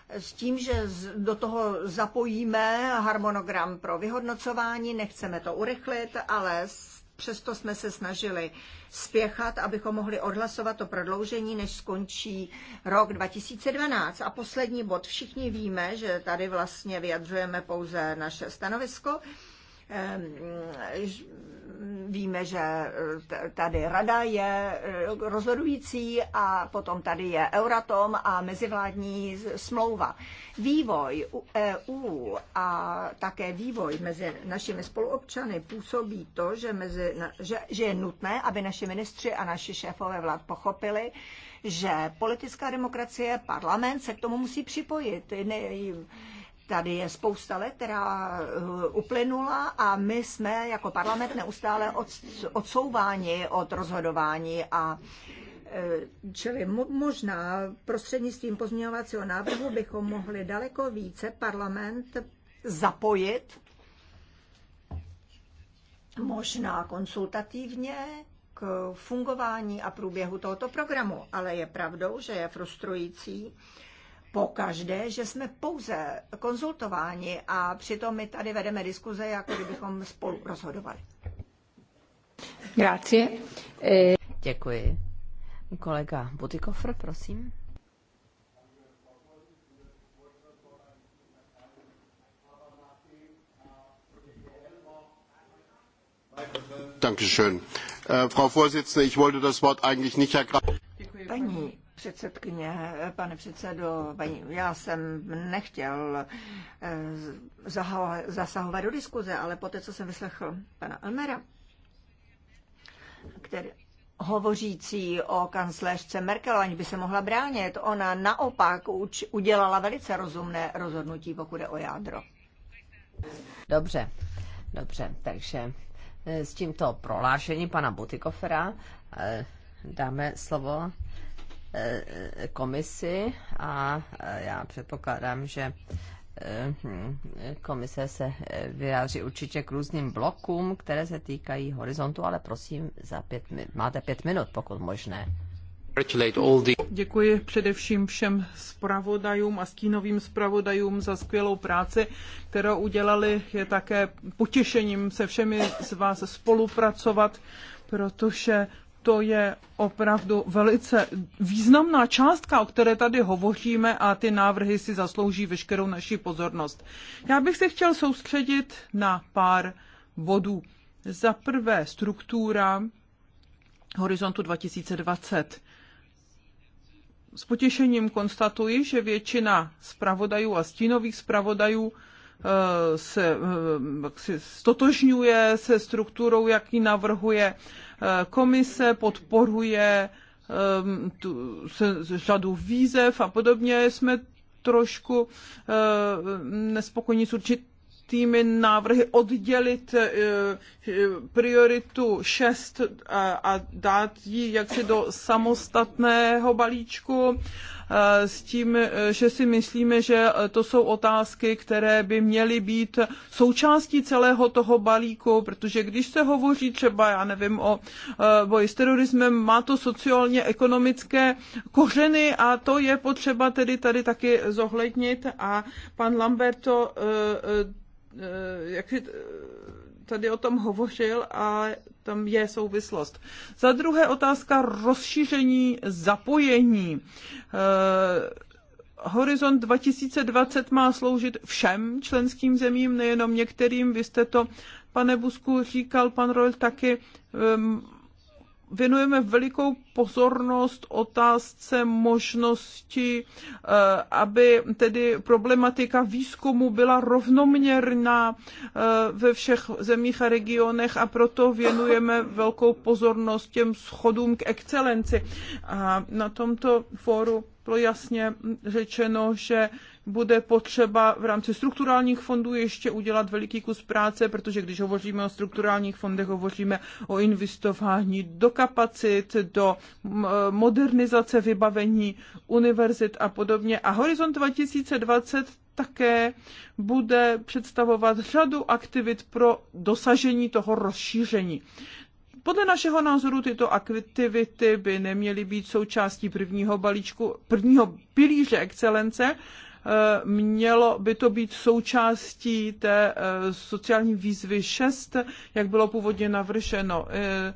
s tím, že do toho zapojíme harmonogram pro vyhodnocování, nechceme to urychlit, ale přesto jsme se snažili spěchat, abychom mohli odhlasovat to prodloužení, než skončí rok 2012. A poslední bod. Všichni víme, že tady vlastně vyjadřujeme pouze naše stanovisko. Ehm, víme, že tady rada je eh, rozhodující a potom tady je Euratom a mezivládní smlouva. Vývoj EU e a také vývoj mezi našimi spoluobčany působí to, že, mezi, že, že je nutné, aby naši ministři a naši šéfové vlád pochopili, že politická demokracie, parlament se k tomu musí připojit. Ne, Tady je spousta let, která eh, uplynula a my jsme jako parlament neustále odsouváni od rozhodování a eh, Čili možná prostřednictvím pozměňovacího návrhu bychom mohli daleko více parlament zapojit, možná konsultativně, k fungování a průběhu tohoto programu. Ale je pravdou, že je frustrující, pokaždé, že jsme pouze konzultováni a přitom my tady vedeme diskuze, jako kdybychom spolu rozhodovali. Grazie. E- Děkuji. Kolega Butikofr, prosím. Dankeschön. Äh, Frau Vorsitzende, ich wollte das Wort eigentlich nicht ergreifen. Paní předsedkyně, pane předsedo, paní, já jsem nechtěl eh, zasahovat do diskuze, ale po té, co jsem vyslechl pana Elmera, který hovořící o kancléřce Merkel, ani by se mohla bránit. Ona naopak uč, udělala velice rozumné rozhodnutí, pokud je o jádro. Dobře, dobře, takže eh, s tímto prohlášením pana Butikofera eh, dáme slovo Eh, komisi a eh, já předpokládám, že eh, komise se vyjádří určitě k různým blokům, které se týkají horizontu, ale prosím, za pět, máte pět minut, pokud možné. Děkuji především všem zpravodajům a stínovým zpravodajům za skvělou práci, kterou udělali. Je také potěšením se všemi z vás spolupracovat, protože to je opravdu velice významná částka, o které tady hovoříme a ty návrhy si zaslouží veškerou naši pozornost. Já bych se chtěl soustředit na pár bodů. Za prvé struktura horizontu 2020. S potěšením konstatuji, že většina zpravodajů a stínových zpravodajů eh, se, eh, stotožňuje se strukturou, jaký navrhuje Eh, komise podporuje ehm, tu, se, řadu výzev a podobně. Jsme trošku eh, nespokojení s určitými návrhy oddělit eh, prioritu 6 a dát ji jaksi do samostatného balíčku s tím, že si myslíme, že to jsou otázky, které by měly být součástí celého toho balíku, protože když se hovoří třeba, já nevím, o eh, boji s terorismem, má to sociálně ekonomické kořeny a to je potřeba tedy tady taky zohlednit a pan Lamberto eh, eh, jak si tady o tom hovořil a tam je souvislost. Za druhé otázka rozšíření zapojení. Eh, Horizont 2020 má sloužit všem členským zemím, nejenom některým. Vy jste to, pane Busku, říkal, pan Rol, taky. Ehm, věnujeme velikou pozornost otázce možnosti, eh, aby tedy problematika výzkumu byla rovnoměrná eh, ve všech zemích a regionech a proto věnujeme velkou pozornost těm schodům k excelenci. A na tomto fóru bylo jasně řečeno, že bude potřeba v rámci strukturálních fondů ještě udělat veliký kus práce, protože když hovoříme o strukturálních fondech, hovoříme o investování do kapacit, do modernizace vybavení univerzit a podobně. A Horizont 2020 také bude představovat řadu aktivit pro dosažení toho rozšíření. Podle našeho názoru tyto aktivity by neměly být součástí prvního balíčku, prvního pilíře excelence, Eh, mělo by to být součástí té eh, sociální výzvy 6, jak bylo původně navrženo. Eh,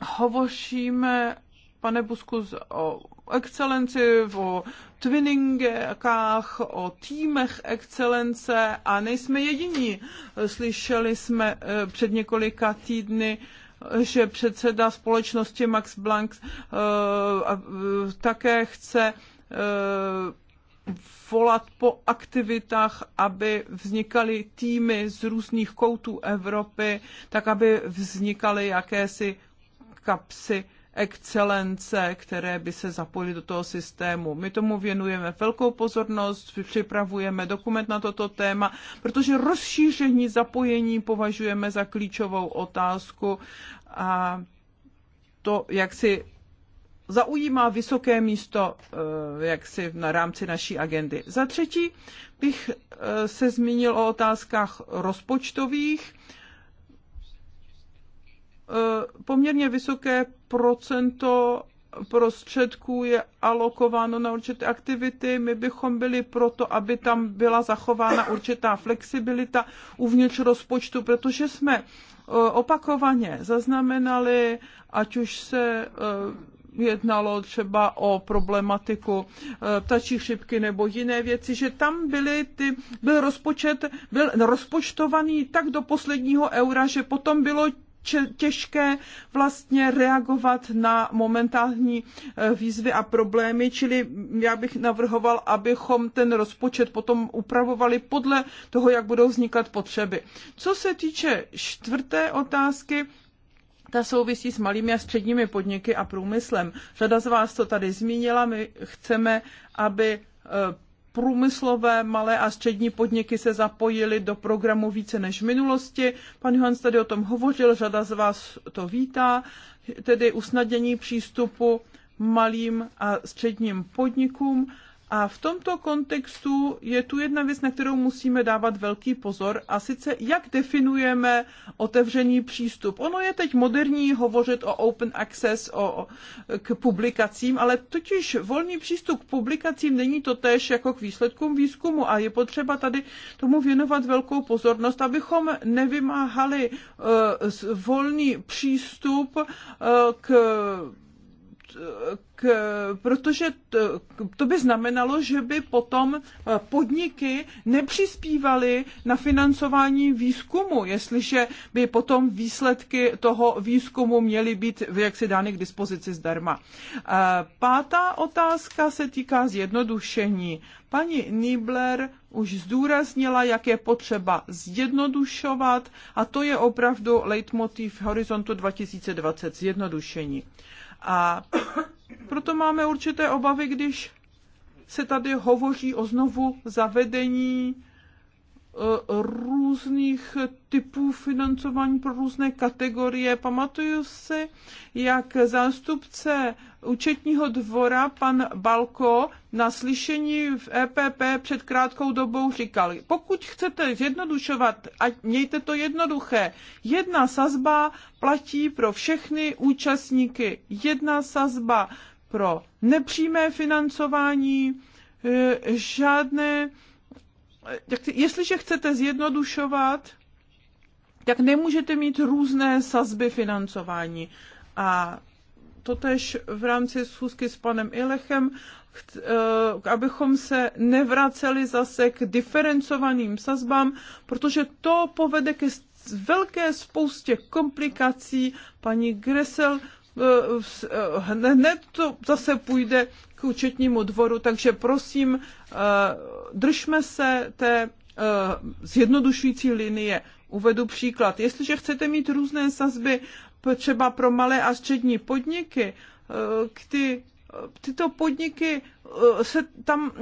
hovoříme, pane Busku, o excelenci, o twinningách, o týmech excelence a nejsme jediní. Slyšeli jsme před několika týdny že předseda společnosti Max Planck také chce volat po aktivitách, aby vznikaly týmy z různých koutů Evropy, tak aby vznikaly jakési kapsy excelence, které by se zapojily do toho systému. My tomu věnujeme velkou pozornost, připravujeme dokument na toto téma, protože rozšíření zapojení považujeme za klíčovou otázku a to, jak si zaujímá vysoké místo eh, jaksi na rámci naší agendy. Za třetí bych eh, se zmínil o otázkách rozpočtových. Eh, poměrně vysoké procento prostředků je alokováno na určité aktivity. My bychom byli proto, aby tam byla zachována určitá flexibilita uvnitř rozpočtu, protože jsme opakovaně zaznamenali, ať už se jednalo třeba o problematiku eh, ptačí chřipky nebo jiné věci, že tam byly ty, byl rozpočet, byl rozpočtovaný tak do posledního eura, že potom bylo těžké vlastně reagovat na momentální eh, výzvy a problémy, čili já bych navrhoval, abychom ten rozpočet potom upravovali podle toho, jak budou vznikat potřeby. Co se týče čtvrté otázky, ta souvisí s malými a středními podniky a průmyslem. Řada z vás to tady zmínila, my chceme, aby e, průmyslové malé a střední podniky se zapojily do programu více než v minulosti. Pan Hans tady o tom hovořil, řada z vás to vítá, tedy usnadnění přístupu malým a středním podnikům a v tomto kontextu je tu jedna věc, na kterou musíme dávat velký pozor, a sice jak definujeme otevřený přístup. Ono je teď moderní hovořit o open access o, k publikacím, ale totiž volný přístup k publikacím není to tež jako k výsledkům výzkumu a je potřeba tady tomu věnovat velkou pozornost, abychom nevymáhali uh, volný přístup uh, k k, protože to, to by znamenalo, že by potom eh, podniky nepřispívaly na financování výzkumu, jestliže by potom výsledky toho výzkumu měly být jaksi dány k dispozici zdarma. Eh, pátá otázka se týká zjednodušení. Paní Nibler už zdůraznila, jak je potřeba zjednodušovat a to je opravdu leitmotiv Horizontu 2020 zjednodušení. A proto máme určité obavy, když se tady hovoří o znovu zavedení Eh, různých typů financování pro různé kategorie. Pamatuju si, jak zástupce účetního dvora pan Balko na slyšení v EPP před krátkou dobou říkal, pokud chcete zjednodušovat, a mějte to jednoduché, jedna sazba platí pro všechny účastníky. Jedna sazba pro nepřímé financování, eh, žádné jestliže chcete zjednodušovat, tak nemůžete mít různé sazby financování. A totež v rámci schůzky s panem Ilechem, eh, abychom se nevraceli zase k diferencovaným sazbám, protože to povede ke velké spoustě komplikací. Paní Gressel eh, eh, hned to zase půjde k účetnímu dvoru, takže prosím, držme se té eh, zjednodušující linie. Uvedu příklad. Jestliže chcete mít různé sazby třeba pro malé a střední podniky, ty, eh, eh, tyto podniky se tam,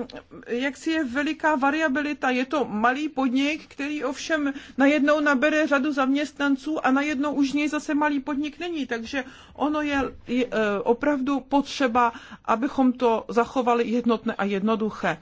jak si je veliká variabilita. Je to malý podnik, který ovšem najednou nabere řadu zaměstnanců a najednou už něj zase malý podnik není. Takže ono je, je opravdu potřeba, abychom to zachovali jednotné a jednoduché.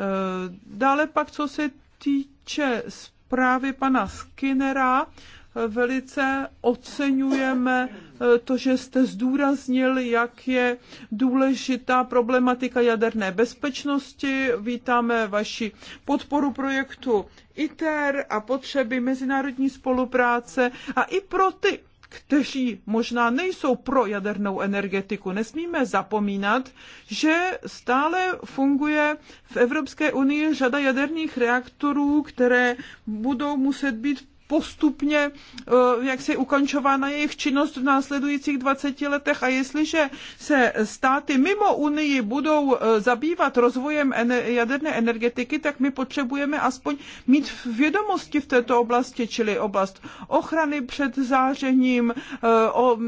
Eh, dále pak, co se týče zprávy pana Skinnera, eh, velice oceňujeme eh, to, že jste zdůraznil, jak je důležitá problematika jaderné bezpečnosti. Vítáme vaši podporu projektu ITER a potřeby mezinárodní spolupráce a i pro ty kteří možná nejsou pro jadernou energetiku. Nesmíme zapomínat, že stále funguje v Evropské unii řada jaderných reaktorů, které budou muset být postupně eh, jak se ukončována jejich činnost v následujících 20 letech a jestliže se státy mimo Unii budou eh, zabývat rozvojem jaderné energetiky, tak my potřebujeme aspoň mít vědomosti v této oblasti, čili oblast ochrany před zářením, eh, o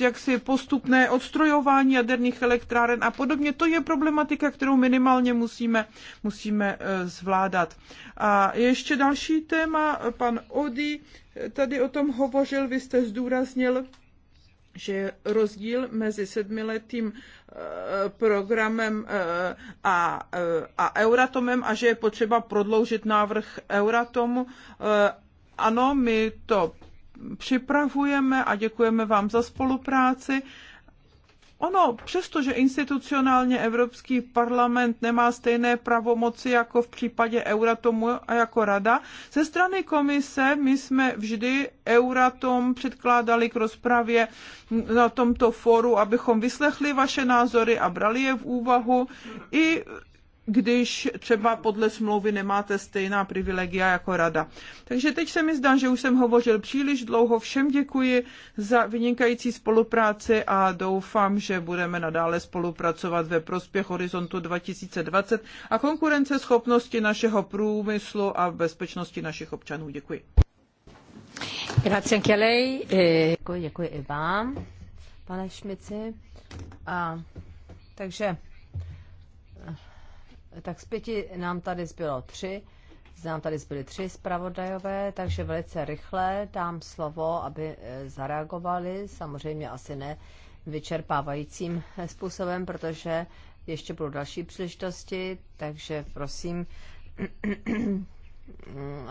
jaksi postupné odstrojování jaderných elektráren a podobně. To je problematika, kterou minimálně musíme, musíme zvládat. A ještě další téma, pan o Prody tady o tom hovořil, vy jste zdůraznil, že rozdíl mezi sedmiletým eh, programem eh, a, eh, a Euratomem a že je potřeba prodloužit návrh Euratomu. Ano, my to připravujeme a děkujeme vám za spolupráci Ono, přestože institucionálně Evropský parlament nemá stejné pravomoci jako v případě Euratomu a jako rada, ze strany komise my jsme vždy Euratom předkládali k rozpravě na tomto fóru, abychom vyslechli vaše názory a brali je v úvahu. I když třeba podle smlouvy nemáte stejná privilegia jako rada. Takže teď se mi zdá, že už jsem hovořil příliš dlouho. Všem děkuji za vynikající spolupráci a doufám, že budeme nadále spolupracovat ve prospěch Horizontu 2020 a konkurenceschopnosti našeho průmyslu a bezpečnosti našich občanů. Děkuji. Eh. Děkuji, děkuji i vám, pane Šmici. A, takže tak z pěti nám tady zbylo tři, nám tady zbyly tři zpravodajové, takže velice rychle dám slovo, aby eh, zareagovali, samozřejmě asi ne vyčerpávajícím eh, způsobem, protože ještě budou další příležitosti, takže prosím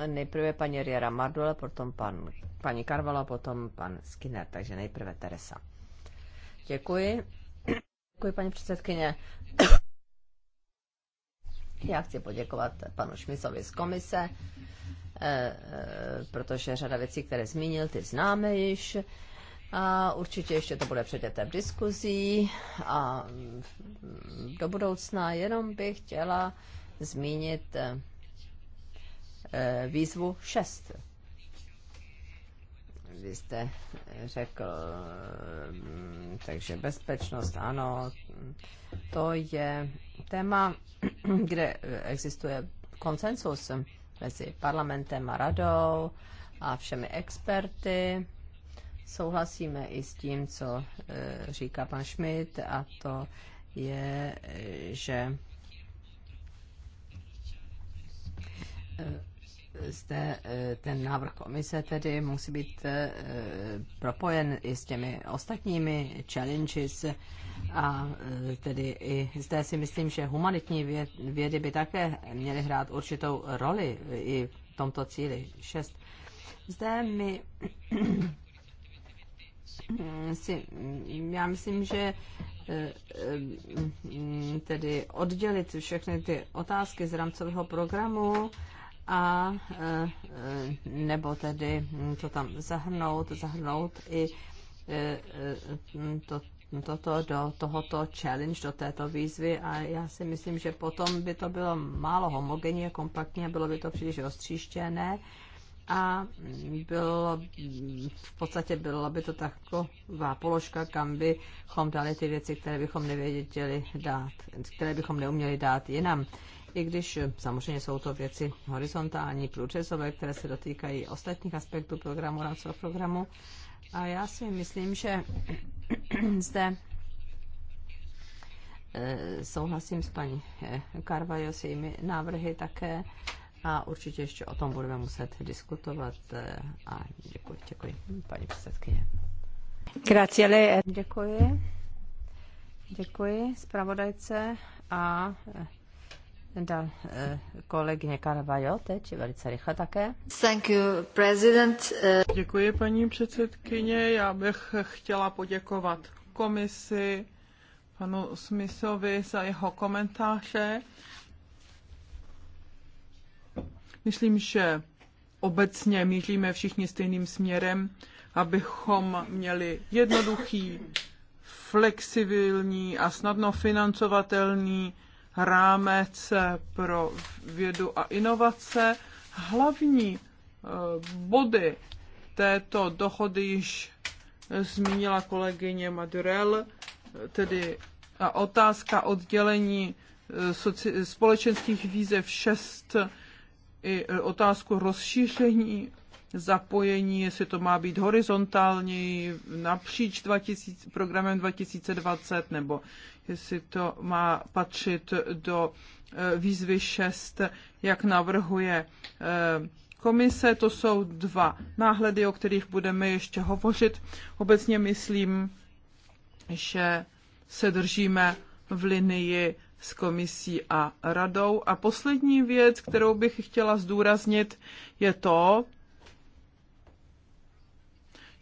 nejprve paní Riera Mardula, potom pan, paní Karvala, potom pan Skinner, takže nejprve Teresa. Děkuji. Děkuji, paní předsedkyně. Já chci poděkovat panu Šmicovi z komise, eh, eh, protože řada věcí, které zmínil, ty známe již. A určitě ještě to bude předmětem diskuzí a mm, do budoucna jenom bych chtěla zmínit eh, výzvu 6 vy jste řekl, takže bezpečnost, ano, to je téma, kde existuje konsensus mezi parlamentem a radou a všemi experty. Souhlasíme i s tím, co e, říká pan Schmidt, a to je, e, že e, jste eh, ten návrh komise tedy musí být eh, propojen i s těmi ostatními challenges a eh, tedy i zde si myslím, že humanitní vědy by také měly hrát určitou roli i v tomto cíli 6. Zde my si, já myslím, že tedy oddělit všechny ty otázky z rámcového programu a eh, eh, nebo tedy to hm, tam zahrnout, zahrnout i eh, hm, to, toto do tohoto challenge, do této výzvy a já si myslím, že potom by to bylo málo homogenní a kompaktní a bylo by to příliš roztříštěné a bylo, v podstatě byla by to taková položka, kam bychom dali ty věci, které bychom nevěděli dát, které bychom neuměli dát jinam i když eh, samozřejmě jsou to věci horizontální, průřezové, které se dotýkají ostatních aspektů programu, rámcového programu. A já si myslím, že zde eh, souhlasím s paní eh, Carvajo s jejími návrhy také a určitě ještě o tom budeme muset diskutovat. A děkuji, děkuji, paní předsedkyně. Děkuji. Děkuji zpravodajce a Dal eh, kolegyně Carvajo teď, velice rychle také. Thank you, president. Děkuji, paní předsedkyně. Já bych chtěla poděkovat komisi, panu Smithovi za jeho komentáře. Myslím, že obecně míříme všichni stejným směrem, abychom měli jednoduchý, flexibilní a snadno financovatelný rámec pro vědu a inovace. Hlavní eh, body této dohody již eh, zmínila kolegyně Madurel, eh, tedy otázka oddělení společenských výzev 6 i otázku rozšíření zapojení, jestli to má být horizontální napříč 2000, programem 2020, nebo jestli to má patřit do eh, výzvy 6, jak navrhuje eh, komise. To jsou dva náhledy, o kterých budeme ještě hovořit. Obecně myslím, že se držíme v linii s komisí a radou. A poslední věc, kterou bych chtěla zdůraznit, je to,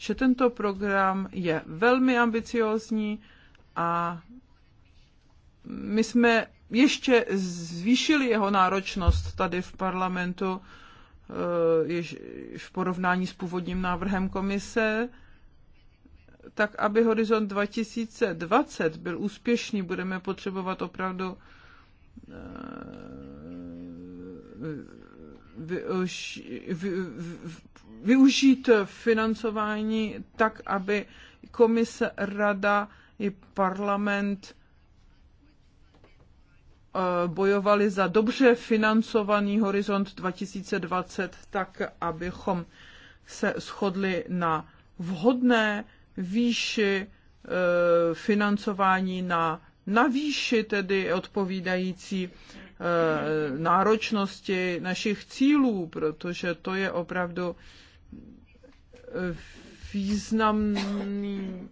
že tento program je velmi ambiciózní a my jsme ještě zvýšili jeho náročnost tady v parlamentu eh, v porovnání s původním návrhem komise, tak aby Horizont 2020 byl úspěšný, budeme potřebovat opravdu eh, využít financování tak, aby komise, rada i parlament eh, bojovali za dobře financovaný horizont 2020, tak abychom se shodli na vhodné výši eh, financování na navýšit tedy odpovídající eh, náročnosti našich cílů, protože to je opravdu eh, významný,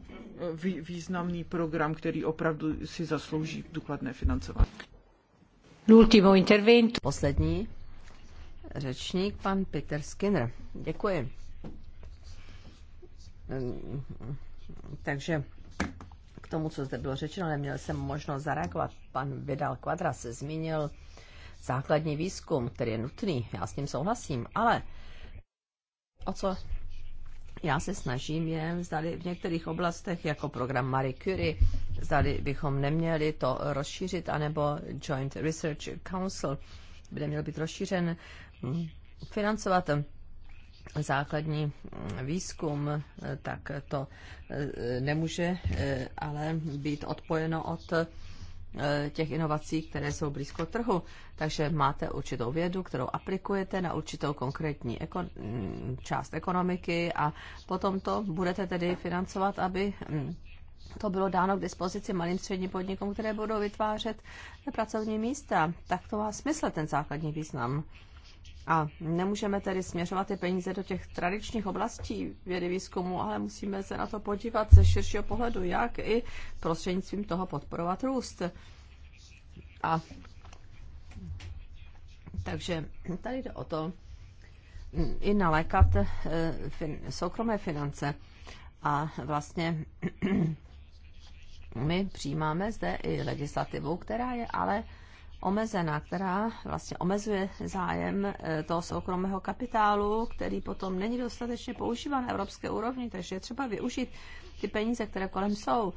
eh, významný program, který opravdu si zaslouží důkladné financování. L'ultimo intervento. Poslední řečník, pan Peter Skinner. Děkuji. Ehm, takže tomu, co zde bylo řečeno, neměl jsem možnost zareagovat. Pan Vidal Quadras se zmínil základní výzkum, který je nutný, já s ním souhlasím, ale o co já se snažím je, zdali v některých oblastech, jako program Marie Curie, zdali bychom neměli to rozšířit, anebo Joint Research Council, kde měl být rozšířen, hm, financovat základní mm, výzkum, tak to eh, nemůže eh, ale být odpojeno od eh, těch inovací, které jsou blízko trhu. Takže máte určitou vědu, kterou aplikujete na určitou konkrétní eko- mm, část ekonomiky a potom to budete tedy financovat, aby mm, to bylo dáno k dispozici malým středním podnikům, které budou vytvářet pracovní místa. Tak to má smysl ten základní význam. A nemůžeme tedy směřovat ty peníze do těch tradičních oblastí vědy výzkumu, ale musíme se na to podívat ze širšího pohledu, jak i prostřednictvím toho podporovat růst. A takže tady jde o to mm, i nalékat eh, fin, soukromé finance. A vlastně my přijímáme zde i legislativu, která je ale omezená, která vlastně omezuje zájem eh, toho soukromého kapitálu, který potom není dostatečně používán na evropské úrovni, takže je třeba využít ty peníze, které kolem jsou.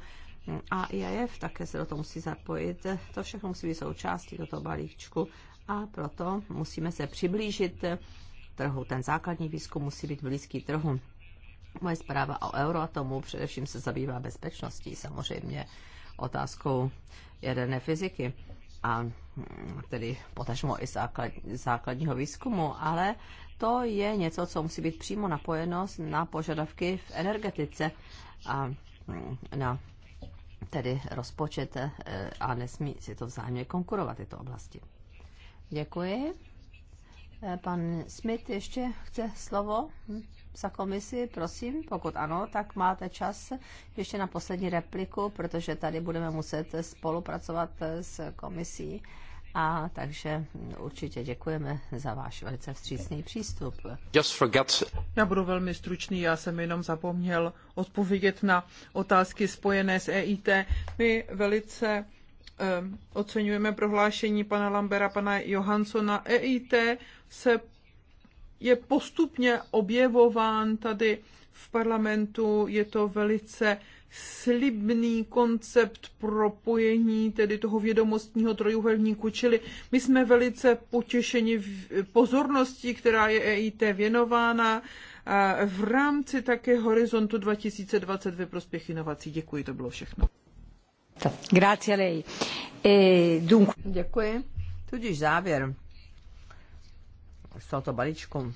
A IAF také se do toho musí zapojit. To všechno musí být součástí do toho balíčku a proto musíme se přiblížit trhu. Ten základní výzkum musí být blízký trhu. Moje zpráva o euroatomu především se zabývá bezpečností, samozřejmě otázkou jaderné fyziky. A tedy potažmo i základ, základního výzkumu, ale to je něco, co musí být přímo napojeno na požadavky v energetice a mm, na tedy rozpočet eh, a nesmí si to vzájemně konkurovat tyto oblasti. Děkuji. Pan Smith ještě chce slovo za komisi, prosím. Pokud ano, tak máte čas ještě na poslední repliku, protože tady budeme muset spolupracovat s komisí. A takže určitě děkujeme za váš velice vstřícný přístup. Just forget. Já budu velmi stručný, já jsem jenom zapomněl odpovědět na otázky spojené s EIT. My velice Eh, oceňujeme prohlášení pana Lambera, pana Johansona. EIT se je postupně objevován tady v parlamentu. Je to velice slibný koncept propojení tedy toho vědomostního trojuhelníku, čili my jsme velice potěšeni pozornosti, která je EIT věnována v rámci také horizontu 2020 ve prospěch inovací. Děkuji, to bylo všechno. E, děkuji. Tudíž závěr z tohoto balíčku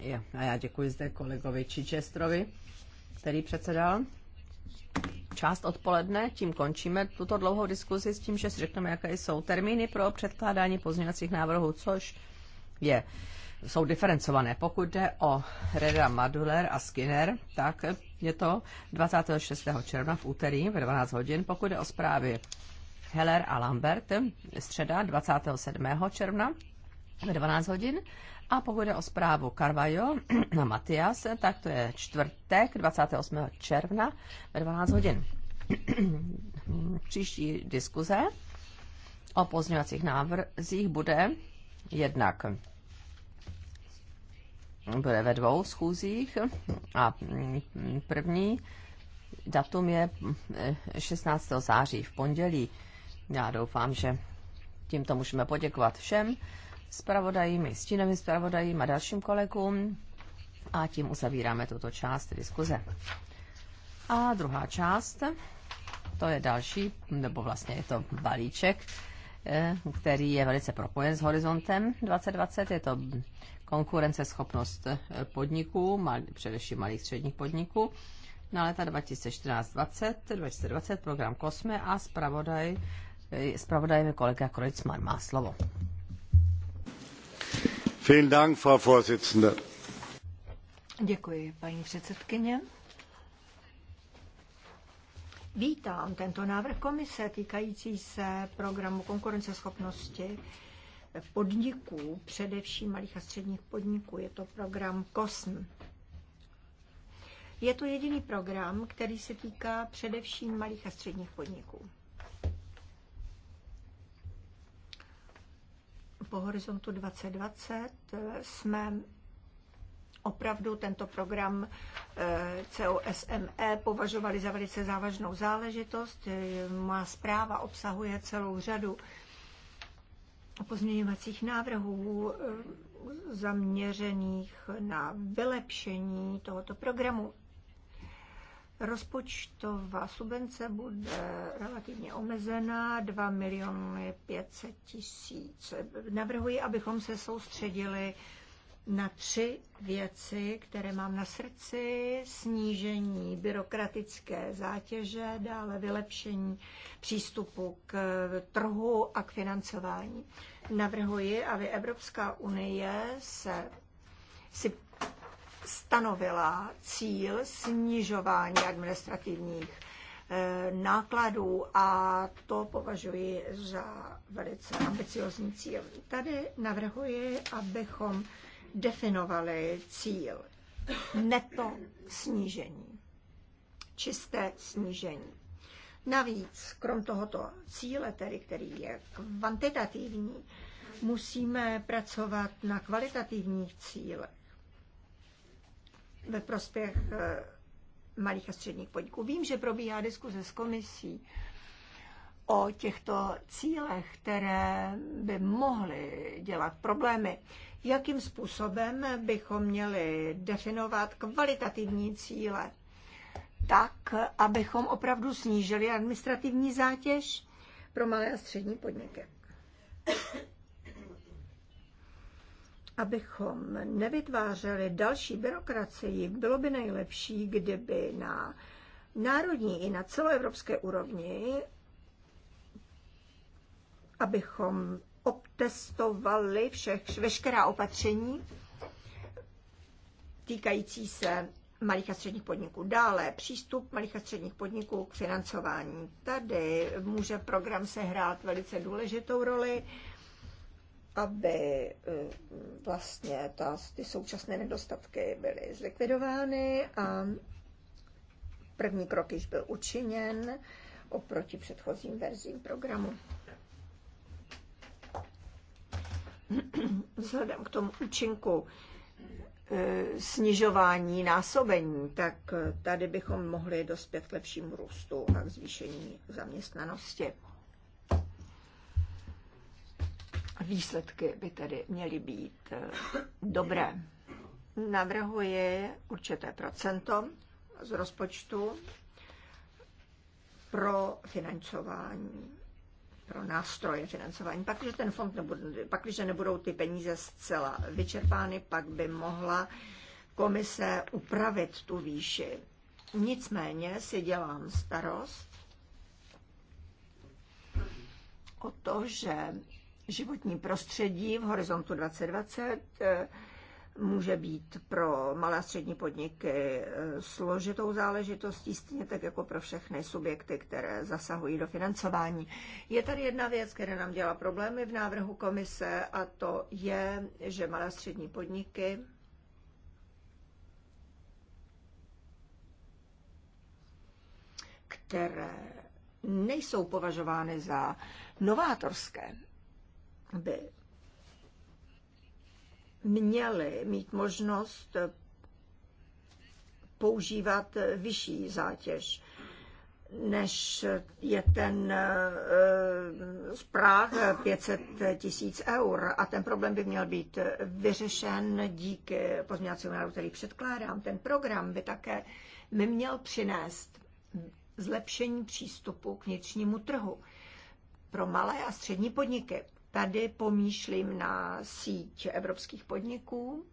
je, a já děkuji zde kolegovi Čičestrovi, který předsedal. Část odpoledne, tím končíme tuto dlouhou diskuzi s tím, že si řekneme, jaké jsou termíny pro předkládání pozměňovacích návrhů, což je jsou diferencované. Pokud jde o Reda Maduler a Skinner, tak je to 26. června v úterý ve 12 hodin. Pokud jde o zprávy Heller a Lambert, středa 27. června ve 12 hodin. A pokud jde o zprávu Carvajo na Matias, tak to je čtvrtek 28. června ve 12 hodin. Příští diskuze o pozměňovacích návrzích bude jednak bude ve dvou schůzích a první datum je 16. Eh, září v pondělí. Já doufám, že tímto můžeme poděkovat všem zpravodajím, stínovým zpravodajím a dalším kolegům a tím uzavíráme tuto část diskuze. A druhá část, to je další, nebo vlastně je to balíček, eh, který je velice propojen s horizontem 2020. Je to konkurenceschopnost eh, podniků, především malých středních podniků na leta 2014-2020, 2020 program Kosme a zpravodaj, eh, zpravodajem je kolega Krojcman. Má slovo. Vielen Dank, Frau Vorsitzende. Děkuji, paní předsedkyně. Vítám tento návrh komise týkající se programu konkurenceschopnosti podniků, především malých a středních podniků. Je to program COSM. Je to jediný program, který se týká především malých a středních podniků. Po horizontu 2020 jsme opravdu tento program eh, COSME považovali za velice závažnou záležitost. Eh, má zpráva obsahuje celou řadu pozměňovacích návrhů eh, zaměřených na vylepšení tohoto programu. Rozpočtová subvence bude relativně omezená, 2 miliony 500 tisíc. Navrhuji, abychom se soustředili na tři věci, které mám na srdci. Snížení byrokratické zátěže, dále vylepšení přístupu k trhu a k financování. Navrhuji, aby Evropská unie se si stanovila cíl snižování administrativních eh, nákladů a to považuji za velice ambiciozní cíl. Tady navrhuji, abychom definovali cíl neto snížení, čisté snížení. Navíc, krom tohoto cíle, tedy, který je kvantitativní, musíme pracovat na kvalitativních cílech ve prospěch eh, malých a středních podniků. Vím, že probíhá diskuze s komisí o těchto cílech, které by mohly dělat problémy jakým způsobem bychom měli definovat kvalitativní cíle tak, abychom opravdu snížili administrativní zátěž pro malé a střední podniky. Abychom nevytvářeli další byrokracii, bylo by nejlepší, kdyby na národní i na celoevropské úrovni, abychom obtestovali všech, veškerá opatření týkající se malých a středních podniků. Dále přístup malých a středních podniků k financování. Tady může program sehrát velice důležitou roli, aby eh, vlastně ta, ty současné nedostatky byly zlikvidovány a první krok již byl učiněn oproti předchozím verzím programu. vzhledem k tomu účinku eh, snižování násobení, tak eh, tady bychom mohli dospět k lepšímu růstu a k zvýšení zaměstnanosti. Výsledky by tedy měly být eh, dobré. Navrhuje určité procento z rozpočtu pro financování pro nástroje financování. Pak, když ten fond nebude, pak, když nebudou ty peníze zcela vyčerpány, pak by mohla komise upravit tu výši. Nicméně si dělám starost o to, že životní prostředí v horizontu 2020 může být pro malé a střední podniky eh, složitou záležitostí, stejně tak jako pro všechny subjekty, které zasahují do financování. Je tady jedna věc, která nám dělá problémy v návrhu komise a to je, že malé a střední podniky které nejsou považovány za novátorské, by měli mít možnost používat vyšší zátěž než je ten eh, Prah 500 tisíc eur. A ten problém by měl být vyřešen díky pozměňovacímu návrhu, který předkládám. Ten program by také mi měl přinést zlepšení přístupu k vnitřnímu trhu pro malé a střední podniky. Tady pomýšlím na síť evropských podniků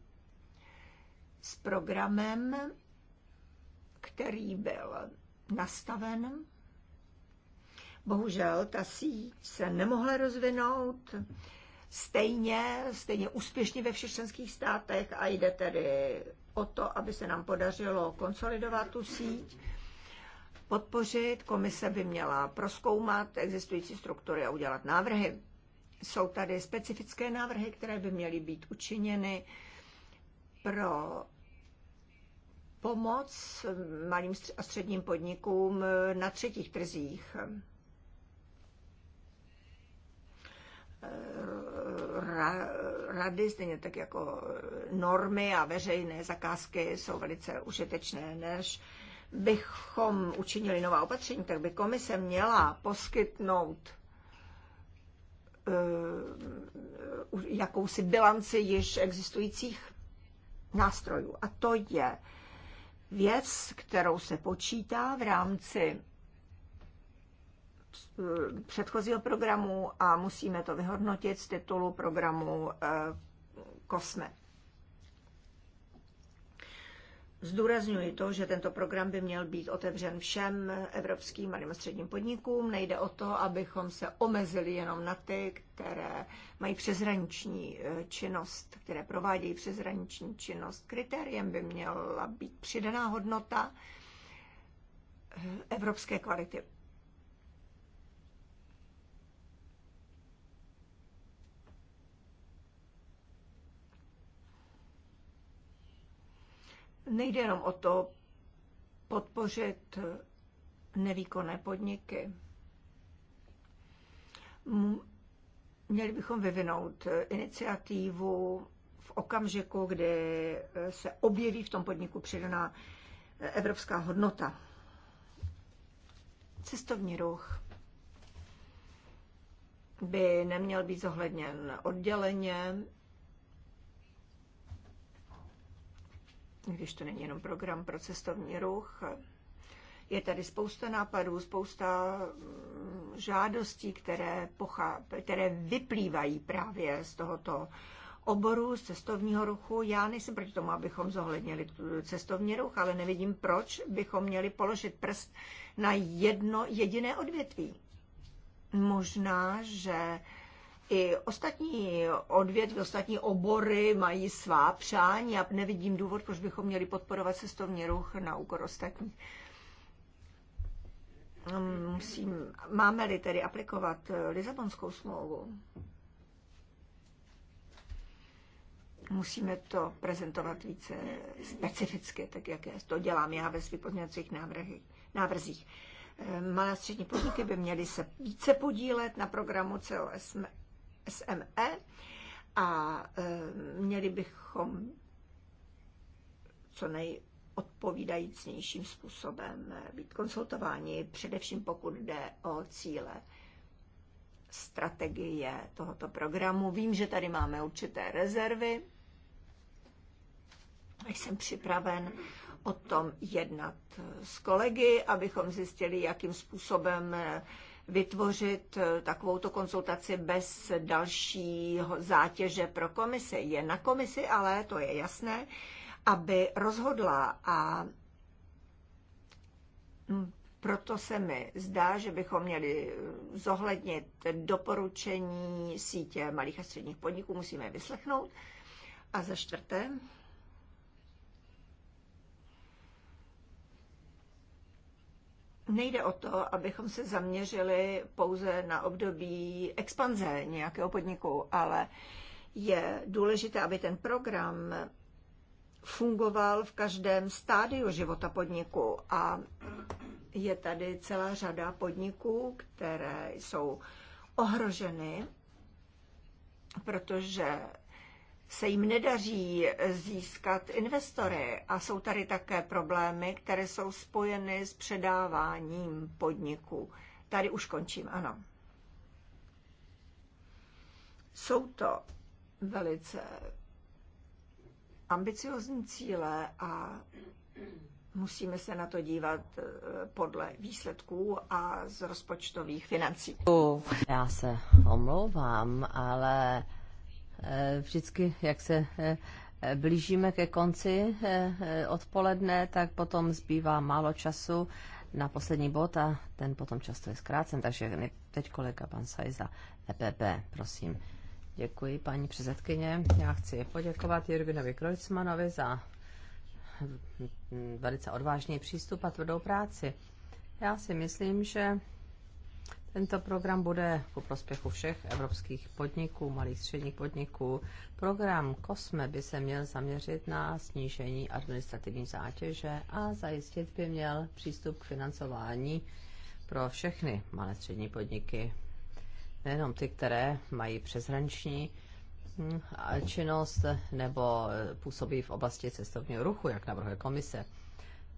s programem, který byl nastaven. Bohužel ta síť se nemohla rozvinout stejně, stejně úspěšně ve všech členských státech a jde tedy o to, aby se nám podařilo konsolidovat tu síť, podpořit. Komise by měla proskoumat existující struktury a udělat návrhy jsou tady specifické návrhy, které by měly být učiněny pro pomoc malým a středním podnikům na třetích trzích. Rady, stejně tak jako normy a veřejné zakázky jsou velice užitečné, než bychom učinili nová opatření, tak by komise měla poskytnout Eh, jakousi bilanci již existujících nástrojů. A to je věc, kterou se počítá v rámci eh, předchozího programu a musíme to vyhodnotit z titulu programu COSME. Eh, Zdůrazňuji to, že tento program by měl být otevřen všem evropským a středním podnikům. Nejde o to, abychom se omezili jenom na ty, které mají přezraniční e, činnost, které provádějí přezraniční činnost. Kritériem by měla být přidaná hodnota e, evropské kvality Nejde jenom o to podpořit nevýkonné podniky. Měli bychom vyvinout iniciativu v okamžiku, kdy se objeví v tom podniku přidaná evropská hodnota. Cestovní ruch by neměl být zohledněn odděleně když to není jenom program pro cestovní ruch. Je tady spousta nápadů, spousta mm, žádostí, které, pochá, které vyplývají právě z tohoto oboru, z cestovního ruchu. Já nejsem proti tomu, abychom zohlednili cestovní ruch, ale nevidím, proč bychom měli položit prst na jedno jediné odvětví. Možná, že i ostatní odvětví, ostatní obory mají svá přání a nevidím důvod, proč bychom měli podporovat cestovní ruch na úkor ostatních. Musím, máme-li tedy aplikovat eh, Lisabonskou smlouvu, musíme to prezentovat více specificky, tak jak to dělám já ve svých pozměňovacích návrzích eh, malé a střední podniky by měly se více podílet na programu COSME SME a e, měli bychom co nejodpovídajícnějším způsobem být konsultováni, především pokud jde o cíle strategie tohoto programu. Vím, že tady máme určité rezervy. Jsem připraven o tom jednat s kolegy, abychom zjistili, jakým způsobem vytvořit eh, takovou konzultaci bez dalšího zátěže pro komisi. Je na komisi, ale to je jasné, aby rozhodla a mm, proto se mi zdá, že bychom měli eh, zohlednit doporučení sítě malých a středních podniků, musíme je vyslechnout. A za čtvrté, nejde o to, abychom se zaměřili pouze na období expanze nějakého podniku, ale je důležité, aby ten program fungoval v každém stádiu života podniku a je tady celá řada podniků, které jsou ohroženy, protože se jim nedaří získat investory a jsou tady také problémy, které jsou spojeny s předáváním podniků. Tady už končím, ano. Jsou to velice ambiciozní cíle a musíme se na to dívat eh, podle výsledků a z rozpočtových financí. Já se omlouvám, ale Eh, vždycky, jak se eh, blížíme ke konci eh, odpoledne, tak potom zbývá málo času na poslední bod a ten potom často je zkrácen, takže teď kolega pan Sajza, EPP, prosím. Děkuji, paní předsedkyně. Já chci poděkovat Jirvinovi Krojcmanovi za velice odvážný přístup a tvrdou práci. Já si myslím, že tento program bude ku prospěchu všech evropských podniků, malých středních podniků. Program COSME by se měl zaměřit na snížení administrativní zátěže a zajistit by měl přístup k financování pro všechny malé střední podniky, nejenom ty, které mají přeshraniční hm, činnost nebo e, působí v oblasti cestovního ruchu, jak navrhuje komise.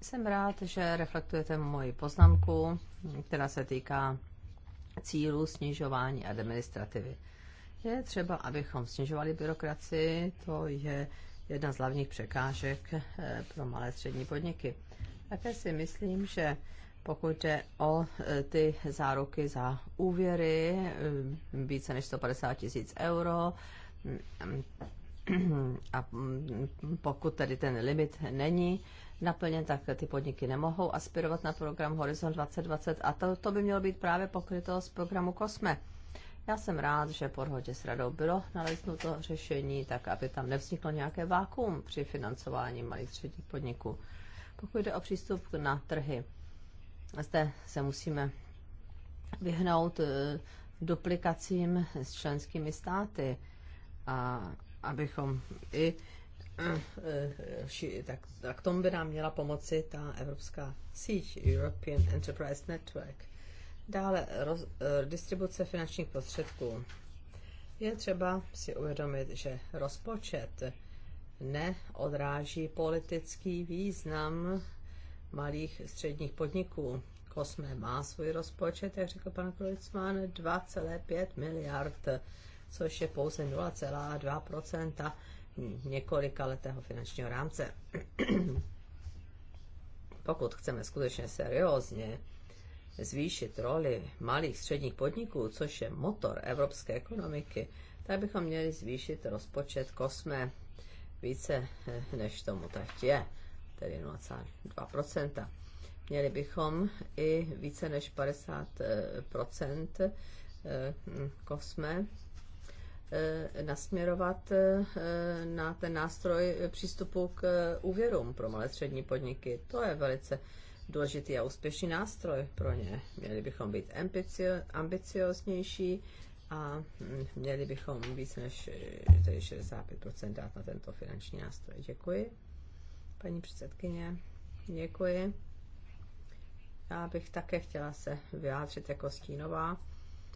Jsem rád, že reflektujete moji poznámku, která se týká cílů snižování administrativy. Je třeba, abychom snižovali byrokracii, to je jedna z hlavních překážek eh, pro malé střední podniky. Také si myslím, že pokud jde o eh, ty záruky za úvěry, eh, více než 150 tisíc euro, mm, a pokud tedy ten limit není naplněn, tak ty podniky nemohou aspirovat na program Horizon 2020 a to, to by mělo být právě pokryto z programu COSME. Já jsem rád, že po dohodě s radou bylo naleznuto řešení, tak aby tam nevzniklo nějaké vákuum při financování malých středních podniků. Pokud jde o přístup na trhy, zde se musíme vyhnout e, duplikacím s členskými státy a abychom i Eh, tak, tak tomu by nám měla pomoci ta evropská síť European Enterprise Network. Dále roz, eh, distribuce finančních prostředků. Je třeba si uvědomit, že rozpočet neodráží politický význam malých středních podniků. Kosme má svůj rozpočet, jak řekl pan Krojcman, 2,5 miliard, což je pouze 0,2 několika letého finančního rámce. Pokud chceme skutečně seriózně zvýšit roli malých středních podniků, což je motor evropské ekonomiky, tak bychom měli zvýšit rozpočet kosme více, eh, než tomu tak je, tedy 0,2%. Měli bychom i více než 50% eh, eh, kosme Eh, nasměrovat eh, na ten nástroj přístupu k úvěrům pro malé střední podniky. To je velice důležitý a úspěšný nástroj pro ně. Měli bychom být ambicioznější a hm, měli bychom více než 65% eh, dát na tento finanční nástroj. Děkuji. Paní předsedkyně, děkuji. Já bych také chtěla se vyjádřit jako stínová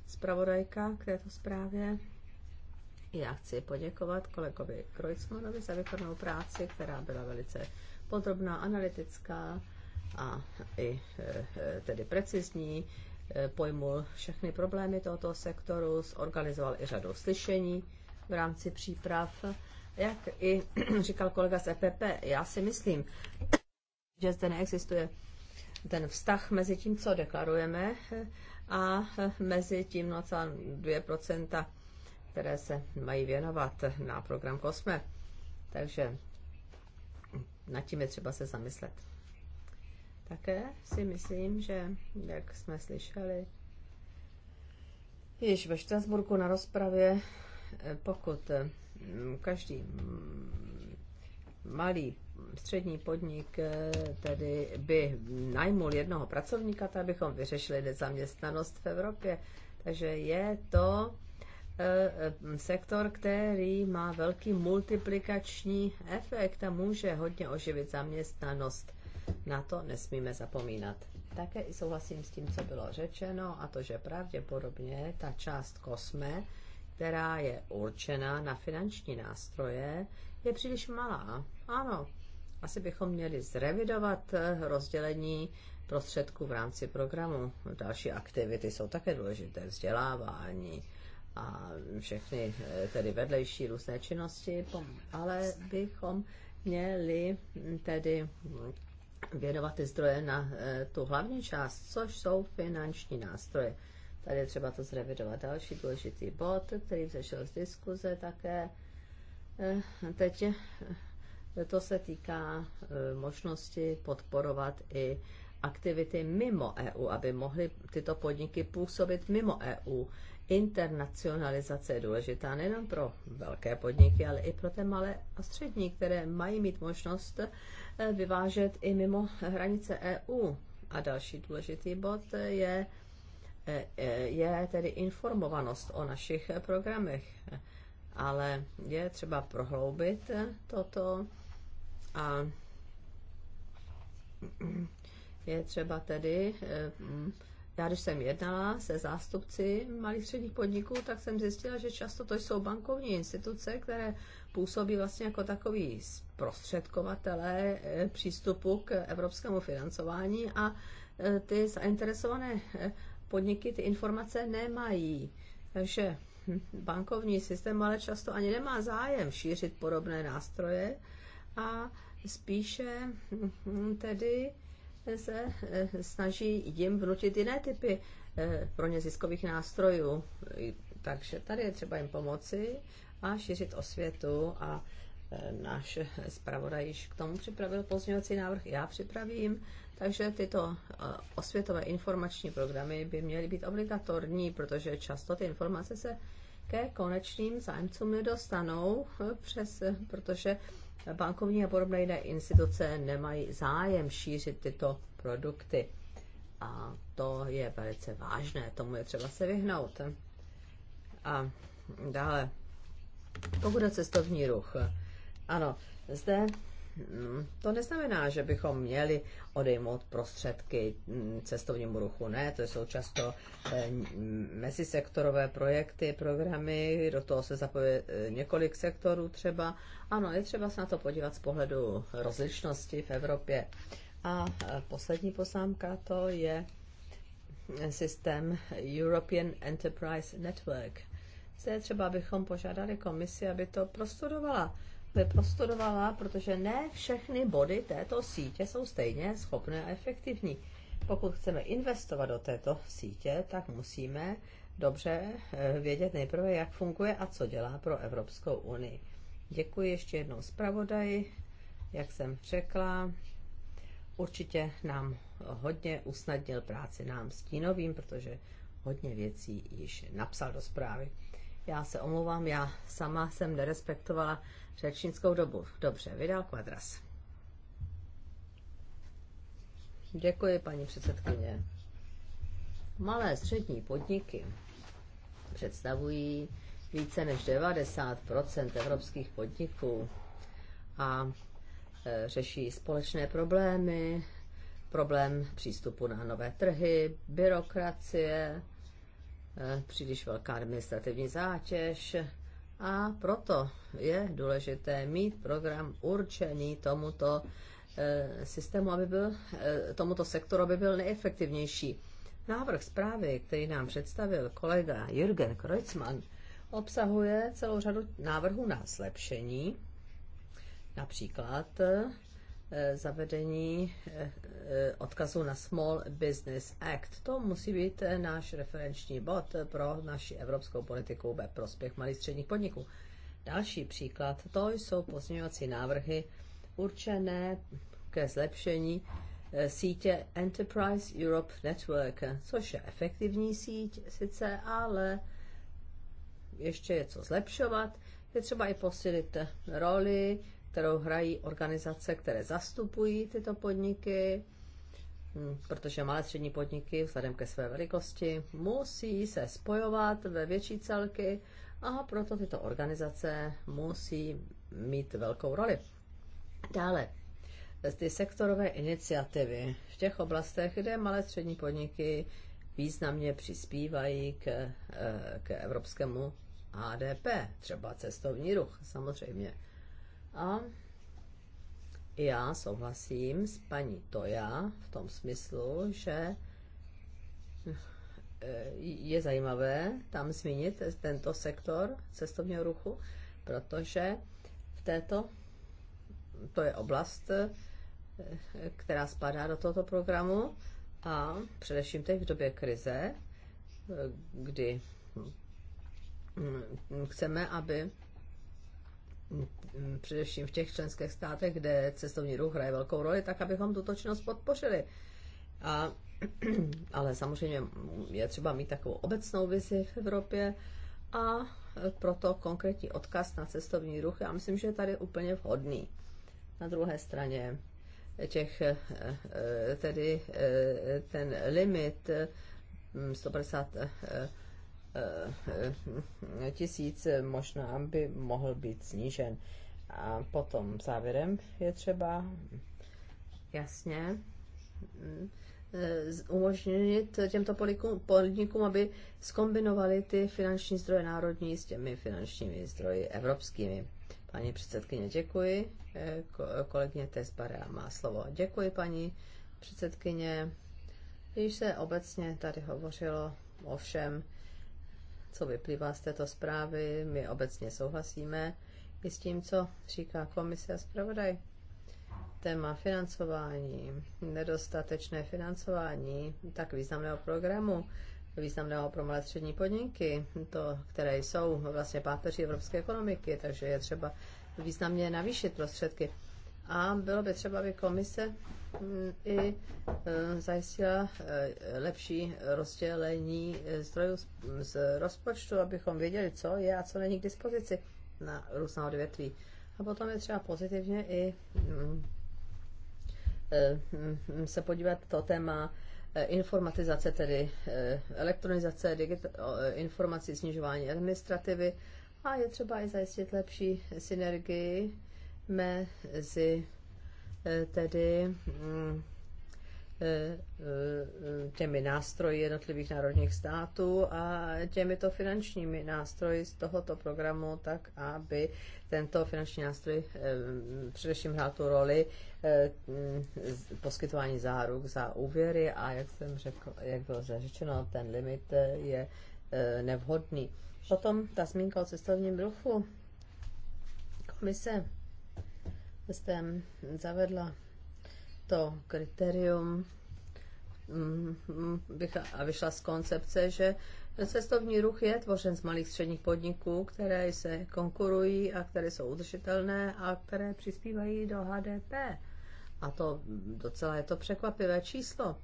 zpravodajka k této zprávě. Já chci poděkovat kolegovi Krojcmanovi za výkonnou práci, která byla velice podrobná, analytická a i e, e, tedy precizní. E, pojmul všechny problémy tohoto sektoru, zorganizoval i řadu slyšení v rámci příprav. Jak i říkal kolega z EPP, já si myslím, že zde neexistuje ten vztah mezi tím, co deklarujeme, a mezi tím 0,2 no, které se mají věnovat na program Kosme. Takže nad tím je třeba se zamyslet. Také si myslím, že, jak jsme slyšeli, již ve Štrasburku na rozpravě, pokud mm, každý mm, malý střední podnik tedy by najmul jednoho pracovníka, tak bychom vyřešili nezaměstnanost v Evropě. Takže je to E, e, sektor, který má velký multiplikační efekt a může hodně oživit zaměstnanost. Na to nesmíme zapomínat. Také i souhlasím s tím, co bylo řečeno, a to, že pravděpodobně ta část kosme, která je určena na finanční nástroje, je příliš malá. Ano, asi bychom měli zrevidovat e, rozdělení prostředků v rámci programu. Další aktivity jsou také důležité, vzdělávání, a všechny eh, tedy vedlejší různé činnosti, ale bychom měli hm, tedy věnovat ty zdroje na eh, tu hlavní část, což jsou finanční nástroje. Tady je třeba to zrevidovat. Další důležitý bod, který vzešel z diskuze také. Eh, teď to se týká možnosti podporovat i aktivity mimo EU, aby mohly tyto podniky působit mimo EU. Internacionalizace je důležitá nejen pro velké podniky, ale i pro ty malé a střední, které mají mít možnost eh, vyvážet i mimo hranice EU. A další důležitý bod je, eh, eh, je tedy informovanost o našich programech. Ale je třeba prohloubit toto a je třeba tedy, eh, já když jsem jednala se zástupci malých středních podniků, tak jsem zjistila, že často to jsou bankovní instituce, které působí vlastně jako takový zprostředkovatelé eh, přístupu k evropskému financování a eh, ty zainteresované podniky ty informace nemají. Takže bankovní systém ale často ani nemá zájem šířit podobné nástroje a spíše hm, hm, tedy se eh, snaží jim vnutit jiné typy eh, pro ně ziskových nástrojů. Takže tady je třeba jim pomoci a šířit osvětu a eh, náš zpravodaj již k tomu připravil pozměňovací návrh, já připravím, takže tyto osvětové informační programy by měly být obligatorní, protože často ty informace se ke konečným zájemcům nedostanou, přes, protože bankovní a podobné jiné instituce nemají zájem šířit tyto produkty. A to je velice vážné, tomu je třeba se vyhnout. A dále, pokud je cestovní ruch, ano, zde Mm, to neznamená, že bychom měli odejmout prostředky mm, cestovnímu ruchu. Ne, to jsou často eh, mezisektorové projekty, programy, do toho se zapojí eh, několik sektorů třeba. Ano, je třeba se na to podívat z pohledu rozličnosti v Evropě. A eh, poslední poznámka to je systém European Enterprise Network. Zde je třeba, abychom požádali komisi, aby to prostudovala neprostudovala, protože ne všechny body této sítě jsou stejně schopné a efektivní. Pokud chceme investovat do této sítě, tak musíme dobře eh, vědět nejprve, jak funguje a co dělá pro Evropskou unii. Děkuji ještě jednou zpravodaji, jak jsem řekla. Určitě nám hodně usnadnil práci nám stínovým, protože hodně věcí již napsal do zprávy. Já se omlouvám, já sama jsem nerespektovala řečnickou dobu. Dobře, vydal kvadras. Děkuji, paní předsedkyně. Malé střední podniky představují více než 90 evropských podniků a e, řeší společné problémy, problém přístupu na nové trhy, byrokracie, e, příliš velká administrativní zátěž, a proto je důležité mít program určený tomuto eh, systému, aby byl, eh, tomuto sektoru, aby byl neefektivnější. Návrh zprávy, který nám představil kolega Jürgen Kreuzmann, obsahuje celou řadu návrhů na zlepšení. Například eh, Eh, zavedení eh, eh, odkazu na Small Business Act. To musí být náš referenční bod pro naši evropskou politiku ve prospěch malých středních podniků. Další příklad, to jsou pozměňovací návrhy určené ke zlepšení sítě Enterprise Europe Network, což je efektivní síť sice, ale ještě je co zlepšovat. Je třeba i posilit roli kterou hrají organizace, které zastupují tyto podniky, hm, protože malé střední podniky vzhledem ke své velikosti musí se spojovat ve větší celky a proto tyto organizace musí mít velkou roli. Dále, ty sektorové iniciativy v těch oblastech, kde malé střední podniky významně přispívají k, eh, k evropskému ADP, třeba cestovní ruch samozřejmě. A já souhlasím s paní Toja v tom smyslu, že eh, je zajímavé tam zmínit tento sektor cestovního ruchu, protože v této, to je oblast, eh, která spadá do tohoto programu a především teď v době krize, eh, kdy hm, hm, chceme, aby především v těch členských státech, kde cestovní ruch hraje velkou roli, tak abychom tuto činnost podpořili. A, ale samozřejmě je třeba mít takovou obecnou vizi v Evropě a proto konkrétní odkaz na cestovní ruch, já myslím, že je tady úplně vhodný. Na druhé straně těch, eh, eh, tedy eh, ten limit mm, 150 Eh, eh, tisíc možná by mohl být snížen. A potom závěrem je třeba jasně mm, eh, umožnit těmto podnikům, aby skombinovali ty finanční zdroje národní s těmi finančními zdroji evropskými. Paní předsedkyně, děkuji. Kolegyně Tesbara má slovo. Děkuji, paní předsedkyně. Když se obecně tady hovořilo o všem, co vyplývá z této zprávy. My obecně souhlasíme i s tím, co říká komise a zpravodaj. Téma financování, nedostatečné financování tak významného programu, významného pro malé střední podniky, to, které jsou vlastně páteří evropské ekonomiky, takže je třeba významně navýšit prostředky. A bylo by třeba, aby komise mm, i e, zajistila e, lepší rozdělení e, zdrojů z rozpočtu, abychom věděli, co je a co není k dispozici na různá odvětví. A potom je třeba pozitivně i mm, mm, se podívat to téma informatizace, tedy elektronizace informací, snižování administrativy a je třeba i zajistit lepší synergii mezi eh, tedy mm, eh, eh, těmi nástroji jednotlivých národních států a těmito finančními nástroji z tohoto programu, tak aby tento finanční nástroj především hrál tu roli mm, poskytování záruk za úvěry a jak jsem řekl, jak bylo řečeno, ten limit je nevhodný. Potom ta zmínka o cestovním ruchu. Komise jste zavedla to kritérium mm, mm, a vyšla z koncepce, že cestovní ruch je tvořen z malých středních podniků, které se konkurují a které jsou udržitelné a které přispívají do HDP. A to docela je to překvapivé číslo.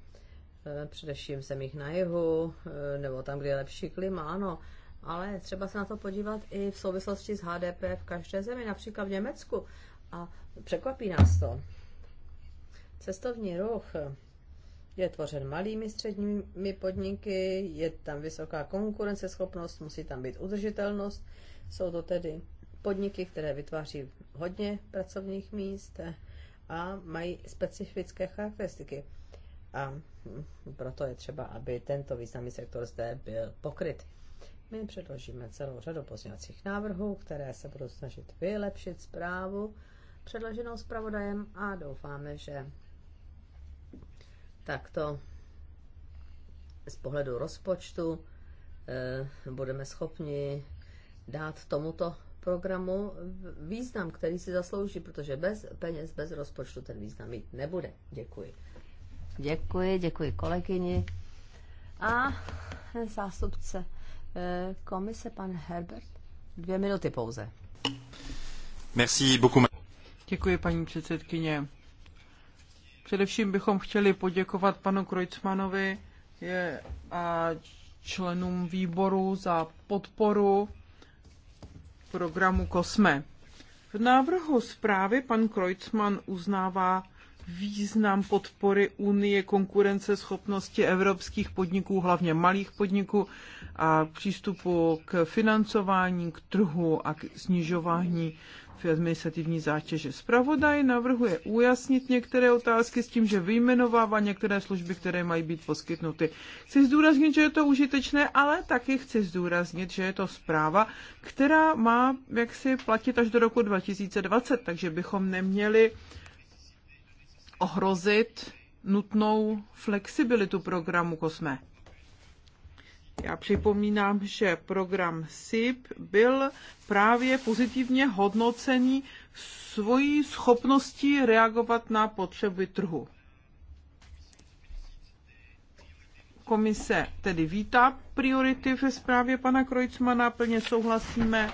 E, především v jich na jihu, e, nebo tam, kde je lepší klima, ano. Ale třeba se na to podívat i v souvislosti s HDP v každé zemi, například v Německu. A Překvapí nás to. Cestovní ruch je tvořen malými středními podniky, je tam vysoká konkurenceschopnost, musí tam být udržitelnost. Jsou to tedy podniky, které vytváří hodně pracovních míst a mají specifické charakteristiky. A proto je třeba, aby tento významný sektor zde byl pokryt. My předložíme celou řadu pozměňovacích návrhů, které se budou snažit vylepšit zprávu předloženou zpravodajem a doufáme, že takto z pohledu rozpočtu eh, budeme schopni dát tomuto programu význam, který si zaslouží, protože bez peněz, bez rozpočtu ten význam mít nebude. Děkuji. Děkuji, děkuji kolegyni. A zástupce eh, komise, pan Herbert, dvě minuty pouze. Merci beaucoup. Děkuji, paní předsedkyně. Především bychom chtěli poděkovat panu Krojcmanovi a členům výboru za podporu programu COSME. V návrhu zprávy pan Krojcman uznává význam podpory Unie konkurenceschopnosti evropských podniků, hlavně malých podniků, a přístupu k financování, k trhu a k snižování v administrativní zátěže. Spravodaj navrhuje ujasnit některé otázky s tím, že vyjmenovává některé služby, které mají být poskytnuty. Chci zdůraznit, že je to užitečné, ale taky chci zdůraznit, že je to zpráva, která má jaksi platit až do roku 2020, takže bychom neměli ohrozit nutnou flexibilitu programu Kosme. Já připomínám, že program SIP byl právě pozitivně hodnocený svojí schopností reagovat na potřeby trhu. Komise tedy vítá priority ve zprávě pana Krojcmana, plně souhlasíme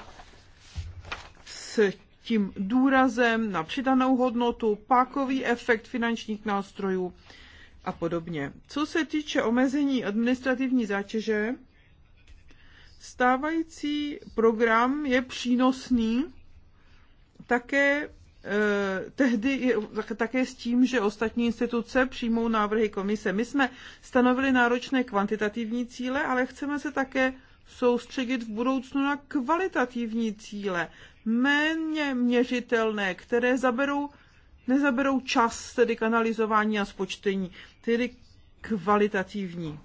s tím důrazem na přidanou hodnotu, pákový efekt finančních nástrojů a podobně. Co se týče omezení administrativní zátěže, stávající program je přínosný také eh, tehdy také s tím, že ostatní instituce přijmou návrhy komise. My jsme stanovili náročné kvantitativní cíle, ale chceme se také soustředit v budoucnu na kvalitativní cíle, méně měřitelné, které zaberou nezaberou čas, tedy kanalizování a spočtení, tedy kvalitativní.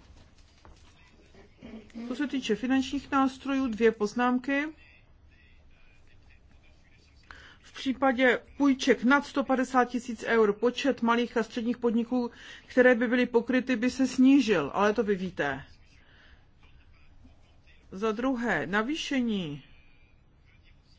Co se týče finančních nástrojů, dvě poznámky. V případě půjček nad 150 tisíc eur počet malých a středních podniků, které by byly pokryty, by se snížil, ale to vy víte. Za druhé, navýšení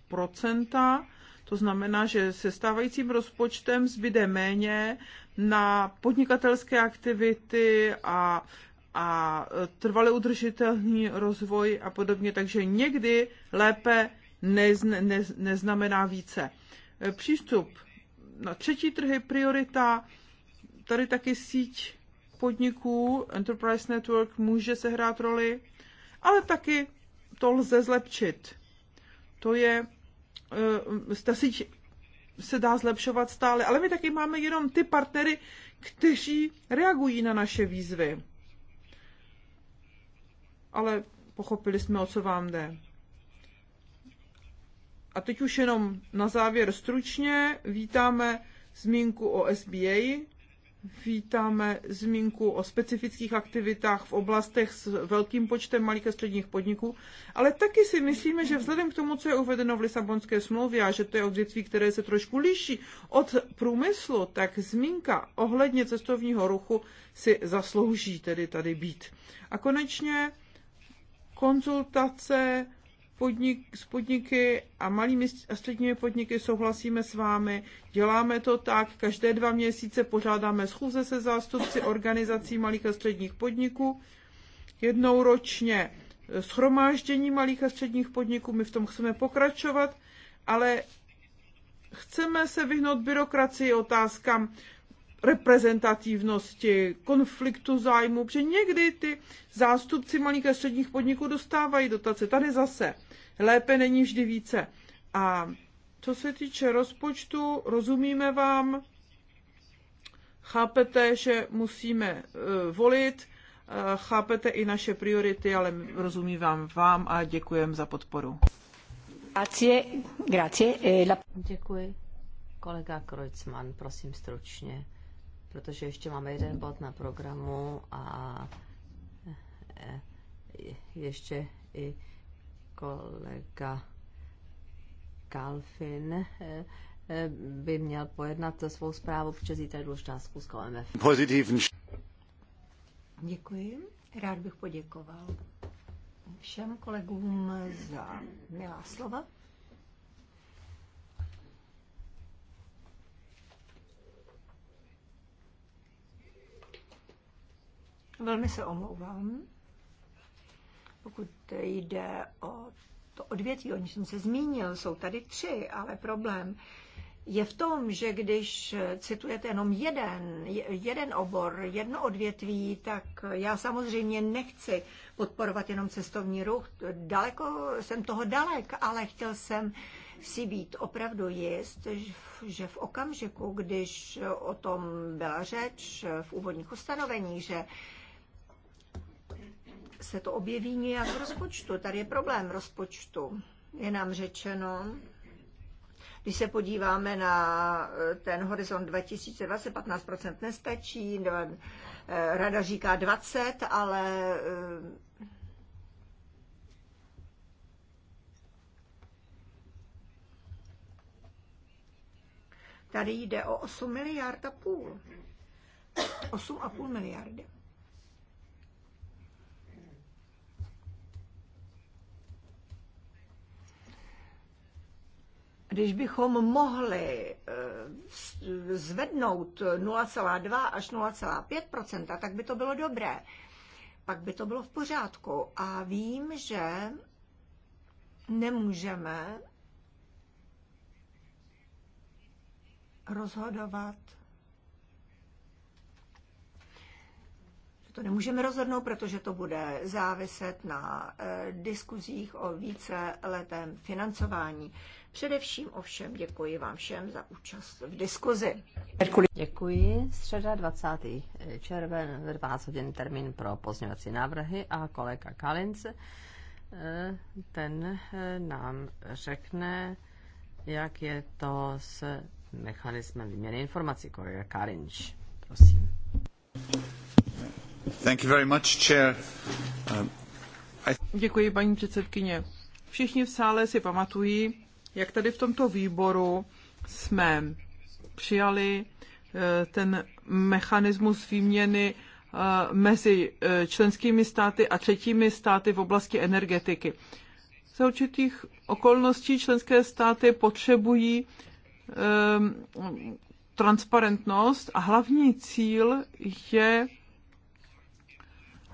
procenta to znamená, že se stávajícím rozpočtem zbyde méně na podnikatelské aktivity a, a trvale udržitelný rozvoj a podobně, takže někdy lépe nez, nez, neznamená více. Přístup na třetí trhy, priorita, tady taky síť podniků, Enterprise Network může sehrát roli, ale taky to lze zlepšit. To je Eh, ta síť se dá zlepšovat stále, ale my taky máme jenom ty partnery, kteří reagují na naše výzvy. Ale pochopili jsme, o co vám jde. A teď už jenom na závěr stručně vítáme zmínku o SBA, Vítáme zmínku o specifických aktivitách v oblastech s velkým počtem malých a středních podniků, ale taky si myslíme, že vzhledem k tomu, co je uvedeno v Lisabonské smlouvě a že to je odvětví, které se trošku liší od průmyslu, tak zmínka ohledně cestovního ruchu si zaslouží tedy tady být. A konečně konzultace podnik, s podniky a malými a středními podniky souhlasíme s vámi. Děláme to tak, každé dva měsíce pořádáme schůze se zástupci organizací malých a středních podniků. Jednou ročně schromáždění malých a středních podniků, my v tom chceme pokračovat, ale chceme se vyhnout byrokracii, otázkám reprezentativnosti, konfliktu zájmu, protože někdy ty zástupci malých a středních podniků dostávají dotace. Tady zase lépe není vždy více. A co se týče rozpočtu, rozumíme vám, chápete, že musíme e, volit, e, chápete i naše priority, ale rozumím vám, vám a děkujem za podporu. Grazie, grazie. E, la... Děkuji. Kolega Kreuzmann, prosím stručně, protože ještě máme jeden bod na programu a ještě i kolega Kalfin eh, eh, by měl pojednat svou zprávu, protože zítra je důležitá zkuska OMF. Pozitivní. Děkuji. Rád bych poděkoval všem kolegům za milá slova. Velmi se omlouvám. Pokud jde o to odvětví, o něm jsem se zmínil, jsou tady tři, ale problém je v tom, že když citujete jenom jeden, jeden obor, jedno odvětví, tak já samozřejmě nechci podporovat jenom cestovní ruch. Daleko jsem toho dalek, ale chtěl jsem si být opravdu jist, že v okamžiku, když o tom byla řeč v úvodních ustanoveních, že se to objeví nějak v rozpočtu. Tady je problém rozpočtu. Je nám řečeno, když se podíváme na eh, ten horizont 2020, 15% nestačí, eh, rada říká 20, ale eh, tady jde o 8 miliard a půl. 8,5 miliardy. když bychom mohli eh, zvednout 0,2 až 0,5 tak by to bylo dobré. Pak by to bylo v pořádku. A vím, že nemůžeme rozhodovat. To nemůžeme rozhodnout, protože to bude záviset na eh, diskuzích o více letem financování. Především ovšem děkuji vám všem za účast v diskuzi. Děkuji. Středa 20. Eh, červen ve 12 hodin termín pro pozměňovací návrhy a kolega Kalince eh, ten eh, nám řekne, jak je to s mechanismem výměny informací. Kolega Karinč, prosím. Thank you very much, chair. Um, I... Děkuji, paní předsedkyně. Všichni v sále si pamatují, jak tady v tomto výboru jsme přijali eh, ten mechanismus výměny eh, mezi eh, členskými státy a třetími státy v oblasti energetiky. Za určitých okolností členské státy potřebují transparentnost a hlavní cíl je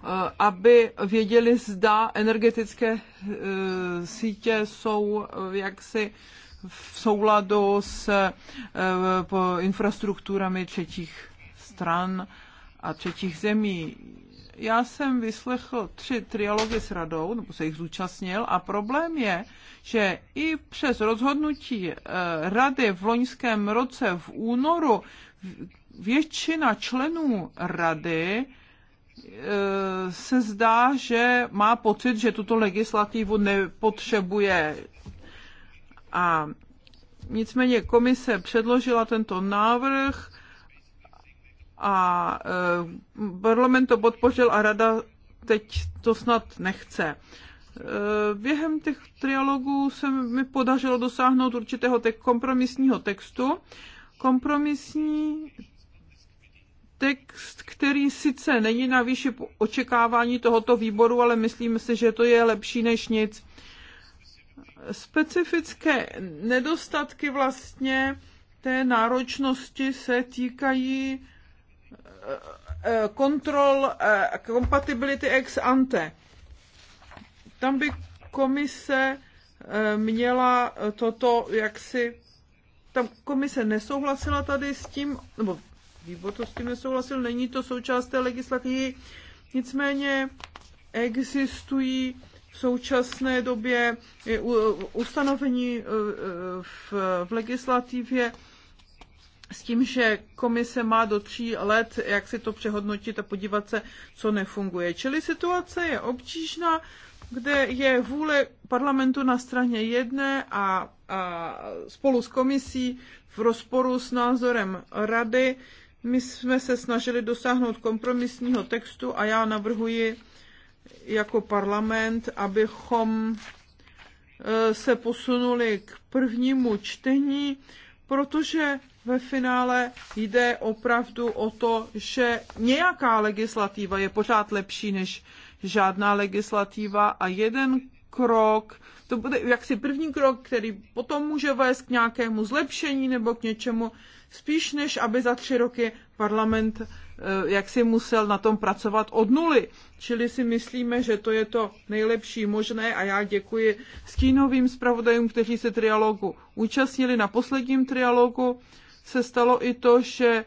Eh, aby věděli, zda energetické eh, sítě jsou eh, jaksi v souladu s infrastrukturami třetích stran a třetích zemí. Já jsem vyslechl tři trialogy s radou, nebo se jich zúčastnil, a problém je, že i přes rozhodnutí rady v loňském roce v únoru většina členů rady se zdá, že má pocit, že tuto legislativu nepotřebuje. A nicméně komise předložila tento návrh a eh, parlament to podpořil a rada teď to snad nechce. Eh, během těch trialogů se mi podařilo dosáhnout určitého te- kompromisního textu. Kompromisní text, který sice není na výši očekávání tohoto výboru, ale myslím si, že to je lepší než nic. Specifické nedostatky vlastně té náročnosti se týkají eh, kontrol eh, kompatibility ex ante. Tam by komise eh, měla toto jaksi, tam komise nesouhlasila tady s tím, nebo výbor to s tím nesouhlasil, není to součást té legislativy. Nicméně existují v současné době ustanovení e, e, v, legislativě s tím, že komise má do tří let, jak si to přehodnotit a podívat se, co nefunguje. Čili situace je obtížná, kde je vůle parlamentu na straně jedné a, a spolu s komisí v rozporu s názorem rady my jsme se snažili dosáhnout kompromisního textu a já navrhuji jako parlament, abychom e, se posunuli k prvnímu čtení, protože ve finále jde opravdu o to, že nějaká legislativa je pořád lepší než žádná legislativa a jeden krok, to bude jaksi první krok, který potom může vést k nějakému zlepšení nebo k něčemu, spíš než aby za tři roky parlament eh, jak si musel na tom pracovat od nuly. Čili si myslíme, že to je to nejlepší možné a já děkuji stínovým zpravodajům, kteří se trialogu účastnili. Na posledním trialogu se stalo i to, že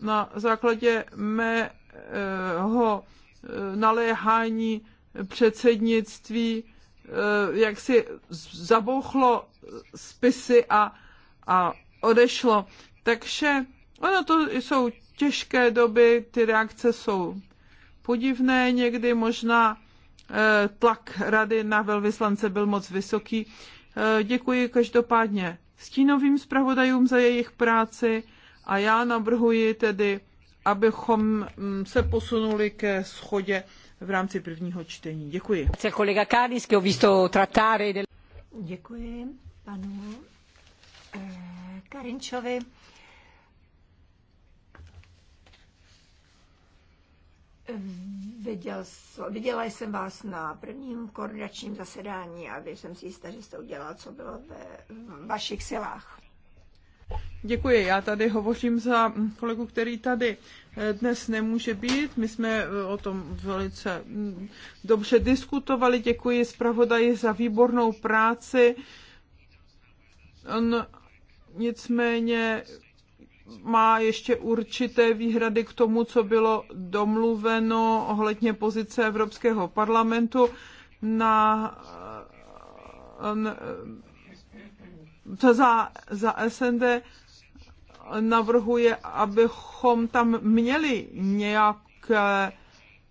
na základě mého eh, naléhání předsednictví eh, jak si zabouchlo spisy a, a odešlo. Takže ono to jsou těžké doby, ty reakce jsou podivné, někdy možná eh, tlak rady na velvyslance byl moc vysoký. Eh, děkuji každopádně stínovým zpravodajům za jejich práci a já navrhuji tedy, abychom mm, se posunuli ke schodě v rámci prvního čtení. Děkuji. Děkuji panu eh, Karinčovi Viděl, viděla jsem vás na prvním koordinačním zasedání a jsem si jistá, že jste udělala, co bylo ve vašich silách. Děkuji. Já tady hovořím za kolegu, který tady eh, dnes nemůže být. My jsme eh, o tom velice mm, dobře diskutovali. Děkuji zpravodaji za výbornou práci. On nicméně má ještě určité výhrady k tomu, co bylo domluveno ohledně pozice Evropského parlamentu na, na za, za SND navrhuje, abychom tam měli nějaké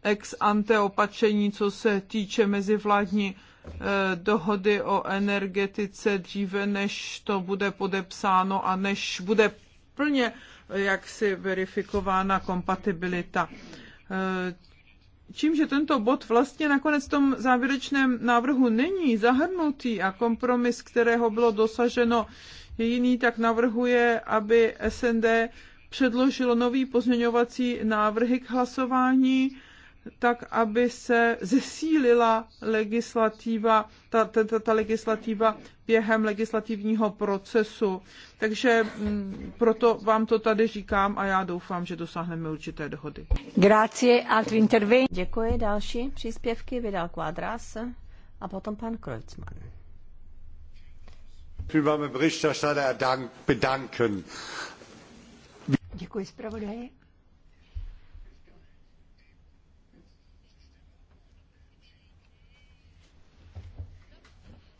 ex ante opatření, co se týče mezivládní eh, dohody o energetice dříve, než to bude podepsáno a než bude plně jaksi verifikována kompatibilita. E, čímže tento bod vlastně nakonec v tom závěrečném návrhu není zahrnutý a kompromis, kterého bylo dosaženo, je jiný, tak navrhuje, aby SND předložilo nový pozměňovací návrhy k hlasování, tak aby se zesílila legislativa, ta, ta, ta, ta legislativa během legislativního procesu. Takže mm, proto vám to tady říkám a já doufám, že dosáhneme určité dohody. Grazie, altri Děkuji, další příspěvky vydal Quadras a potom pan Kreuzmann. Děkuji zpravodaji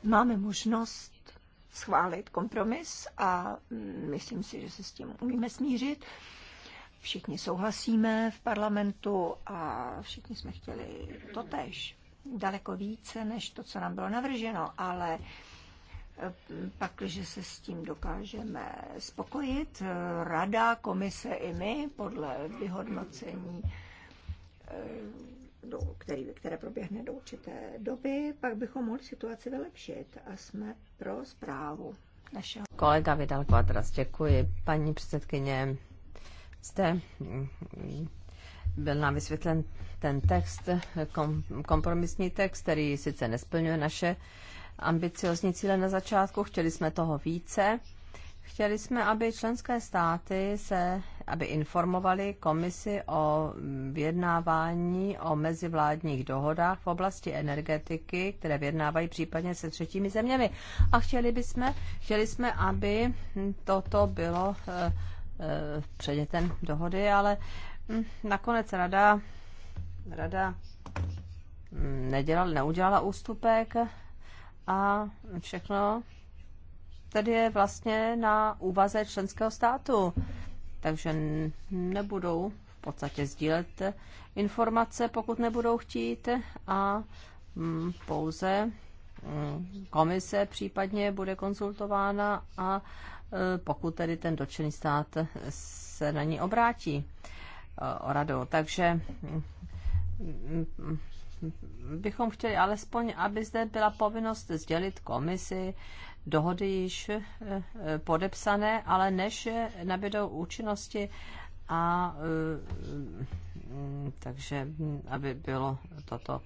máme možnost schválit kompromis a myslím si, že se s tím umíme smířit. Všichni souhlasíme v parlamentu a všichni jsme chtěli to tež. Daleko více než to, co nám bylo navrženo, ale eh, pak, že se s tím dokážeme spokojit, eh, rada, komise i my podle vyhodnocení eh, do, který, které proběhne do určité doby, pak bychom mohli situaci vylepšit a jsme pro zprávu našeho. Kolega Vidal Quadras, děkuji. Paní předsedkyně, jste byl nám vysvětlen ten text, kom, kompromisní text, který sice nesplňuje naše ambiciozní cíle na začátku, chtěli jsme toho více. Chtěli jsme, aby členské státy se aby informovali komisi o vyjednávání o mezivládních dohodách v oblasti energetiky, které vyjednávají případně se třetími zeměmi. A chtěli, bychom, chtěli jsme, aby toto bylo eh, eh, předmětem dohody, ale hm, nakonec rada, rada hm, nedělal, neudělala ústupek a všechno tady je vlastně na úvaze členského státu takže nebudou v podstatě sdílet informace, pokud nebudou chtít a mm, pouze mm, komise případně bude konzultována a e, pokud tedy ten dotčený stát se na ní obrátí e, o radu. Takže mm, bychom chtěli alespoň, aby zde byla povinnost sdělit komisi dohody již eh, eh, podepsané, ale než nabídou účinnosti a eh, takže hm, aby bylo toto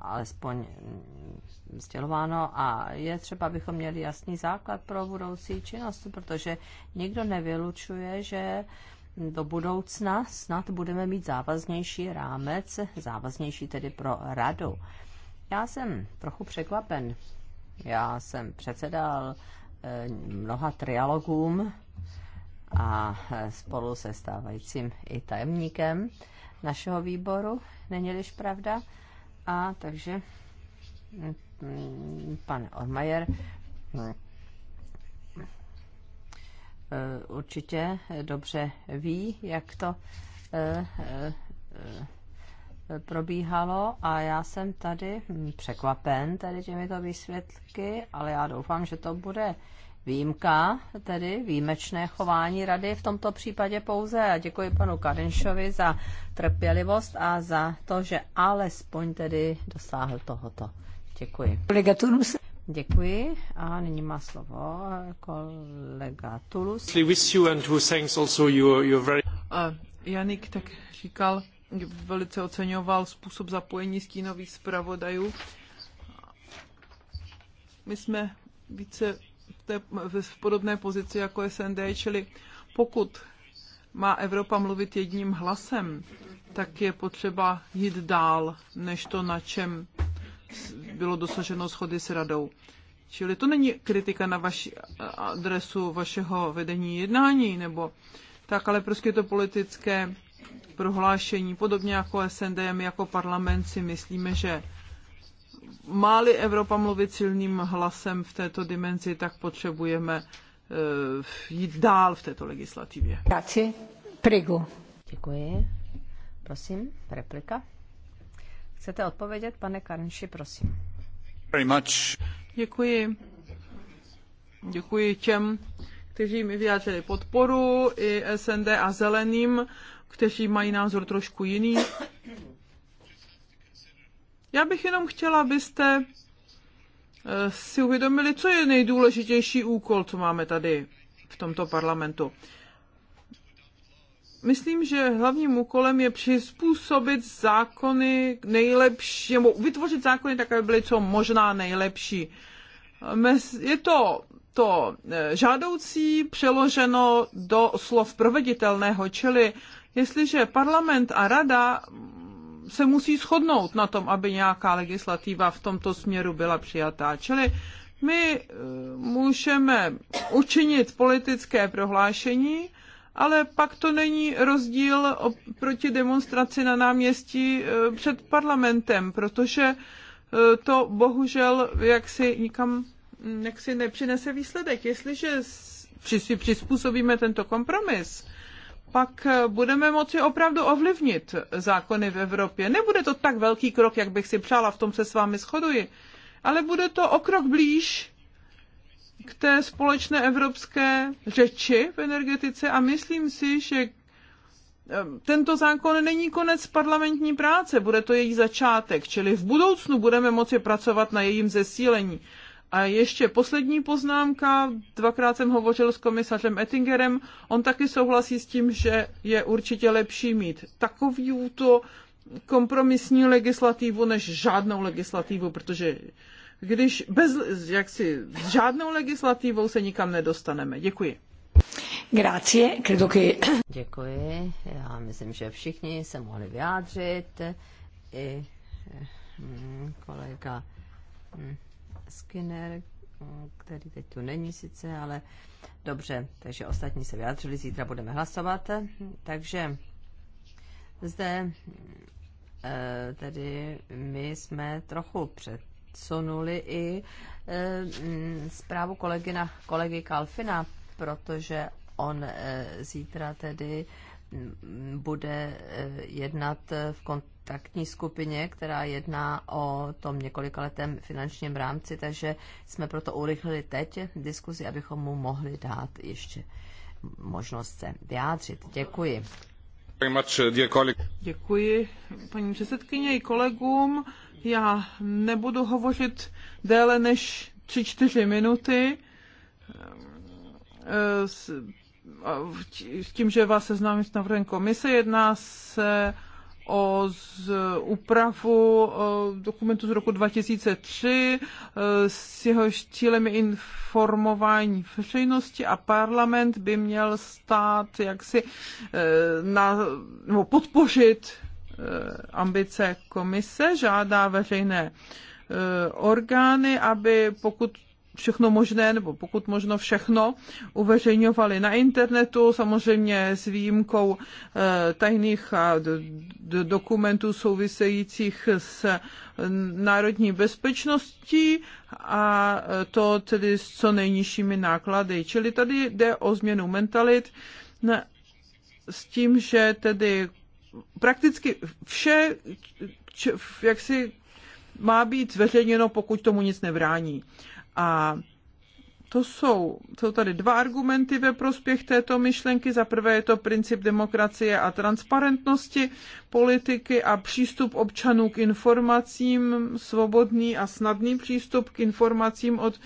alespoň hm, sdělováno a je třeba, abychom měli jasný základ pro budoucí činnost, protože nikdo nevylučuje, že do budoucna snad budeme mít závaznější rámec, závaznější tedy pro radu. Já jsem trochu překvapen já jsem předsedal eh, mnoha trialogům a eh, spolu se stávajícím i tajemníkem našeho výboru, není-liž pravda. A takže mm, pan Ormajer mm, eh, určitě dobře ví, jak to probíhalo a já jsem tady hm, překvapen tady těmito výsvětky, ale já doufám, že to bude výjimka, tedy výjimečné chování rady v tomto případě pouze. A děkuji panu Karinšovi za trpělivost a za to, že alespoň tedy dosáhl tohoto. Děkuji. Děkuji a nyní má slovo eh, kolega Tulus. Eh, Janik tak říkal, velice oceňoval způsob zapojení stínových zpravodajů. My jsme více v, té, v podobné pozici jako SND, čili pokud má Evropa mluvit jedním hlasem, tak je potřeba jít dál, než to, na čem bylo dosaženo schody s radou. Čili to není kritika na vaši adresu vašeho vedení jednání, nebo tak, ale prostě to politické prohlášení, podobně jako SND, my jako parlament si myslíme, že máli Evropa mluvit silným hlasem v této dimenzi, tak potřebujeme e, jít dál v této legislativě. Grazie. Prego. Děkuji. Prosím, replika. Chcete odpovědět, pane Karnši, prosím. Very much. Děkuji. Děkuji těm, kteří mi vyjádřili podporu i SND a zeleným kteří mají názor trošku jiný. Já bych jenom chtěla, abyste eh, si uvědomili, co je nejdůležitější úkol, co máme tady v tomto parlamentu. Myslím, že hlavním úkolem je přizpůsobit zákony nejlepší, nebo vytvořit zákony tak, aby byly co možná nejlepší. Je to to eh, žádoucí přeloženo do slov proveditelného, čili uh, Jestliže parlament a rada se musí shodnout na tom, aby nějaká legislativa v tomto směru byla přijatá. Čili my eh, můžeme učinit politické prohlášení, ale pak to není rozdíl proti demonstraci na náměstí eh, před parlamentem, protože eh, to bohužel jaksi nikam jaksi nepřinese výsledek. Jestliže si přizpůsobíme tento kompromis, pak eh, budeme moci opravdu ovlivnit zákony v Evropě. Nebude to tak velký krok, jak bych si přála, v tom se s vámi shoduji, ale bude to o krok blíž k té společné evropské řeči v energetice a myslím si, že eh, tento zákon není konec parlamentní práce, bude to její začátek, čili v budoucnu budeme moci pracovat na jejím zesílení. A ještě poslední poznámka. Dvakrát jsem hovořil s komisařem Ettingerem. On taky souhlasí s tím, že je určitě lepší mít takový to kompromisní legislativu než žádnou legislativu, protože když bez, si, s žádnou legislativou se nikam nedostaneme. Děkuji. Grácie, credo che... Děkuji. Já myslím, že všichni se mohli vyjádřit. I mm, kolega mm, Skinner, který teď tu není sice, ale dobře, takže ostatní se vyjádřili, zítra budeme hlasovat. Takže zde eh, tedy my jsme trochu předsunuli i eh, mm, zprávu kolegy, na, kolegy Kalfina, protože on eh, zítra tedy bude eh, jednat eh, v kontaktní skupině, která jedná o tom několikaletém finančním rámci, takže jsme proto urychlili teď diskuzi, abychom mu mohli dát ještě možnost se vyjádřit. Děkuji. Eh, Děkuji paní předsedkyně i kolegům. Já nebudu hovořit déle než 3-4 minuty s tím, že vás seznámím s návrhem komise. Jedná se o z, úpravu e, dokumentu z roku 2003 e, s jeho cílem je informování veřejnosti a parlament by měl stát jaksi e, na, nebo podpořit ambice komise, žádá veřejné orgány, aby pokud všechno možné, nebo pokud možno všechno, uveřejňovali na internetu, samozřejmě s výjimkou eh, tajných a dokumentů souvisejících s eh, národní bezpečností a eh, to tedy s co nejnižšími náklady. Čili tady jde o změnu mentalit s tím, že tedy prakticky vše, jak si má být zveřejněno, pokud tomu nic nevrání. A to jsou, jsou tady dva argumenty ve prospěch této myšlenky. Za prvé je to princip demokracie a transparentnosti politiky a přístup občanů k informacím, svobodný a snadný přístup k informacím od e,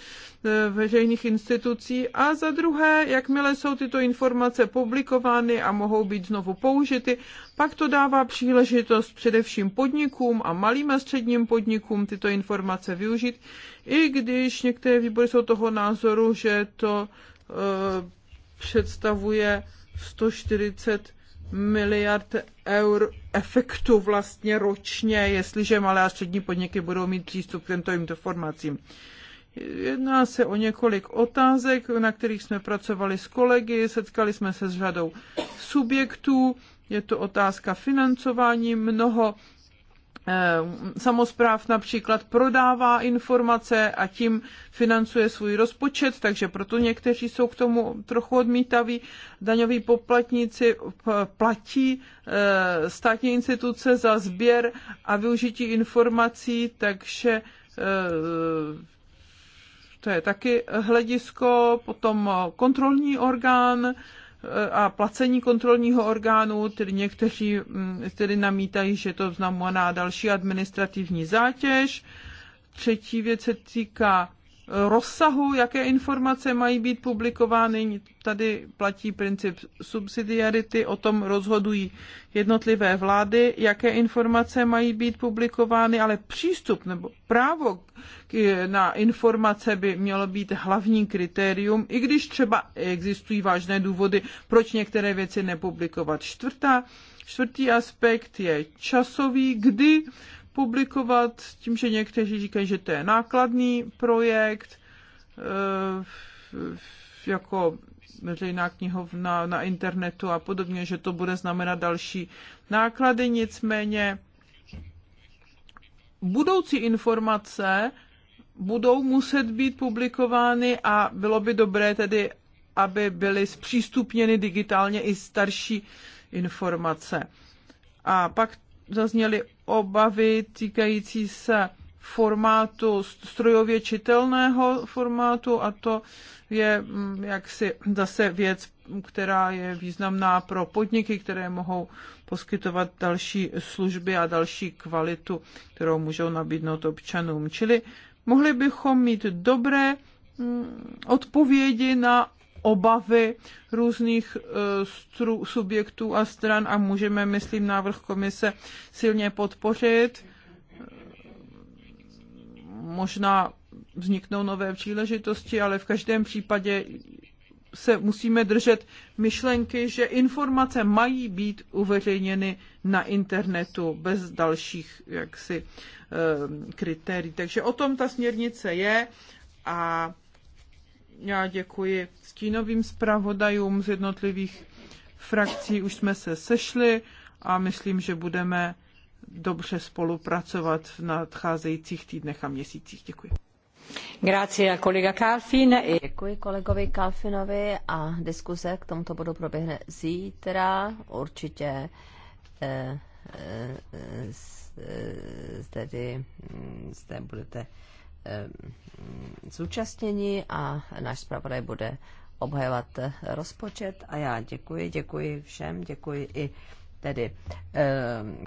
veřejných institucí. A za druhé, jakmile jsou tyto informace publikovány a mohou být znovu použity, pak to dává příležitost především podnikům a malým a středním podnikům tyto informace využít i když některé výbory jsou toho názoru, že to eh, představuje 140 miliard eur efektu vlastně ročně, jestliže malé a střední podniky budou mít přístup k těmto informacím. Jedná se o několik otázek, na kterých jsme pracovali s kolegy, setkali jsme se s řadou subjektů. Je to otázka financování. Mnoho Eh, samozpráv například prodává informace a tím financuje svůj rozpočet, takže proto někteří jsou k tomu trochu odmítaví. Daňoví poplatníci platí eh, státní instituce za sběr a využití informací, takže eh, to je taky hledisko, potom kontrolní orgán, a placení kontrolního orgánu, tedy někteří mm, tedy namítají, že to znamená další administrativní zátěž. Třetí věc se týká rozsahu, jaké informace mají být publikovány. Tady platí princip subsidiarity, o tom rozhodují jednotlivé vlády, jaké informace mají být publikovány, ale přístup nebo právo na informace by mělo být hlavní kritérium, i když třeba existují vážné důvody, proč některé věci nepublikovat. Čtvrtá Čtvrtý aspekt je časový, kdy publikovat tím, že někteří říkají, že to je nákladný projekt, eh, jako veřejná knihovna na internetu a podobně, že to bude znamenat další náklady, nicméně budoucí informace budou muset být publikovány a bylo by dobré tedy, aby byly zpřístupněny digitálně i starší informace. A pak zazněly obavy týkající se formátu, strojově čitelného formátu a to je mm, jaksi zase věc, která je významná pro podniky, které mohou poskytovat další služby a další kvalitu, kterou můžou nabídnout občanům. Čili mohli bychom mít dobré mm, odpovědi na obavy různých eh, stru, subjektů a stran a můžeme, myslím, návrh komise silně podpořit. Možná vzniknou nové příležitosti, ale v každém případě se musíme držet myšlenky, že informace mají být uveřejněny na internetu bez dalších jaksi eh, kritérií. Takže o tom ta směrnice je a já děkuji stínovým zpravodajům z jednotlivých frakcí. Už jsme se sešli a myslím, že budeme dobře spolupracovat v nadcházejících týdnech a měsících. Děkuji. Grazie, kolega Kalfin. Děkuji kolegovi Kalfinovi a diskuze k tomuto bodu proběhne zítra. Určitě eh, eh, eh tedy zde hm, budete zúčastněni a náš zpravodaj bude obhajovat rozpočet a já děkuji, děkuji všem, děkuji i tedy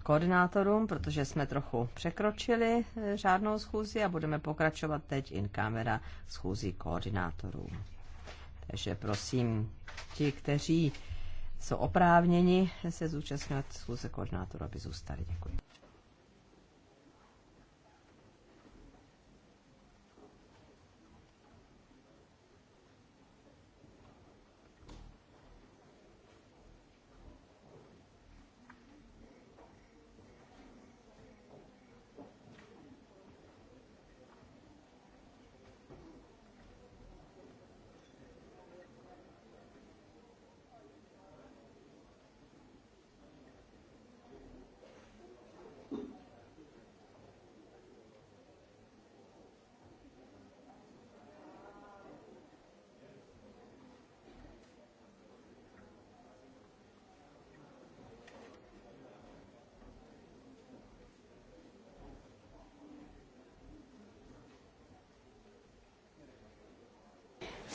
koordinátorům, protože jsme trochu překročili žádnou eh, schůzi a budeme pokračovat teď in camera schůzí koordinátorů. Takže prosím, ti, kteří jsou oprávněni se zúčastňovat schůze koordinátorů, aby zůstali. Děkuji.